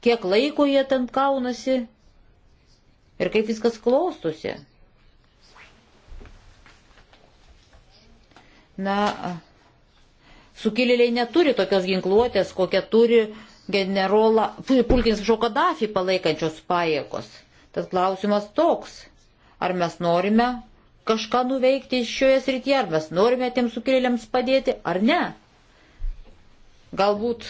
Kiek laiko jie ten kaunasi ir kaip viskas klaustusi. Na, sukilėliai neturi tokios ginkluotės, kokią turi generolą, pulkins Šokadafi palaikančios pajėgos. Tad klausimas toks, ar mes norime kažką nuveikti šioje srityje, ar mes norime tiems sukėlėliams padėti, ar ne. Galbūt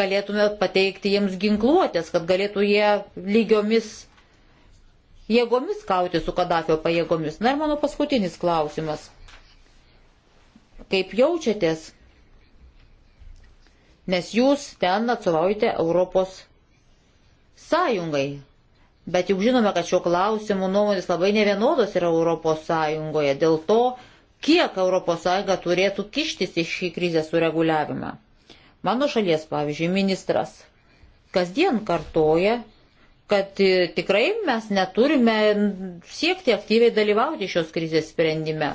galėtume pateikti jiems ginkluotės, kad galėtų jie lygiomis jėgomis kauti su Kadafio pajėgomis. Na ir mano paskutinis klausimas. Kaip jaučiatės? Nes jūs ten atsovaujate Europos sąjungai, Bet juk žinome, kad šio klausimu nuomonės labai nevienodos yra ES dėl to, kiek ES turėtų kištis į šį krizę sureguliavimą. Mano šalies, pavyzdžiui, ministras kasdien kartoja, kad e, tikrai mes neturime siekti aktyviai dalyvauti šios krizės sprendime.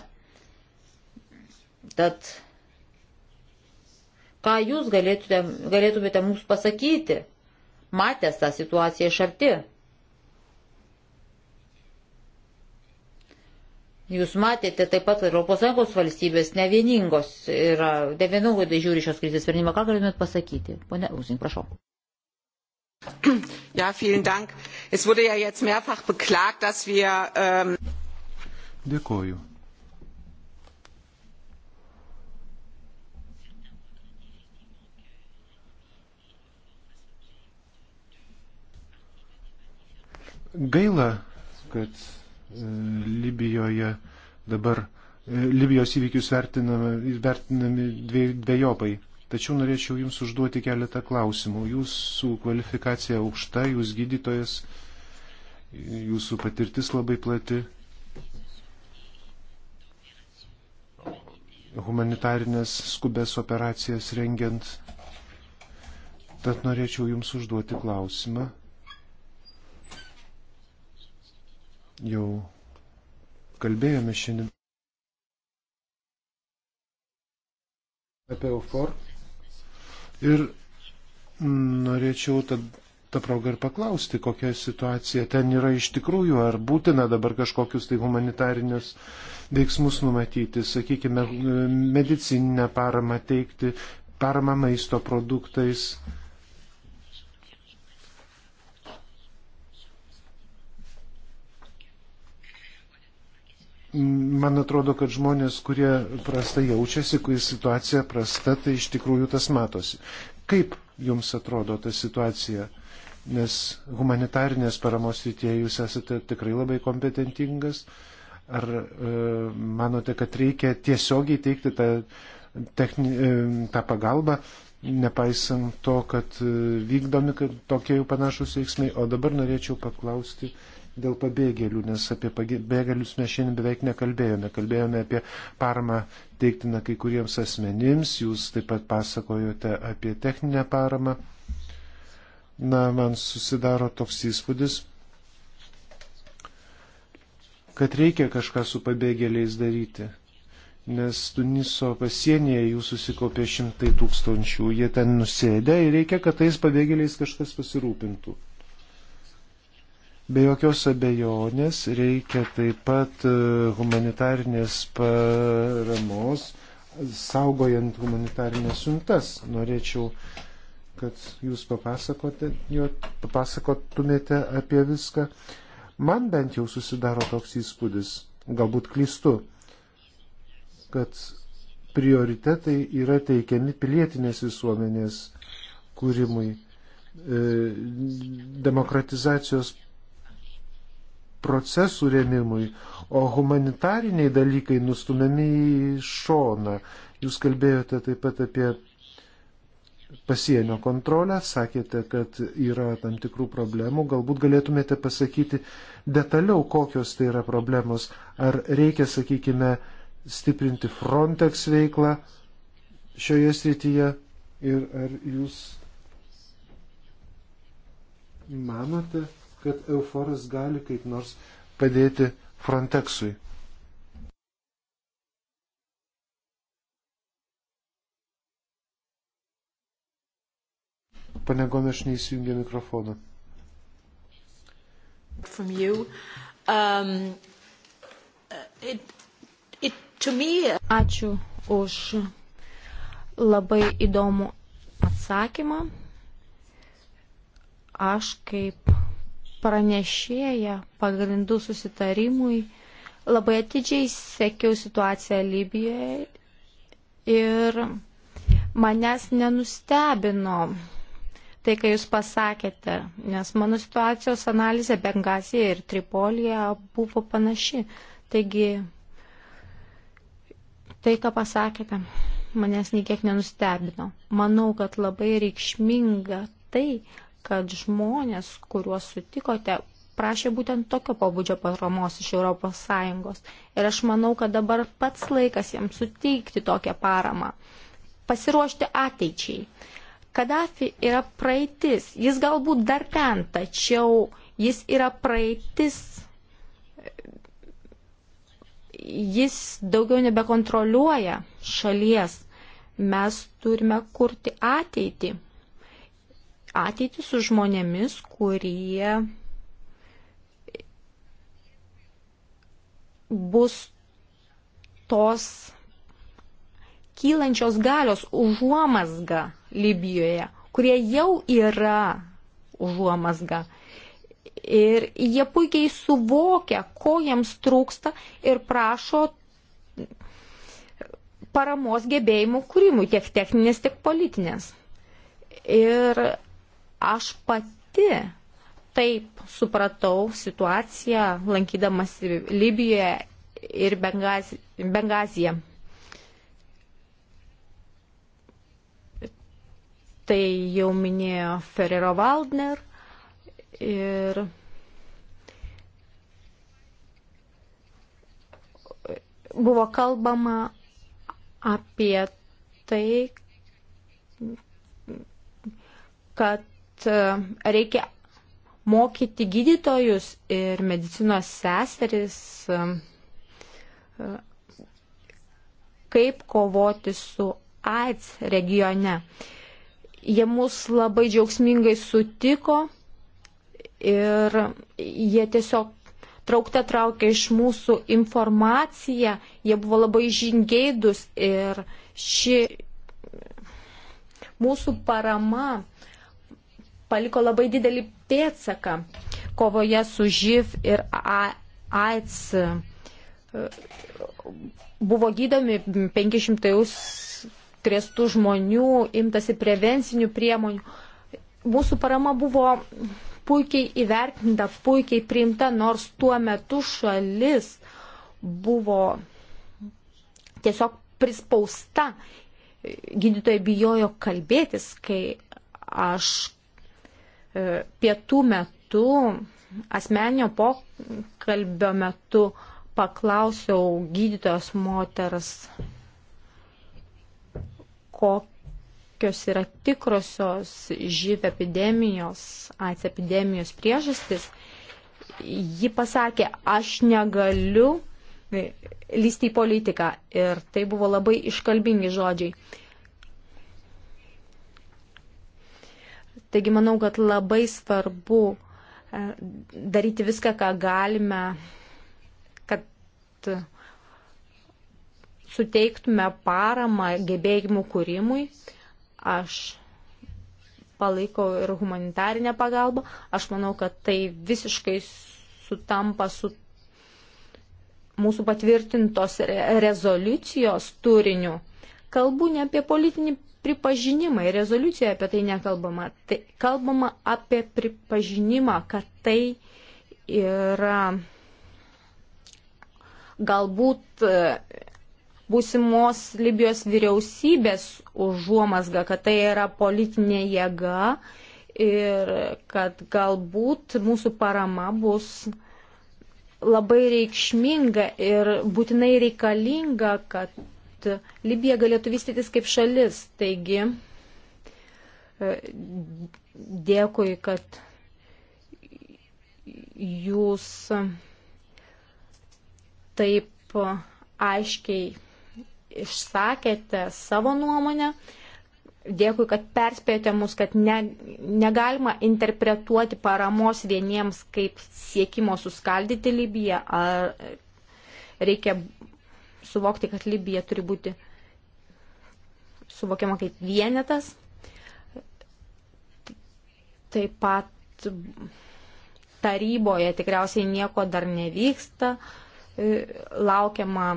Tad ką jūs galėtumėte, galėtumėte mums pasakyti, matęs tą situaciją iš arti? Jūs matėte taip pat, kad ES valstybės nevieningos yra, nevienodai žiūri šios krizės sprendimą. Ką galėtumėt pasakyti? Pone Lusink, prašau. Ja, vielen Dank. Es wurde ja jetzt mehrfach beklagt, dass wir. Ähm Dėkoju. Gaila, kad Libijoje dabar e, Libijos įvykius vertinami, vertinami dviejopai. Tačiau norėčiau Jums užduoti keletą klausimų. Jūsų kvalifikacija aukšta, Jūs gydytojas, Jūsų patirtis labai plati. Humanitarinės skubės operacijas rengiant. Tad norėčiau Jums užduoti klausimą, jau kalbėjome šiandien apie EUFOR ir norėčiau tad tą progą ir paklausti, kokia situacija ten yra iš tikrųjų, ar būtina dabar kažkokius tai humanitarinius veiksmus numatyti, sakykime, medicininę paramą teikti, paramą maisto produktais. man atrodo, kad žmonės, kurie prastai jaučiasi, kai situacija prasta, tai iš tikrųjų tas matosi. Kaip jums atrodo ta situacija? Nes humanitarnės paramos rytėje jūs esate tikrai labai kompetentingas. Ar e, manote, kad reikia tiesiogiai teikti tą, techni, e, tą pagalbą, nepaisant to, kad e, vykdomi kad tokie jau panašus veiksmai? O dabar norėčiau paklausti dėl pabėgėlių, nes apie pabėgėlius mes šiandien beveik nekalbėjome. Kalbėjome apie paramą teiktiną kai kuriems asmenims, jūs taip pat pasakojote apie techninę paramą. Na, man susidaro toks įspūdis, kad reikia kažką su pabėgėliais daryti. Nes Tuniso pasienyje jų susikaupė šimtai tūkstančių, jie ten nusėdė ir reikia, kad tais pabėgėliais kažkas pasirūpintų. Be jokios abejonės reikia taip pat e, humanitarnės paramos, saugojant humanitarnės suntas. Norėčiau, kad jūs papasakotumėte apie viską. Man bent jau susidaro toks įspūdis, galbūt klistu, kad prioritetai yra teikiami pilietinės visuomenės kūrimui, e, demokratizacijos procesų rėmimui, o humanitariniai dalykai nustumiami į šoną. Jūs kalbėjote taip pat apie pasienio kontrolę, sakėte, kad yra tam tikrų problemų, galbūt galėtumėte pasakyti detaliau, kokios tai yra problemos, ar reikia, sakykime, stiprinti Frontex veiklą šioje srityje ir ar jūs manote, kad Euforas gali kaip nors padėti Frontexui. Pane Gomeš neįsijungia mikrofoną. Um, it, it, me... Ačiū už labai įdomų atsakymą. Aš kaip pranešėja pagrindų susitarimui labai atidžiai sekiau situaciją Libijoje ir manęs nenustebino tai, ką jūs pasakėte, nes mano situacijos analizė Bengazija ir Tripolija buvo panaši. Taigi, tai, ką pasakėte, manęs niekiek nenustebino. Manau, kad labai reikšminga tai, kad žmonės, kuriuos sutikote, prašė būtent tokio pobūdžio paramos iš ES. Ir aš manau, kad dabar pats laikas jiems suteikti tokią paramą. Pasiruošti ateičiai. Kadafi yra praeitis. Jis galbūt dar ten, tačiau jis yra praeitis. Jis daugiau nebekontroliuoja šalies. Mes turime kurti ateitį ateitį su žmonėmis, kurie bus tos kylančios galios užuomasga Libijoje, kurie jau yra užuomasga. Ir jie puikiai suvokia, ko jiems trūksta ir prašo paramos gebėjimų kūrimui, tiek techninės, tiek politinės. Ir Aš pati taip supratau situaciją, lankydamas Libijoje ir Bengazija. Tai jau minėjo Ferrero Waldner ir buvo kalbama apie tai, kad E, reikia mokyti gydytojus ir medicinos seseris, e, e, kaip kovoti su AIDS regione. Jie mus labai džiaugsmingai sutiko ir jie tiesiog traukte traukė iš mūsų informaciją, jie buvo labai žingėdus ir ši mūsų parama paliko labai didelį pėtsaką kovoje su živ ir AIDS. Buvo gydomi 500 krestų žmonių, imtasi prevencinių priemonių. Mūsų parama buvo puikiai įvertinta, puikiai priimta, nors tuo metu šalis buvo tiesiog prispausta. Gydytojai bijojo kalbėtis, kai aš E, pietų metu, asmenio pokalbio metu paklausiau gydytojos moters, kokios yra tikrosios živ epidemijos, AIDS epidemijos priežastis. Ji pasakė, aš negaliu e, lysti į politiką. Ir tai buvo labai iškalbingi žodžiai. Taigi manau, kad labai svarbu e, daryti viską, ką galime, kad suteiktume paramą gebėjimų kūrimui. Aš palaikau ir humanitarinę pagalbą. Aš manau, kad tai visiškai sutampa su mūsų patvirtintos rezoliucijos turiniu. Kalbu ne apie politinį pripažinimą ir rezoliucijoje apie tai nekalbama. Tai kalbama apie pripažinimą, kad tai yra galbūt e, būsimos Libijos vyriausybės užuomasga, kad tai yra politinė jėga ir kad galbūt mūsų parama bus labai reikšminga ir būtinai reikalinga, kad kad Libija galėtų vystytis kaip šalis. Taigi, e, dėkui, kad jūs taip aiškiai išsakėte savo nuomonę. Dėkui, kad perspėjote mus, kad ne, negalima interpretuoti paramos vieniems kaip siekimo suskaldyti Libiją, ar reikia suvokti, kad Libija turi būti suvokiama kaip vienetas. Taip pat taryboje tikriausiai nieko dar nevyksta, laukiama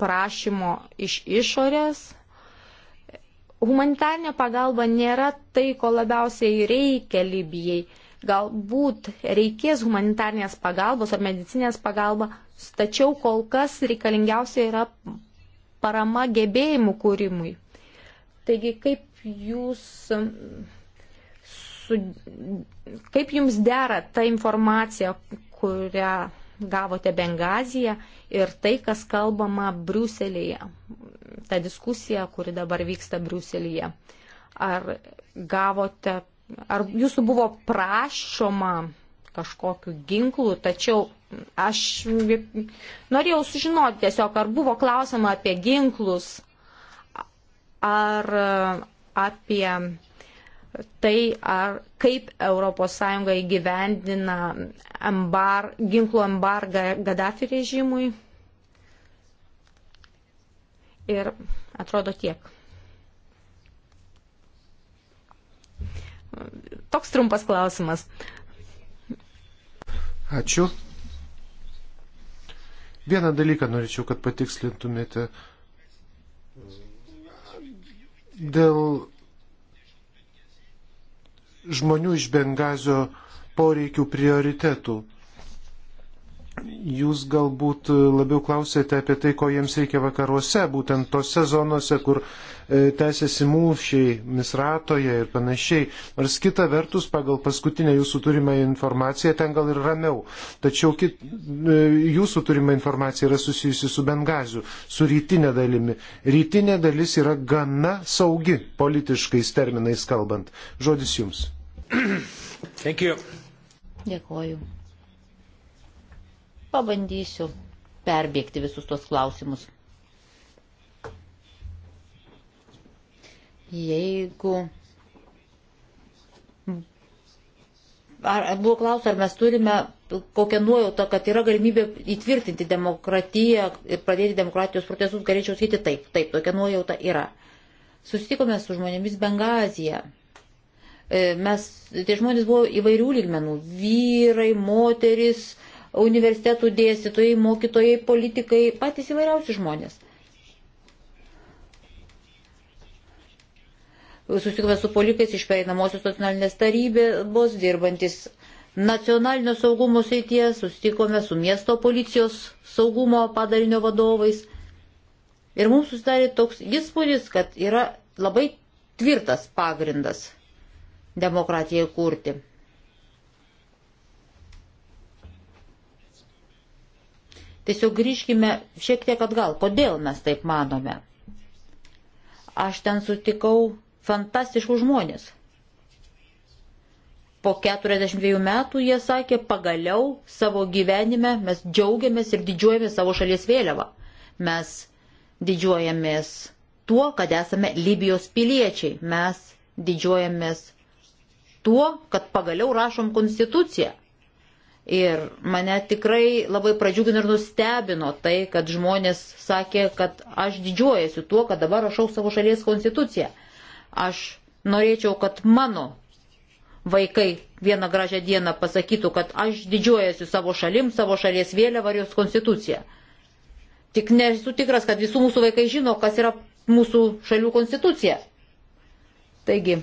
prašymo iš išorės. Humanitarnė pagalba nėra tai, ko labiausiai reikia Libijai Galbūt reikės humanitarnės pagalbos ar medicinės pagalbos, tačiau kol kas reikalingiausia yra parama gebėjimų kūrimui. Taigi, kaip jūs su, kaip jums dera ta informacija, kurią gavote Bengaziją ir tai, kas kalbama Briuselėje, ta diskusija, kuri dabar vyksta Briuselėje. Ar gavote ar jūsų buvo prašoma kažkokiu ginklu, tačiau aš norėjau sužinoti tiesiog, ar buvo klausima apie ginklus, ar apie tai, ar kaip ES įgyvendina embar, ginklų embargą Gaddafi režimui. Ir atrodo tiek. Toks trumpas klausimas. Ačiū. Vieną dalyką norėčiau, kad patikslintumėte. Dėl žmonių iš Bengazio poreikių prioritetų. Jūs galbūt labiau klausėte apie tai, ko jiems reikia vakaruose, būtent tose zonose, kur e, tęsiasi mūšiai, misratoje ir panašiai. Nors kita vertus, pagal paskutinę jūsų turimą informaciją, ten gal ir ramiau. Tačiau kit, e, jūsų turima informacija yra susijusi su Bengaziu, su rytinė dalimi. Rytinė dalis yra gana saugi, politiškais terminais kalbant. Žodis jums. Dėkuoju. Pabandysiu perbėgti visus tuos klausimus. Jeigu ar buvo klausia, ar mes turime kokią nuojautą, kad yra galimybė įtvirtinti demokratiją ir pradėti demokratijos procesus, galėčiau sakyti taip, taip, tokia nuojauta yra. Susitikome su žmonėmis Bengazija. E, mes, tie žmonės buvo įvairių lygmenų - vyrai, moteris, universitetų dėstytojai, mokytojai, politikai, patys įvairiausi žmonės. Susitikome su politikais iš pereinamosios nacionalinės tarybos, dirbantis nacionalinio saugumo srityje, susitikome su miesto policijos saugumo padalinio vadovais. Ir mums susidarė toks įspūdis, kad yra labai tvirtas pagrindas demokratijai kurti. Tiesiog grįžkime šiek tiek atgal, kodėl mes taip manome. Aš ten sutikau fantastiškų žmonės. Po 42 metų jie sakė, pagaliau savo gyvenime mes džiaugiamės ir didžiuojamės savo šalies vėliavą. Mes didžiuojamės tuo, kad esame Libijos piliečiai. Mes didžiuojamės tuo, kad pagaliau rašom konstituciją. Ir mane tikrai labai pradžiugino ir nustebino tai, kad žmonės sakė, kad aš didžiuojasi tuo, kad dabar rašau savo šalies konstituciją. Aš norėčiau, kad mano vaikai vieną gražią dieną pasakytų, kad aš didžiuojasi savo šalim, savo šalies vėliavą ir jos konstituciją. Tik nesu tikras, kad visų mūsų vaikai žino, kas yra mūsų šalių konstitucija. Taigi,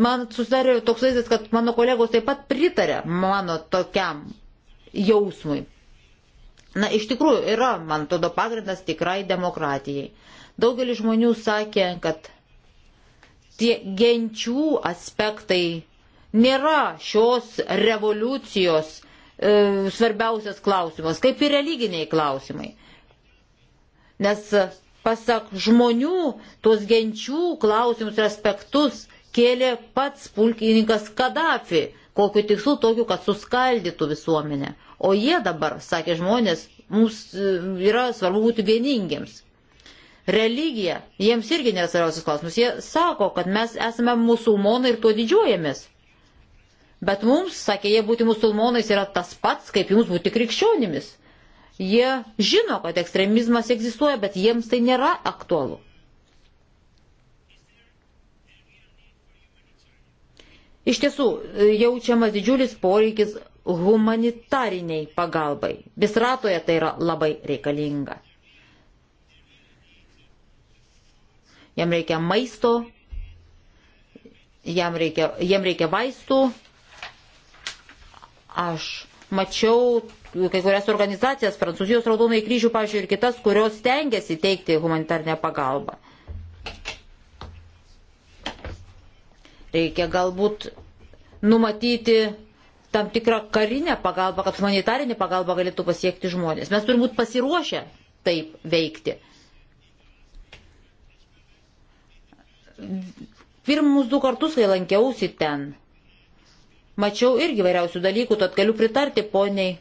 man susidarė toks vaizdas, kad mano kolegos taip pat pritarė mano tokiam jausmui. Na, iš tikrųjų, yra, man atrodo, pagrindas tikrai demokratijai. Daugelis žmonių sakė, kad tie genčių aspektai nėra šios revoliucijos e, svarbiausias klausimas, kaip ir religiniai klausimai. Nes pasak žmonių, tuos genčių klausimus ir aspektus kėlė pats pulkininkas Kadafi, kokiu tikslu tokiu, kad suskaldytų visuomenę. O jie dabar, sakė žmonės, mums e, yra svarbu būti vieningiems. Religija, jiems irgi nėra svarbiausias klausimas. Jie sako, kad mes esame musulmonai ir tuo didžiuojamės. Bet mums, sakė jie, būti musulmonais yra tas pats, kaip jums būti krikščionimis. Jie žino, kad ekstremizmas egzistuoja, bet jiems tai nėra aktualu. Iš tiesų, e, jaučiamas didžiulis poreikis humanitariniai pagalbai. Bisratoje tai yra labai reikalinga. Jam reikia maisto, jam reikia, jam reikia vaistų. Aš mačiau kai kurias organizacijas, Prancūzijos raudonai kryžių, pažiūrėjau, ir kitas, kurios tengiasi teikti humanitarnę pagalbą. Reikia galbūt numatyti tam tikrą karinę pagalbą, kad humanitarinė pagalba galėtų pasiekti žmonės. Mes turime būti pasiruošę taip veikti. Pirmus du kartus, kai lankiausi ten, mačiau irgi vairiausių dalykų, tad galiu pritarti poniai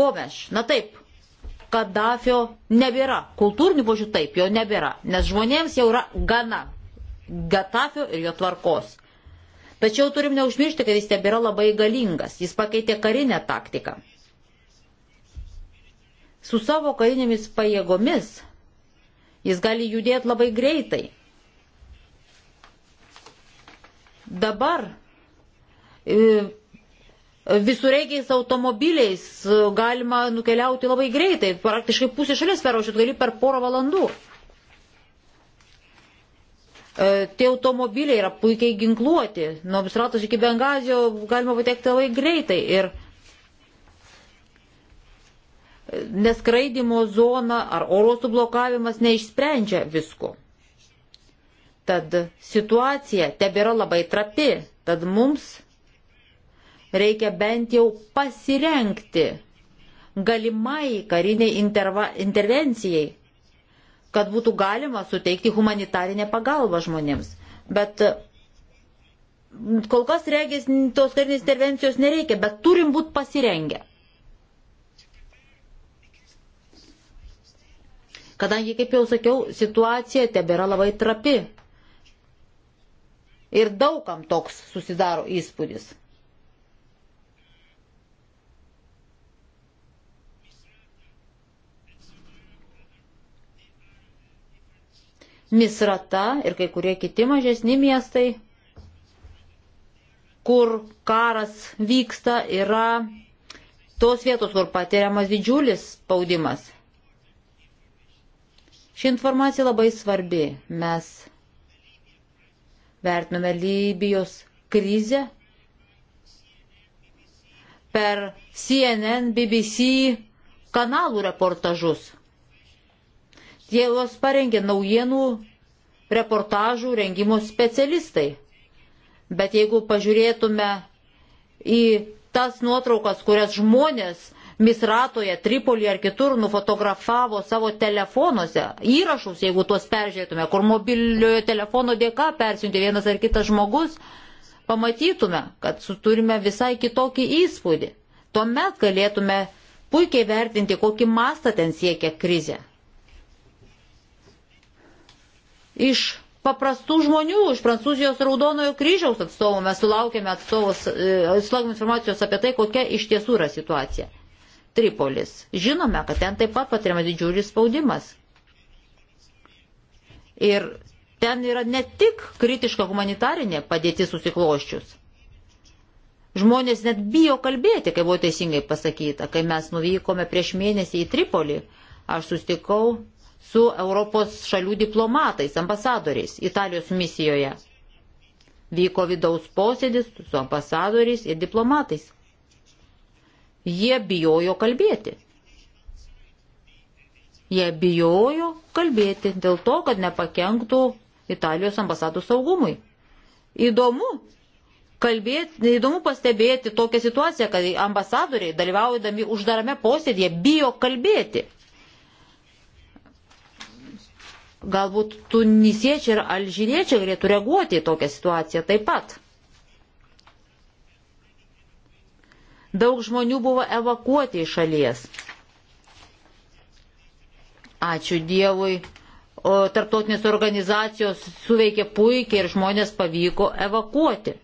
Gomeš. Na taip, Kadafio nebėra. Kultūrinių požiūrį taip, jo nebėra, nes žmonėms jau yra gana. Gatafio ir jo tvarkos. Tačiau turim neužmiršti, kad jis tebėra labai galingas. Jis pakeitė karinę taktiką. Su savo karinėmis pajėgomis jis gali judėti labai greitai. Dabar e, visureigiais automobiliais e, galima nukeliauti labai greitai, praktiškai pusė šalies peraušit gali per porą valandų. E, tie automobiliai yra puikiai ginkluoti. Nuo Bisratos iki Bengazio galima patekti labai greitai. Ir e, neskraidimo zona ar oro sublokavimas neišsprendžia visko. Tad situacija tebėra labai trapi, tad mums reikia bent jau pasirenkti galimai kariniai intervencijai kad būtų galima suteikti humanitarinę pagalbą žmonėms. Bet e, kol kas regis tos karinės intervencijos nereikia, bet turim būti pasirengę. Kadangi, kaip jau sakiau, situacija tebėra labai trapi. Ir daugam toks susidaro įspūdis. Misrata ir kai kurie kiti mažesni miestai, kur karas vyksta, yra tos vietos, kur patiriamas didžiulis spaudimas. Ši informacija labai svarbi. Mes vertiname Libijos krizę per CNN, BBC kanalų reportažus. Jos parengė naujienų reportažų rengimo specialistai. Bet jeigu pažiūrėtume į tas nuotraukas, kurias žmonės Misratoje, Tripolį ar kitur nufotografavo savo telefonuose, įrašus, jeigu tuos peržiūrėtume, kur mobiliojo telefono dėka persiuntė vienas ar kitas žmogus, pamatytume, kad turime visai kitokį įspūdį. Tuomet galėtume puikiai vertinti, kokį mastą ten siekia krizė. Iš paprastų žmonių, iš Prancūzijos Raudonojo kryžiaus atstovų mes sulaukėme, atstovos, e, sulaukėme informacijos apie tai, kokia iš tiesų yra situacija. Tripolis. Žinome, kad ten taip pat patiriama didžiulis spaudimas. Ir ten yra ne tik kritiška humanitarinė padėtis susikloščius. Žmonės net bijo kalbėti, kai buvo teisingai pasakyta. Kai mes nuvykome prieš mėnesį į Tripolį, aš sustikau su Europos šalių diplomatais, ambasadoriais Italijos misijoje. Vyko vidaus posėdis su ambasadoriais ir diplomatais. Jie bijojo kalbėti. Jie bijojo kalbėti dėl to, kad nepakenktų Italijos ambasadų saugumui. Įdomu, kalbėti, įdomu pastebėti tokią situaciją, kad ambasadoriai, dalyvaujami uždarame posėdėje, bijo kalbėti. Galbūt tunisiečiai ir alžyriečiai galėtų reaguoti į tokią situaciją taip pat. Daug žmonių buvo evakuoti iš šalies. Ačiū Dievui. O tarptautinės organizacijos suveikė puikiai ir žmonės pavyko evakuoti.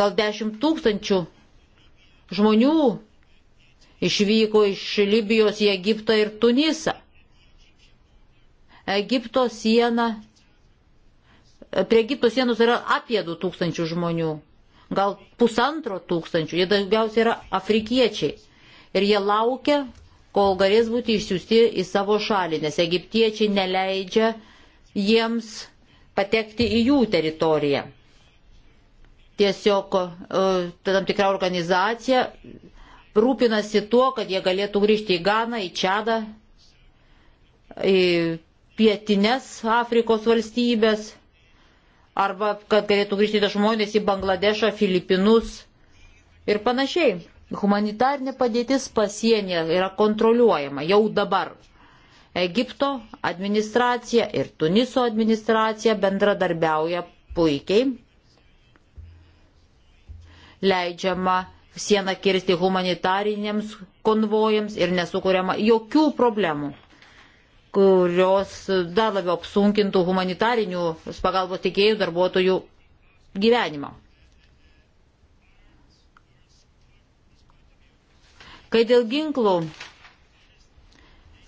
Gal dešimt tūkstančių žmonių išvyko iš Libijos į Egiptą ir Tunisą. Egipto siena, prie Egipto sienos yra apie 2000 žmonių, gal pusantro tūkstančių, jie daugiausiai yra afrikiečiai. Ir jie laukia, kol galės būti išsiųsti į savo šalį, nes egiptiečiai neleidžia jiems patekti į jų teritoriją. Tiesiog e, tam tikra organizacija rūpinasi tuo, kad jie galėtų grįžti į Ganą, į Čadą, į pietinės Afrikos valstybės, arba kad galėtų grįžti tie žmonės į Bangladešą, Filipinus ir panašiai. Humanitarnė padėtis pasienė yra kontroliuojama jau dabar. Egipto administracija ir Tuniso administracija bendradarbiauja puikiai. Leidžiama sieną kirsti humanitariniams konvojams ir nesukuriama jokių problemų kurios dar labiau apsunkintų humanitarinių pagalbos teikėjų darbuotojų gyvenimą. Kai dėl ginklų,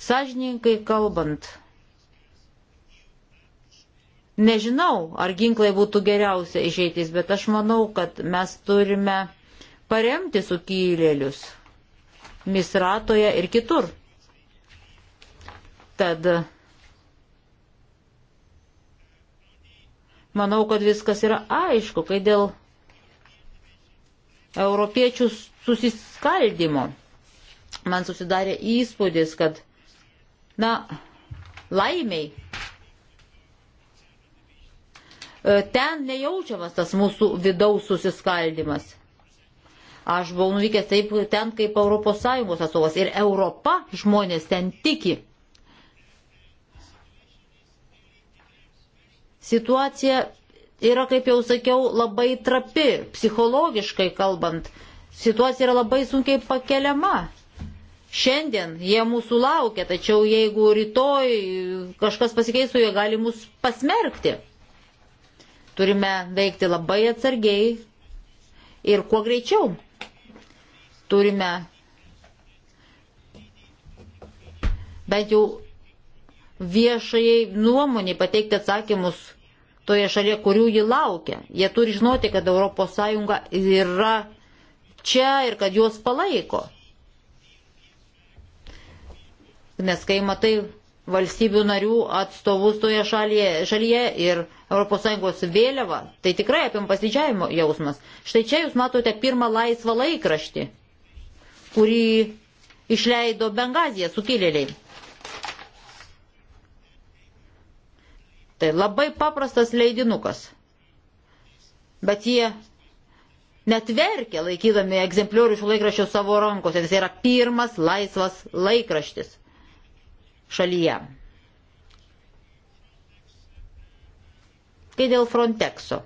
sąžininkai kalbant, nežinau, ar ginklai būtų geriausia išeitis, bet aš manau, kad mes turime paremti sukilėlius misratoje ir kitur. Tad manau, kad viskas yra aišku, kai dėl europiečių susiskaldimo man susidarė įspūdis, kad, na, laimiai e, ten nejaučiamas tas mūsų vidaus susiskaldimas. Aš buvau nuvykęs taip ten kaip ES atstovas ir Europa žmonės ten tiki. Situacija yra, kaip jau sakiau, labai trapi, psichologiškai kalbant. Situacija yra labai sunkiai pakeliama. Šiandien jie mūsų laukia, tačiau jeigu rytoj kažkas pasikeisų, jie gali mus pasmerkti. Turime veikti labai atsargiai ir kuo greičiau. Turime bent jau viešai nuomonį pateikti atsakymus toje šalyje, kurių ji laukia. Jie turi žinoti, kad ES yra čia ir kad juos palaiko. Nes kai matai valstybių narių atstovus toje šalyje, šalyje ir ES vėliava, tai tikrai apim pasidžiavimo jausmas. Štai čia jūs matote pirmą laisvą laikraštį, kurį išleido Bengazija sukilėliai. Tai labai paprastas leidinukas. Bet jie net verkia laikydami egzempliorių šių laikraščių savo rankose. Jis yra pirmas laisvas laikraštis šalyje. Kai dėl Frontexo.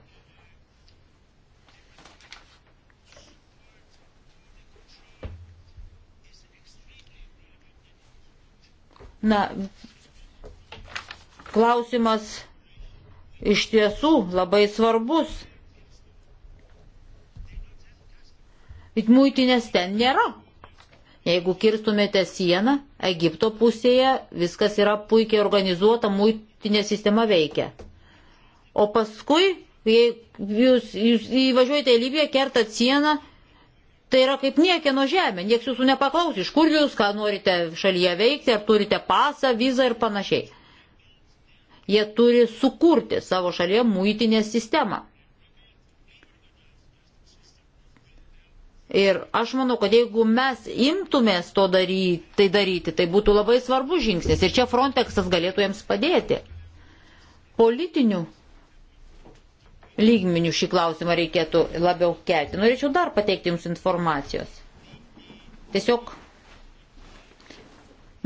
Na, klausimas iš tiesų labai svarbus. Muitinės ten nėra. Jeigu kirstumėte sieną, Egipto pusėje viskas yra puikiai organizuota, muitinė sistema veikia. O paskui, jei jūs, jūs įvažiuojate į Libiją, kertat sieną, tai yra kaip niekieno žemė, nieks jūsų nepaklaus, iš kur jūs, ką norite šalyje veikti, ar turite pasą, vizą ir panašiai. Jie turi sukurti savo šalyje muitinę sistemą. Ir aš manau, kad jeigu mes imtumės to daryti, tai daryti, tai būtų labai svarbus žingsnis. Ir čia Frontexas galėtų jiems padėti. Politinių lygmenių šį klausimą reikėtų labiau kelti. Norėčiau dar pateikti jums informacijos. Tiesiog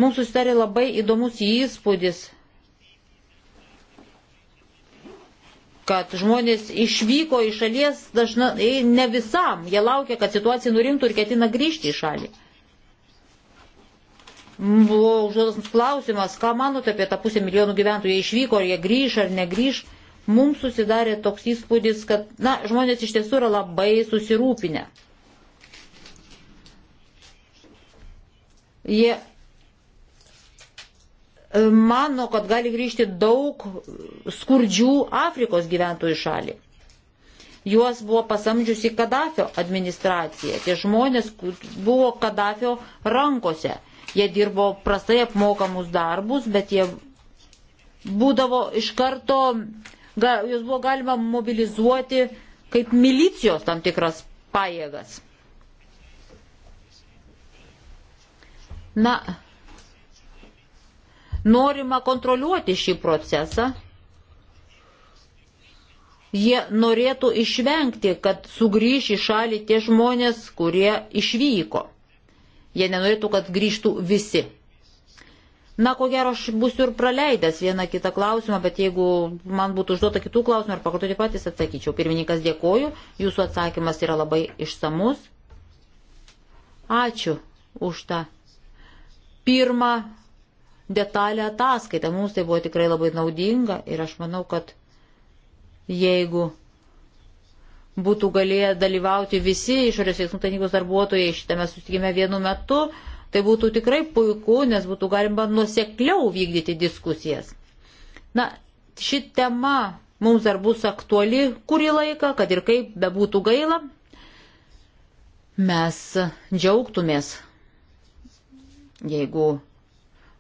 mums susidarė labai įdomus įspūdis kad žmonės išvyko iš šalies dažnai e, ne visam, jie laukia, kad situacija nurimtų ir ketina grįžti į šalį. Buvo užduotas klausimas, ką manote apie tą pusę milijonų gyventojų, jie išvyko, ar jie grįž ar negryž. Mums susidarė toks įspūdis, kad na, žmonės iš tiesų yra labai susirūpinę. Jie mano, kad gali grįžti daug skurdžių Afrikos gyventojų šalį. Juos buvo pasamdžiusi Kadafio administracija. Tie žmonės buvo Kadafio rankose. Jie dirbo prastai apmokamus darbus, bet jie būdavo iš karto, juos buvo galima mobilizuoti kaip milicijos tam tikras pajėgas. Na, norima kontroliuoti šį procesą. Jie norėtų išvengti, kad sugrįž į šalį tie žmonės, kurie išvyko. Jie nenorėtų, kad grįžtų visi. Na, ko gero, aš būsiu ir praleidęs vieną kitą klausimą, bet jeigu man būtų užduota kitų klausimų ar pakartoti patys, atsakyčiau. Pirmininkas dėkoju, jūsų atsakymas yra labai išsamus. Ačiū už tą pirmą detalę ataskaitą. Mums tai buvo tikrai labai naudinga ir aš manau, kad jeigu būtų galėję dalyvauti visi išorės veiksmų tarnybos darbuotojai šitame susitikime vienu metu, tai būtų tikrai puiku, nes būtų galima nusekliau vykdyti diskusijas. Na, ši tema mums dar bus aktuali kurį laiką, kad ir kaip bebūtų gaila, mes džiaugtumės, jeigu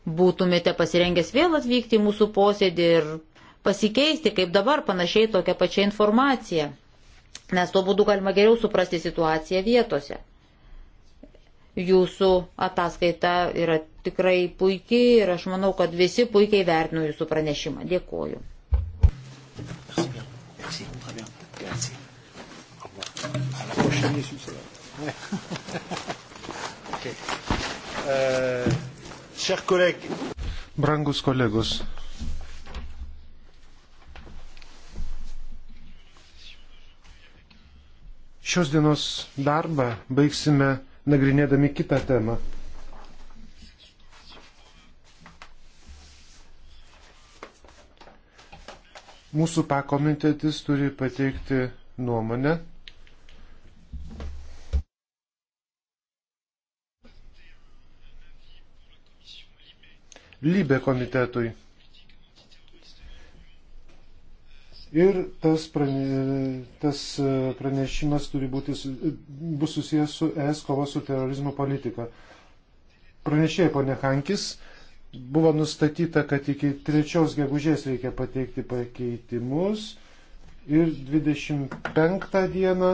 būtumėte pasirengęs vėl atvykti į mūsų posėdį ir pasikeisti, kaip dabar, panašiai tokią pačią informaciją. Nes tuo būdu galima geriau suprasti situaciją vietose. Jūsų ataskaita yra tikrai puikiai ir aš manau, kad visi puikiai vertinu jūsų pranešimą. Dėkoju. Okay. Euh... Brangus kolegos, šios dienos darbą baigsime nagrinėdami kitą temą. Mūsų pakomitetis turi pateikti nuomonę Lybė komitetui. Ir tas, prane, tas e, pranešimas turi būti, e, bus susijęs su ES kovos su terorizmo politika. Pranešėjai ponė Hankis, buvo nustatyta, kad iki 3 gegužės reikia pateikti pakeitimus ir 25 dieną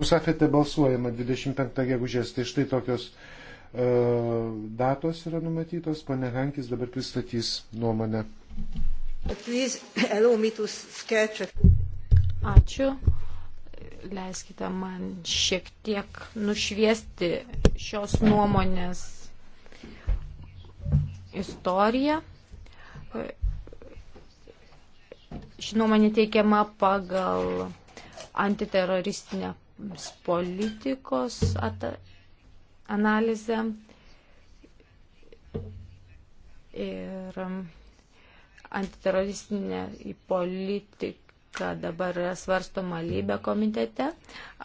bus afete balsuojama 25 gegužės. Tai štai tokios uh, E, datos yra numatytos. Pane Hankis dabar pristatys nuomonę. Ačiū. Leiskite man šiek tiek nušviesti šios nuomonės istoriją. Ši nuomonė teikiama pagal antiteroristinės politikos ataskaitą analizę. Ir antiteroristinė politika dabar yra svarstoma lybė komitete.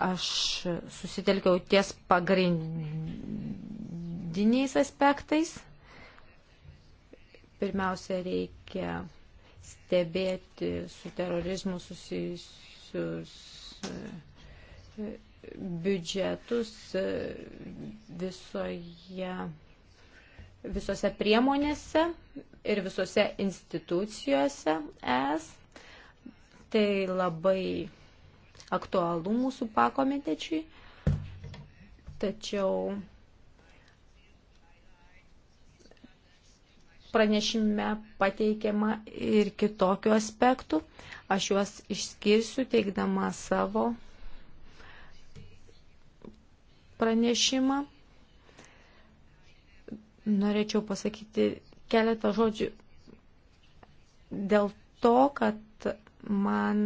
Aš susitelkiau ties pagrindiniais aspektais. Pirmiausia, reikia stebėti su terorizmu susijusius biudžetus e, visoje, visose priemonėse ir visose institucijose es. Tai labai aktualu mūsų pakomitečiui. Tačiau pranešime pateikiama ir kitokių aspektų. Aš juos išskirsiu teikdama savo pranešimą. Norėčiau pasakyti keletą žodžių dėl to, kad man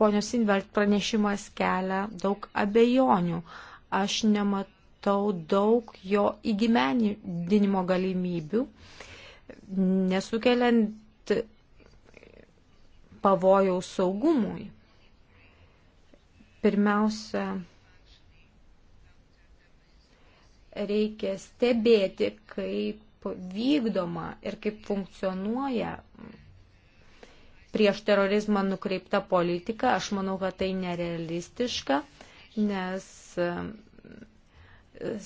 ponios Invert pranešimas kelia daug abejonių. Aš nematau daug jo įgymenimo galimybių, nesukeliant pavojaus saugumui. Pirmiausia, reikia stebėti, kaip vykdoma ir kaip funkcionuoja prieš terorizmą nukreipta politika. Aš manau, kad tai nerealistiška, nes e,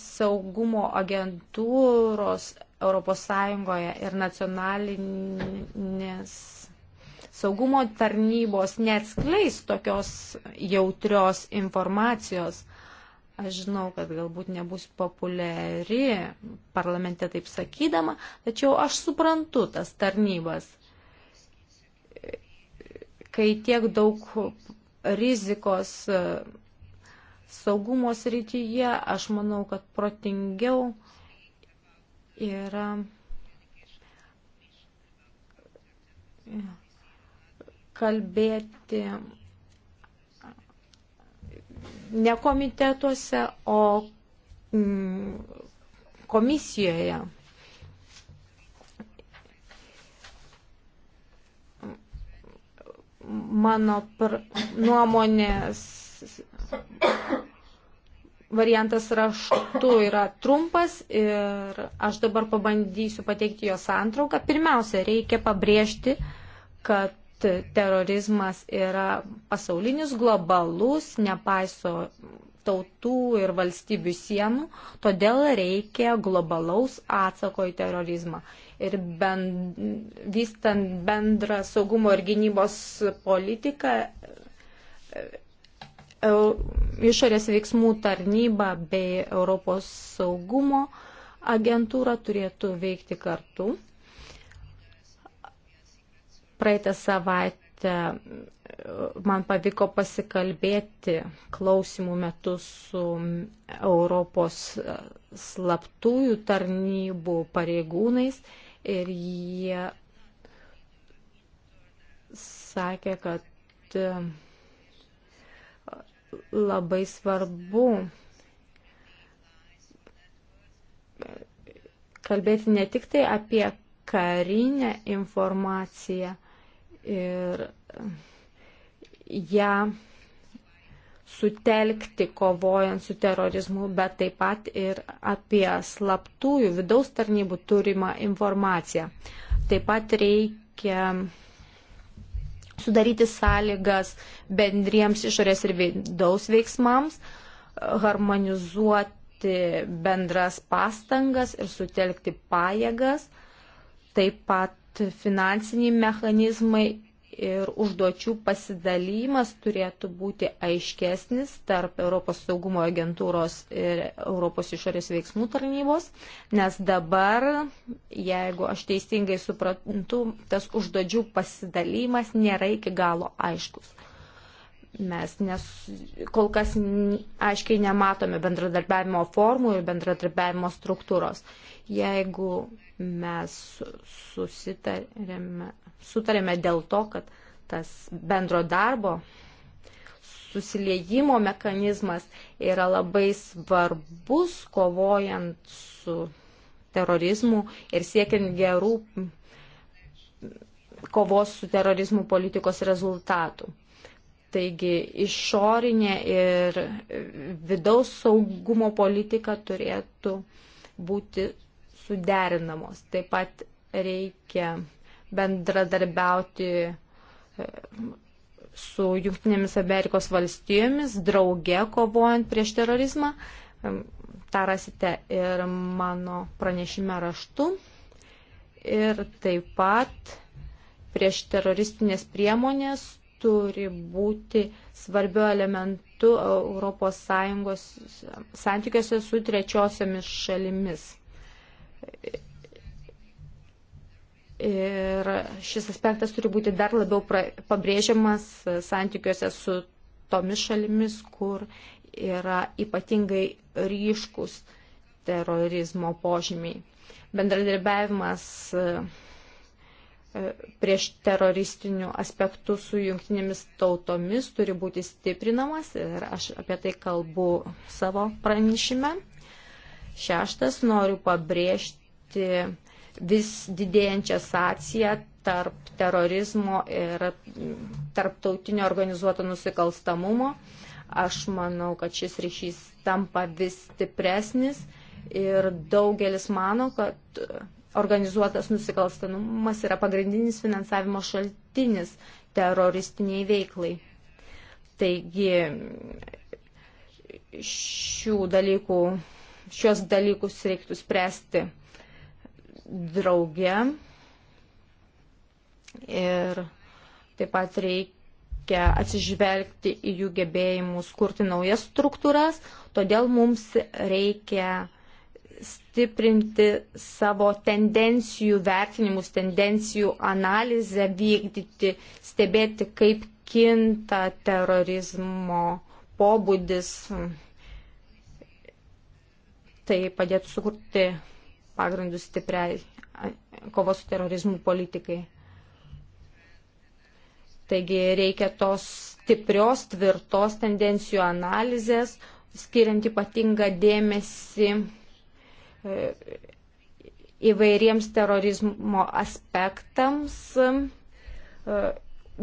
saugumo agentūros ES ir nacionalinės saugumo tarnybos neatskleis tokios jautrios informacijos Aš žinau, kad galbūt nebus populiari parlamente taip sakydama, tačiau aš suprantu tas tarnybas. Kai tiek daug rizikos e, saugumo srityje, aš manau, kad protingiau yra. kalbėti ne komitetuose, o mm, komisijoje. Mano pr... nuomonės variantas raštu yra trumpas ir aš dabar pabandysiu pateikti jo santrauką. Pirmiausia, reikia pabrėžti, kad terorizmas yra pasaulinis, globalus, nepaiso tautų ir valstybių sienų, todėl reikia globalaus atsako į terorizmą. Ir bend, vystant bendrą saugumo ir gynybos politiką, e, išorės veiksmų tarnyba bei Europos saugumo agentūra turėtų veikti kartu. Praeitą savaitę e, man pavyko pasikalbėti klausimų metu su Europos e, slaptųjų tarnybų pareigūnais ir jie sakė, kad e, labai svarbu kalbėti ne tik tai apie karinę informaciją, ir ją sutelkti kovojant su terorizmu, bet taip pat ir apie slaptųjų vidaus tarnybų turimą informaciją. Taip pat reikia sudaryti sąlygas bendriems išorės ir vidaus veiksmams, harmonizuoti bendras pastangas ir sutelkti pajėgas, taip pat kad finansiniai mechanizmai ir užduočių pasidalymas turėtų būti aiškesnis tarp Europos saugumo agentūros ir Europos išorės veiksmų tarnybos, nes dabar, jeigu aš teisingai suprantu, tas užduočių pasidalymas nėra iki galo aiškus. Mes nes, kol kas aiškiai nematome bendradarbiavimo formų ir bendradarbiavimo struktūros. Jeigu Mes susitarėme, sutarėme dėl to, kad tas bendro darbo susiliejimo mechanizmas yra labai svarbus kovojant su terorizmu ir siekiant gerų kovos su terorizmu politikos rezultatų. Taigi išorinė ir vidaus saugumo politika turėtų būti suderinamos. Taip pat reikia bendradarbiauti e, su Junktinėmis Amerikos valstijomis, drauge kovojant prieš terorizmą. E, Ta rasite ir mano pranešime raštu. Ir taip pat prieš teroristinės priemonės turi būti svarbiu elementu ES santykiuose su trečiosiomis šalimis. Ir šis aspektas turi būti dar labiau pabrėžiamas santykiuose su tomis šalimis, kur yra ypatingai ryškus terorizmo požymiai. Bendradarbiavimas e, prieš teroristinių aspektų su jungtinėmis tautomis turi būti stiprinamas ir aš apie tai kalbu savo pranešime. Šeštas noriu pabrėžti vis didėjančią saciją tarp terorizmo ir tarptautinio organizuoto nusikalstamumo. Aš manau, kad šis ryšys tampa vis stipresnis ir daugelis mano, kad organizuotas nusikalstamumas yra pagrindinis finansavimo šaltinis teroristiniai veiklai. Taigi šių dalykų šios dalykus reiktų spręsti drauge. Ir taip pat reikia atsižvelgti į jų gebėjimus kurti naujas struktūras, todėl mums reikia stiprinti savo tendencijų vertinimus, tendencijų analizę, vykdyti, stebėti, kaip kinta terorizmo pobūdis Tai padėtų sukurti pagrindus stipriai kovos su terorizmu politikai. Taigi reikia tos stiprios, tvirtos tendencijų analizės, skiriant ypatingą dėmesį e, įvairiems terorizmo aspektams, e,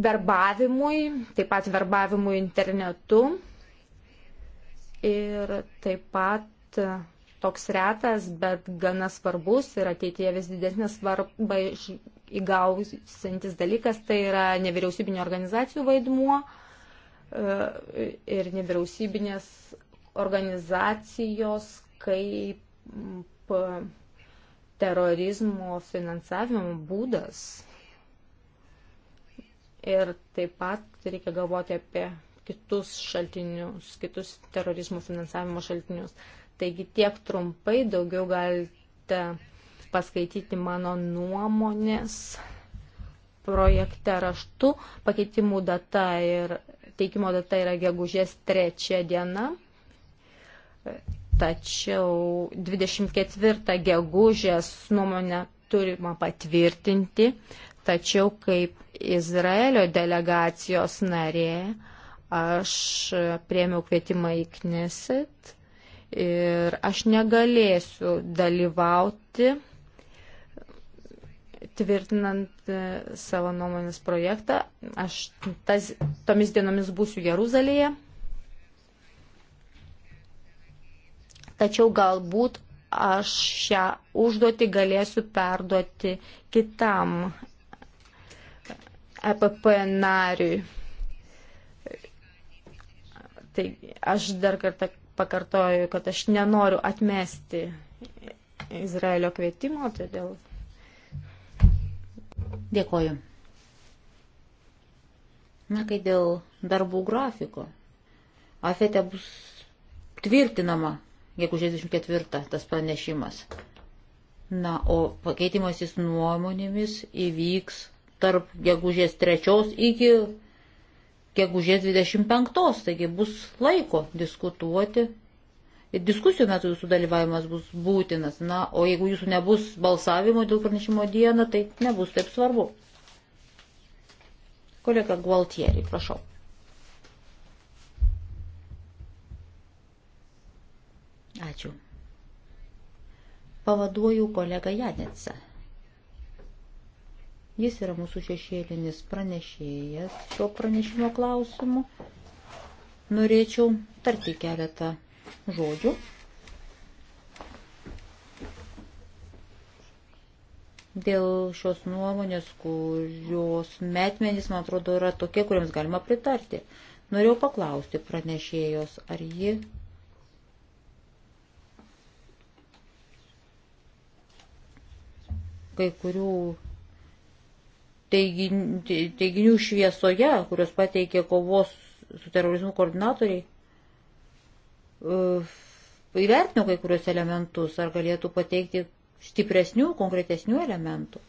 verbavimui, taip pat verbavimui internetu ir taip pat toks retas, bet gana svarbus ir ateityje vis didesnė svarba įgausantis dalykas, tai yra nevyriausybinio organizacijų vaidmuo e, ir nevyriausybinės organizacijos kaip mm, terorizmo finansavimo būdas. Ir taip pat reikia galvoti apie kitus šaltinius, kitus terorizmo finansavimo šaltinius. Uh, Taigi tiek trumpai, daugiau galite paskaityti mano nuomonės projekte raštu. Pakeitimų data ir teikimo data yra gegužės trečia diena. Tačiau 24 gegužės nuomonę turima patvirtinti. Tačiau kaip Izraelio delegacijos narė aš priemiau kvietimą į Kneset ir aš negalėsiu dalyvauti tvirtinant e, savo nuomonės projektą. Aš tas, tomis dienomis būsiu Jeruzalėje. Tačiau galbūt aš šią užduotį galėsiu perduoti kitam EPP nariui. Tai aš dar kartą pakartoju, kad aš nenoriu atmesti Izraelio kvietimo, todėl. Dėkoju. Na, kai dėl darbų grafiko. Afete bus tvirtinama, jeigu 64 tas pranešimas. Na, o pakeitimasis nuomonėmis įvyks tarp gegužės trečios iki gegužės 25, taigi bus laiko diskutuoti. Ir diskusijų metu jūsų dalyvavimas bus būtinas. Na, o jeigu jūsų nebus balsavimo dėl pranešimo dieną, tai nebus taip svarbu. Kolega Gualtieri, prašau. Ačiū. Pavaduoju kolegą Janetsą. Jis yra mūsų šešėlinis pranešėjas šio pranešimo klausimu. Norėčiau tarti keletą žodžių. Dėl šios nuomonės, kurios metmenys, man atrodo, yra tokie, kuriems galima pritarti. Norėjau paklausti pranešėjos, ar ji kai kurių teiginių šviesoje, kurios pateikė kovos su terorizmu koordinatoriai, e, įvertino kai kurios elementus, ar galėtų pateikti stipresnių, konkretesnių elementų.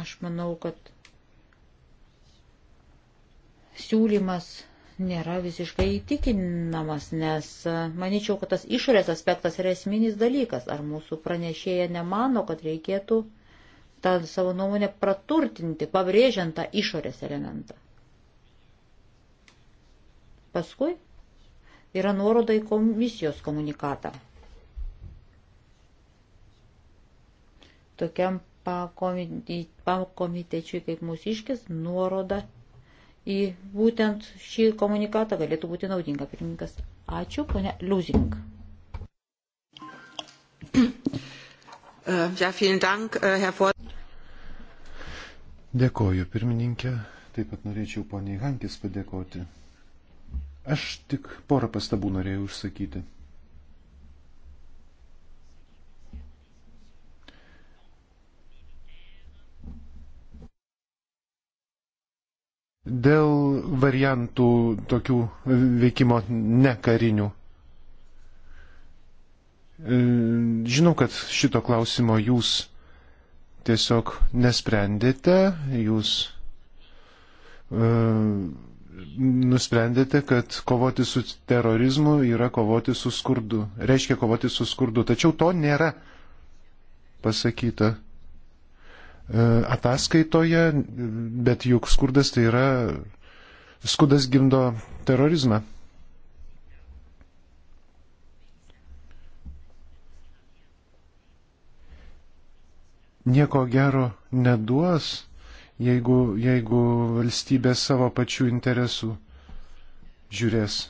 Aš manau, kad siūlymas nėra visiškai įtikinamas, nes e, manyčiau, kad tas išorės aspektas yra esminis dalykas. Ar mūsų pranešėja nemano, kad reikėtų tą savo nuomonę praturtinti, pabrėžiant tą išorės elementą. Paskui yra nuoroda į komisijos komunikatą. Tokiam pakomitečiui kaip mūsiškis nuoroda į būtent šį komunikatą galėtų būti naudinga. Pirmininkas, ačiū, ponia Liuzink. Ja, Dank, äh, Dėkoju, pirmininkė. Taip pat norėčiau poniai Hankis padėkoti. Aš tik porą pastabų norėjau užsakyti. Dėl variantų tokių veikimo nekarinių. E, žinau, kad šito klausimo jūs tiesiog nesprendėte, jūs e, nusprendėte, kad kovoti su terorizmu yra kovoti su skurdu. Reiškia kovoti su skurdu. Tačiau to nėra pasakyta. E, ataskaitoje, bet juk skurdas tai yra, skurdas gimdo terorizmą. Nieko gero neduos, jeigu, jeigu valstybė savo pačių interesų žiūrės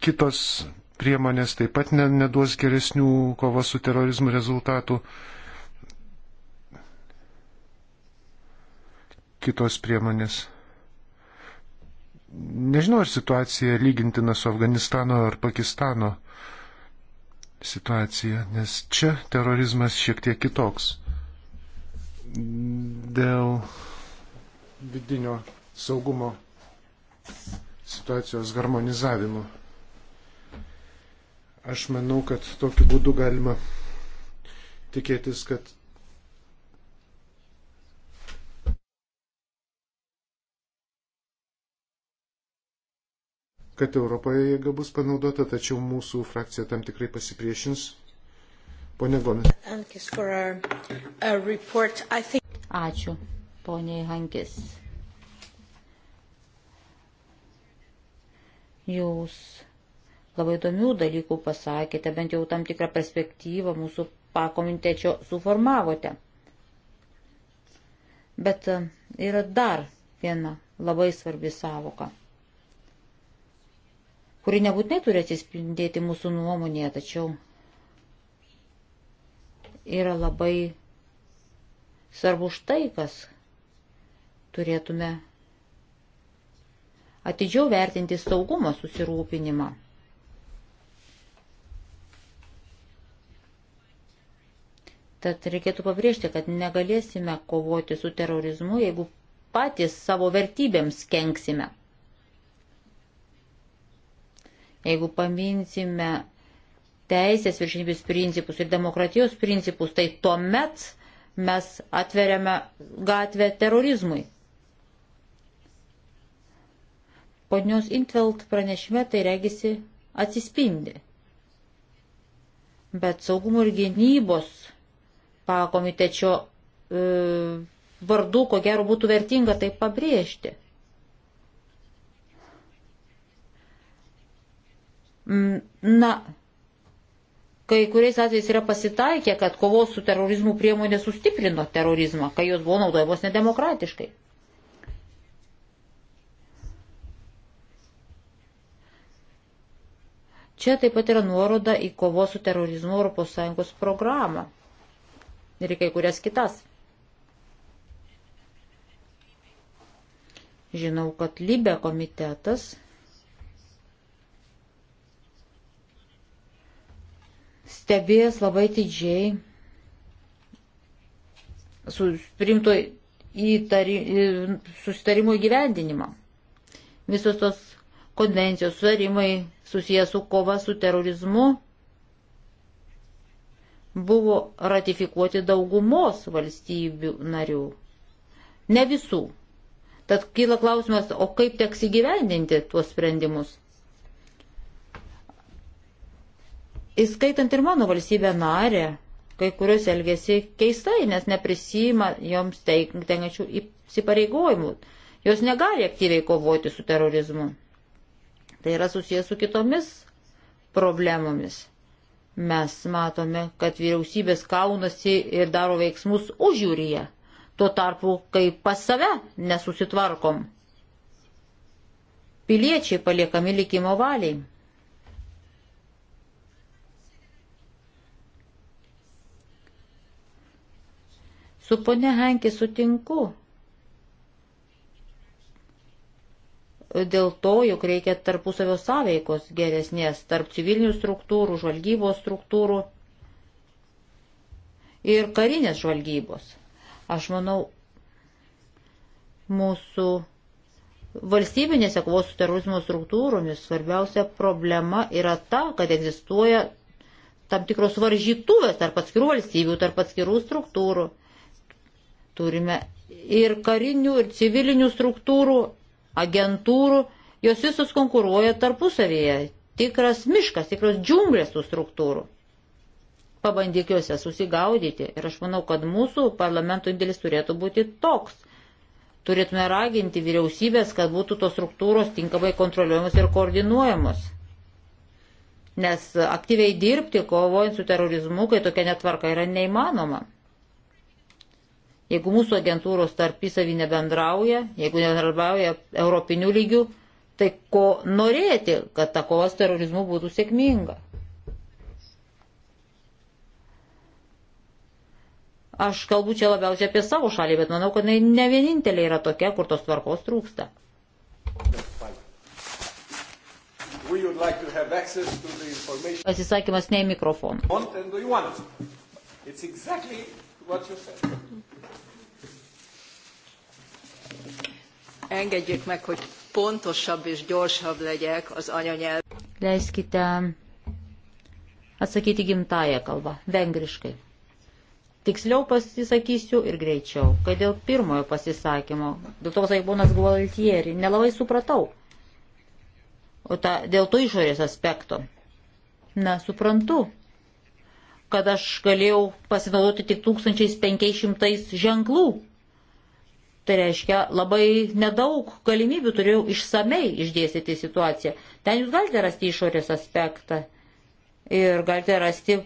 kitos priemonės taip pat neduos geresnių kovos su terorizmu rezultatų. Kitos priemonės. Nežinau, ar situacija lygintina su Afganistano ar Pakistano situacija, nes čia terorizmas šiek tiek kitoks. Dėl vidinio saugumo situacijos harmonizavimo. Aš manau, kad tokiu būdu galima tikėtis, kad kad Europoje jėga bus panaudota, tačiau mūsų frakcija tam tikrai pasipriešins. Pone Gomis. Ačiū, poniai Hankis. Jūs labai įdomių dalykų pasakėte, bent jau tam tikrą perspektyvą mūsų pakomitečio suformavote. Bet e, yra dar viena labai svarbi savoka, kuri nebūtinai turi atsispindėti mūsų nuomonėje, tačiau yra labai svarbu štai kas turėtume atidžiau vertinti saugumo susirūpinimą. Tad reikėtų pabrėžti, kad negalėsime kovoti su terorizmu, jeigu patys savo vertybėms kenksime. Jeigu paminsime teisės viršinybės principus ir demokratijos principus, tai tuomet mes atveriame gatvę terorizmui. Ponios Intveld pranešime tai regisi atsispindi. Bet saugumo ir gynybos pakomitečio e, vardu, ko gero būtų vertinga tai pabrėžti. Mm, na, kai kuriais atvejais yra pasitaikę, kad kovos su terorizmu priemonė sustiprino terorizmą, kai jos buvo naudojamos nedemokratiškai. Čia taip pat yra nuoroda į kovos su terorizmu ES programą ir kai kurias kitas. Žinau, kad Libė komitetas stebės labai didžiai su primto susitarimų įgyvendinimą. Visos tos konvencijos sutarimai susijęs su kova su terorizmu buvo ratifikuoti daugumos valstybių narių. Ne visų. Tad kyla klausimas, o kaip teks įgyvendinti tuos sprendimus? Įskaitant ir mano valstybę narę, kai kurios elgesi keistai, nes neprisima joms tenkačių įsipareigojimų. Jos negali aktyviai kovoti su terorizmu. Tai yra susijęs su kitomis problemomis. Mes matome, kad vyriausybės kaunasi ir daro veiksmus už jūryje, tuo tarpu, kai pas save nesusitvarkom. Piliečiai paliekami likimo valiai. Su ponia Henkė sutinku, dėl to, jog reikia tarpusavio sąveikos geresnės tarp civilinių struktūrų, žvalgybos struktūrų ir karinės žvalgybos. Aš manau, mūsų valstybinėse kovos su terorizmo struktūromis svarbiausia problema yra ta, kad egzistuoja tam tikros varžytuvės tarp atskirų valstybių, tarp atskirų struktūrų. Turime ir karinių, ir civilinių struktūrų, agentūrų, jos visos konkuruoja tarpusavėje. Tikras miškas, tikros džiunglės tų struktūrų. Pabandyk juose susigaudyti ir aš manau, kad mūsų parlamento indėlis turėtų būti toks. Turėtume raginti vyriausybės, kad būtų tos struktūros tinkamai kontroliuojamos ir koordinuojamos. Nes aktyviai dirbti, kovojant su terorizmu, kai tokia netvarka yra neįmanoma. Jeigu mūsų agentūros tarpusavį nebendrauja, jeigu nebendrauja europinių lygių, tai ko norėti, kad ta kova su terorizmu būtų sėkminga? Aš kalbu čia labiausiai apie savo šalį, bet manau, kad ne vienintelė yra tokia, kur tos tvarkos trūksta. Pasisakymas ne į mikrofoną. What you said. Engedjük meg, hogy pontosabb és gyorsabb legyek az anyanyelv. Leiskite atsakyti gimtają kalbą, vengriškai. Tiksliau pasisakysiu ir greičiau, kad dėl pirmojo pasisakymo, dėl to, kad ponas Gvaltieri, nelabai supratau. O ta, dėl to išorės aspekto. Na, suprantu, kad aš galėjau pasinaudoti tik 1500 ženklų. Tai reiškia, labai nedaug galimybių turėjau išsamei išdėstyti situaciją. Ten jūs galite rasti išorės aspektą ir galite rasti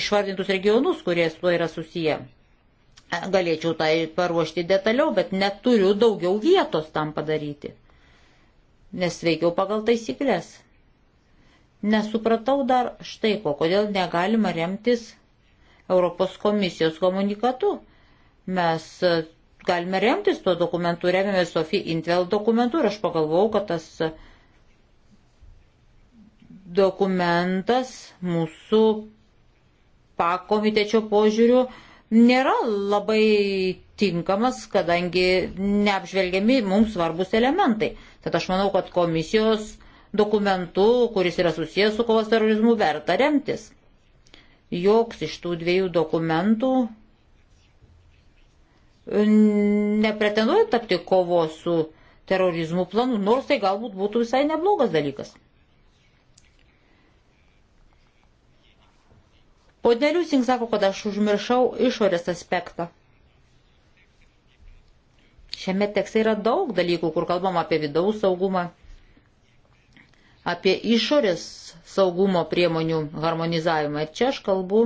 išvardintus regionus, kurie su to yra susiję. Galėčiau tai paruošti detaliau, bet neturiu daugiau vietos tam padaryti, nes veikiau pagal taisyklės. Nesupratau dar štai ko, kodėl negalima remtis Europos komisijos komunikatu. Mes e, galime remtis tuo dokumentu, remiame Sofie Intvel dokumentu ir aš pagalvojau, kad tas e, dokumentas mūsų pakomitečio požiūrių nėra labai tinkamas, kadangi neapžvelgiami mums svarbus elementai. Tad aš manau, kad komisijos dokumentu, kuris yra susijęs su kovos terorizmu, verta remtis. Joks iš tų dviejų dokumentų nepretenduoja tapti kovos su terorizmu planu, nors tai galbūt būtų visai neblogas dalykas. O Deliusing sako, kad aš užmiršau išorės aspektą. Šiame tekste yra daug dalykų, kur kalbam apie vidaus saugumą, apie išorės saugumo priemonių harmonizavimą. Ir čia aš kalbu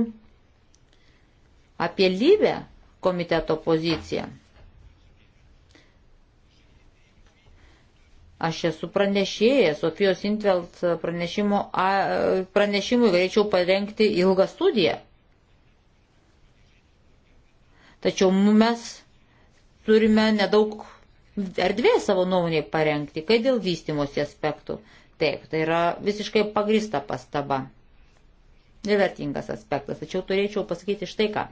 apie lybę komiteto poziciją. Aš esu pranešėja, Sofijos Intvelt pranešimui galėčiau parengti ilgą studiją. Tačiau nu, mes turime nedaug erdvės savo nuomonėje parengti, kai dėl vystimosi aspektų. Taip, tai yra visiškai pagrista pastaba. Nevertingas aspektas. Tačiau turėčiau pasakyti štai ką.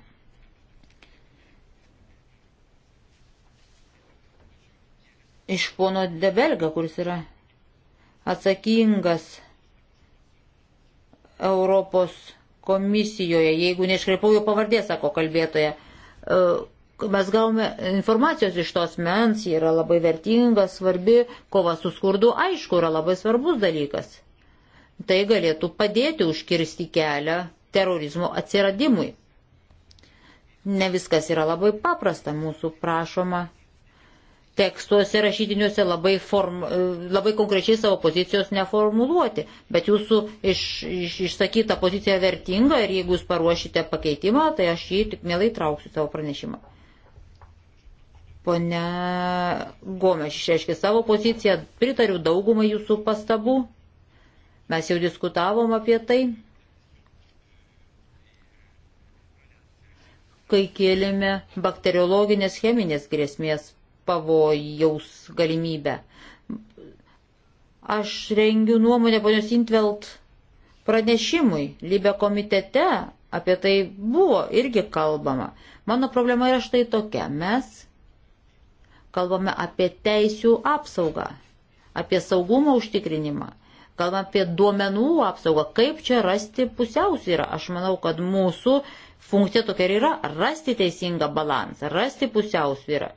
Iš pono Debelga, kuris yra atsakingas Europos komisijoje, jeigu neiškreipau jo pavardės, sako kalbėtoje, mes gavome informacijos iš tos mens, ji yra labai vertinga, svarbi, kova su skurdu, aišku, yra labai svarbus dalykas. Tai galėtų padėti užkirsti kelią terorizmo atsiradimui. Ne viskas yra labai paprasta, mūsų prašoma tekstuose rašytiniuose labai, form, labai konkrečiai savo pozicijos neformuluoti, bet jūsų iš, iš, išsakyta pozicija vertinga ir jeigu jūs paruošite pakeitimą, tai aš jį tik mielai trauksiu savo pranešimą. Pone Gomes išreiškė savo poziciją, pritariu daugumai jūsų pastabų. Mes jau diskutavom apie tai, kai kėlėme bakteriologinės cheminės grėsmės pavojaus galimybę. Aš rengiu nuomonę ponios Intvelt pranešimui, Libe komitete apie tai buvo irgi kalbama. Mano problema yra štai tokia. Mes Kalbame apie teisių apsaugą, apie saugumo užtikrinimą, kalbame apie duomenų apsaugą, kaip čia rasti pusiausvyrą. Aš manau, kad mūsų funkcija tokia ir yra - rasti teisingą balansą, rasti pusiausvyrą.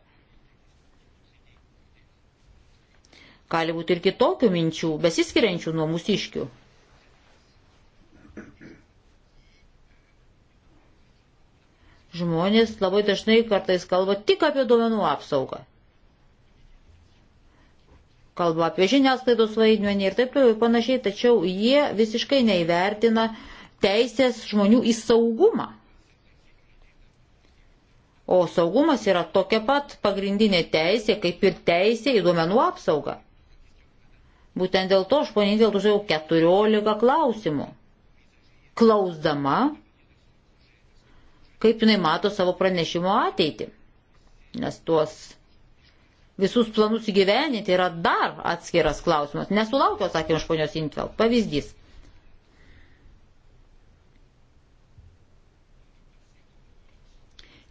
Gali būti ir kitokių minčių, besiskiriančių nuo mūsiškių. Žmonės labai dažnai kartais kalba tik apie duomenų apsaugą kalba apie žiniasklaidos vaidmenį ir taip toliau ir panašiai, tačiau jie visiškai neįvertina teisės žmonių į saugumą. O saugumas yra tokia pat pagrindinė teisė, kaip ir teisė į duomenų apsaugą. Būtent dėl to aš ponedėl užėjau 14 klausimų. Klausdama, kaip jinai mato savo pranešimo ateitį. Nes tuos visus planus įgyveninti yra dar atskiras klausimas. Nesulaukiu atsakymą iš ponios Intveld. Pavyzdys.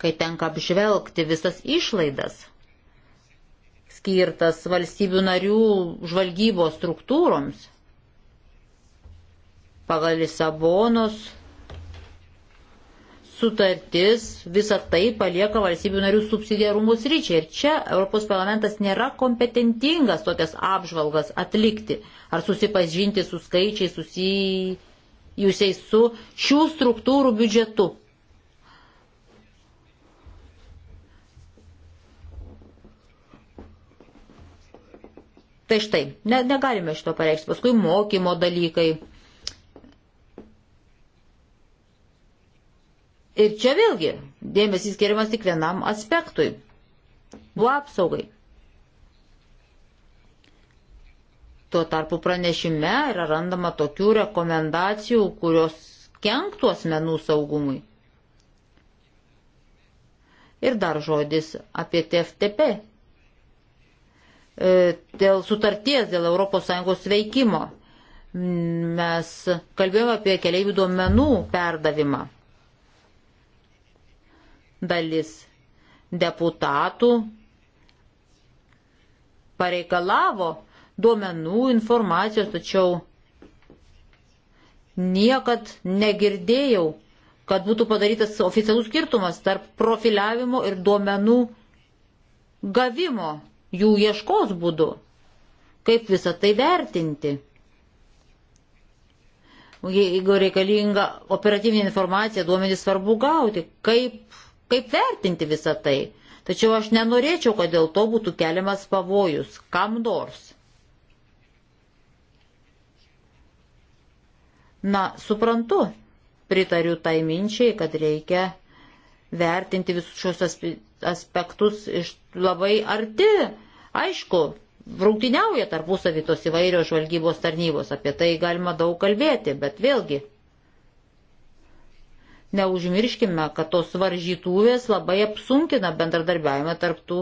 Kai tenka apžvelgti visas išlaidas skirtas valstybių narių žvalgybos struktūroms pagal Lisabonos sutartis visą tai palieka valstybių narių subsidiarumus ryčiai. Ir čia Europos parlamentas nėra kompetentingas tokias apžvalgas atlikti ar susipažinti su skaičiai susijusiais su šių struktūrų biudžetu. Tai štai, ne, negalime šito pareikšti. Paskui mokymo dalykai Ir čia vėlgi dėmesys skiriamas tik vienam aspektui - buvo apsaugai. Tuo tarpu pranešime yra randama tokių rekomendacijų, kurios kenktų asmenų saugumui. Ir dar žodis apie TFTP. E, dėl sutarties, dėl ES veikimo mes kalbėjome apie keliaivių duomenų perdavimą dalis deputatų pareikalavo duomenų informacijos, tačiau niekad negirdėjau, kad būtų padarytas oficialus skirtumas tarp profiliavimo ir duomenų gavimo jų ieškos būdu. Kaip visą tai vertinti? Jeigu reikalinga operatyvinė informacija, duomenys svarbu gauti. Kaip kaip vertinti visą tai. Tačiau aš nenorėčiau, kad dėl to būtų keliamas pavojus kam nors. Na, suprantu, pritariu tai minčiai, kad reikia vertinti visus šios aspektus iš labai arti. Aišku, rungtyniauja tarpusavį tos įvairios žvalgybos tarnybos, apie tai galima daug kalbėti, bet vėlgi Neužmirškime, kad tos varžytuvės labai apsunkina bendradarbiavimą tarptų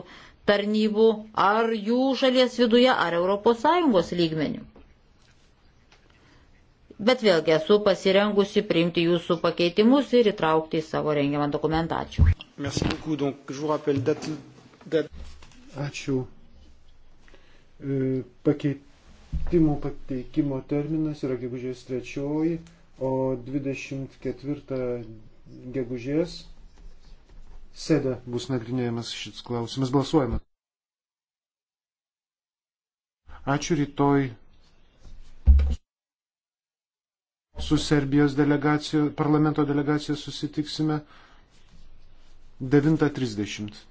tarnybų ar jų šalies viduje, ar ES lygmenių. Bet vėlgi esu pasirengusi priimti jūsų pakeitimus ir įtraukti į savo rengiamą dokumentą. Ačiū. Ačiū. E, Pakeitimų pateikimo terminas yra gegužės trečioji o 24 gegužės sėdė bus nagrinėjamas šis klausimas. Balsuojame. Ačiū rytoj su Serbijos delegacijos, parlamento delegacija susitiksime 9.30.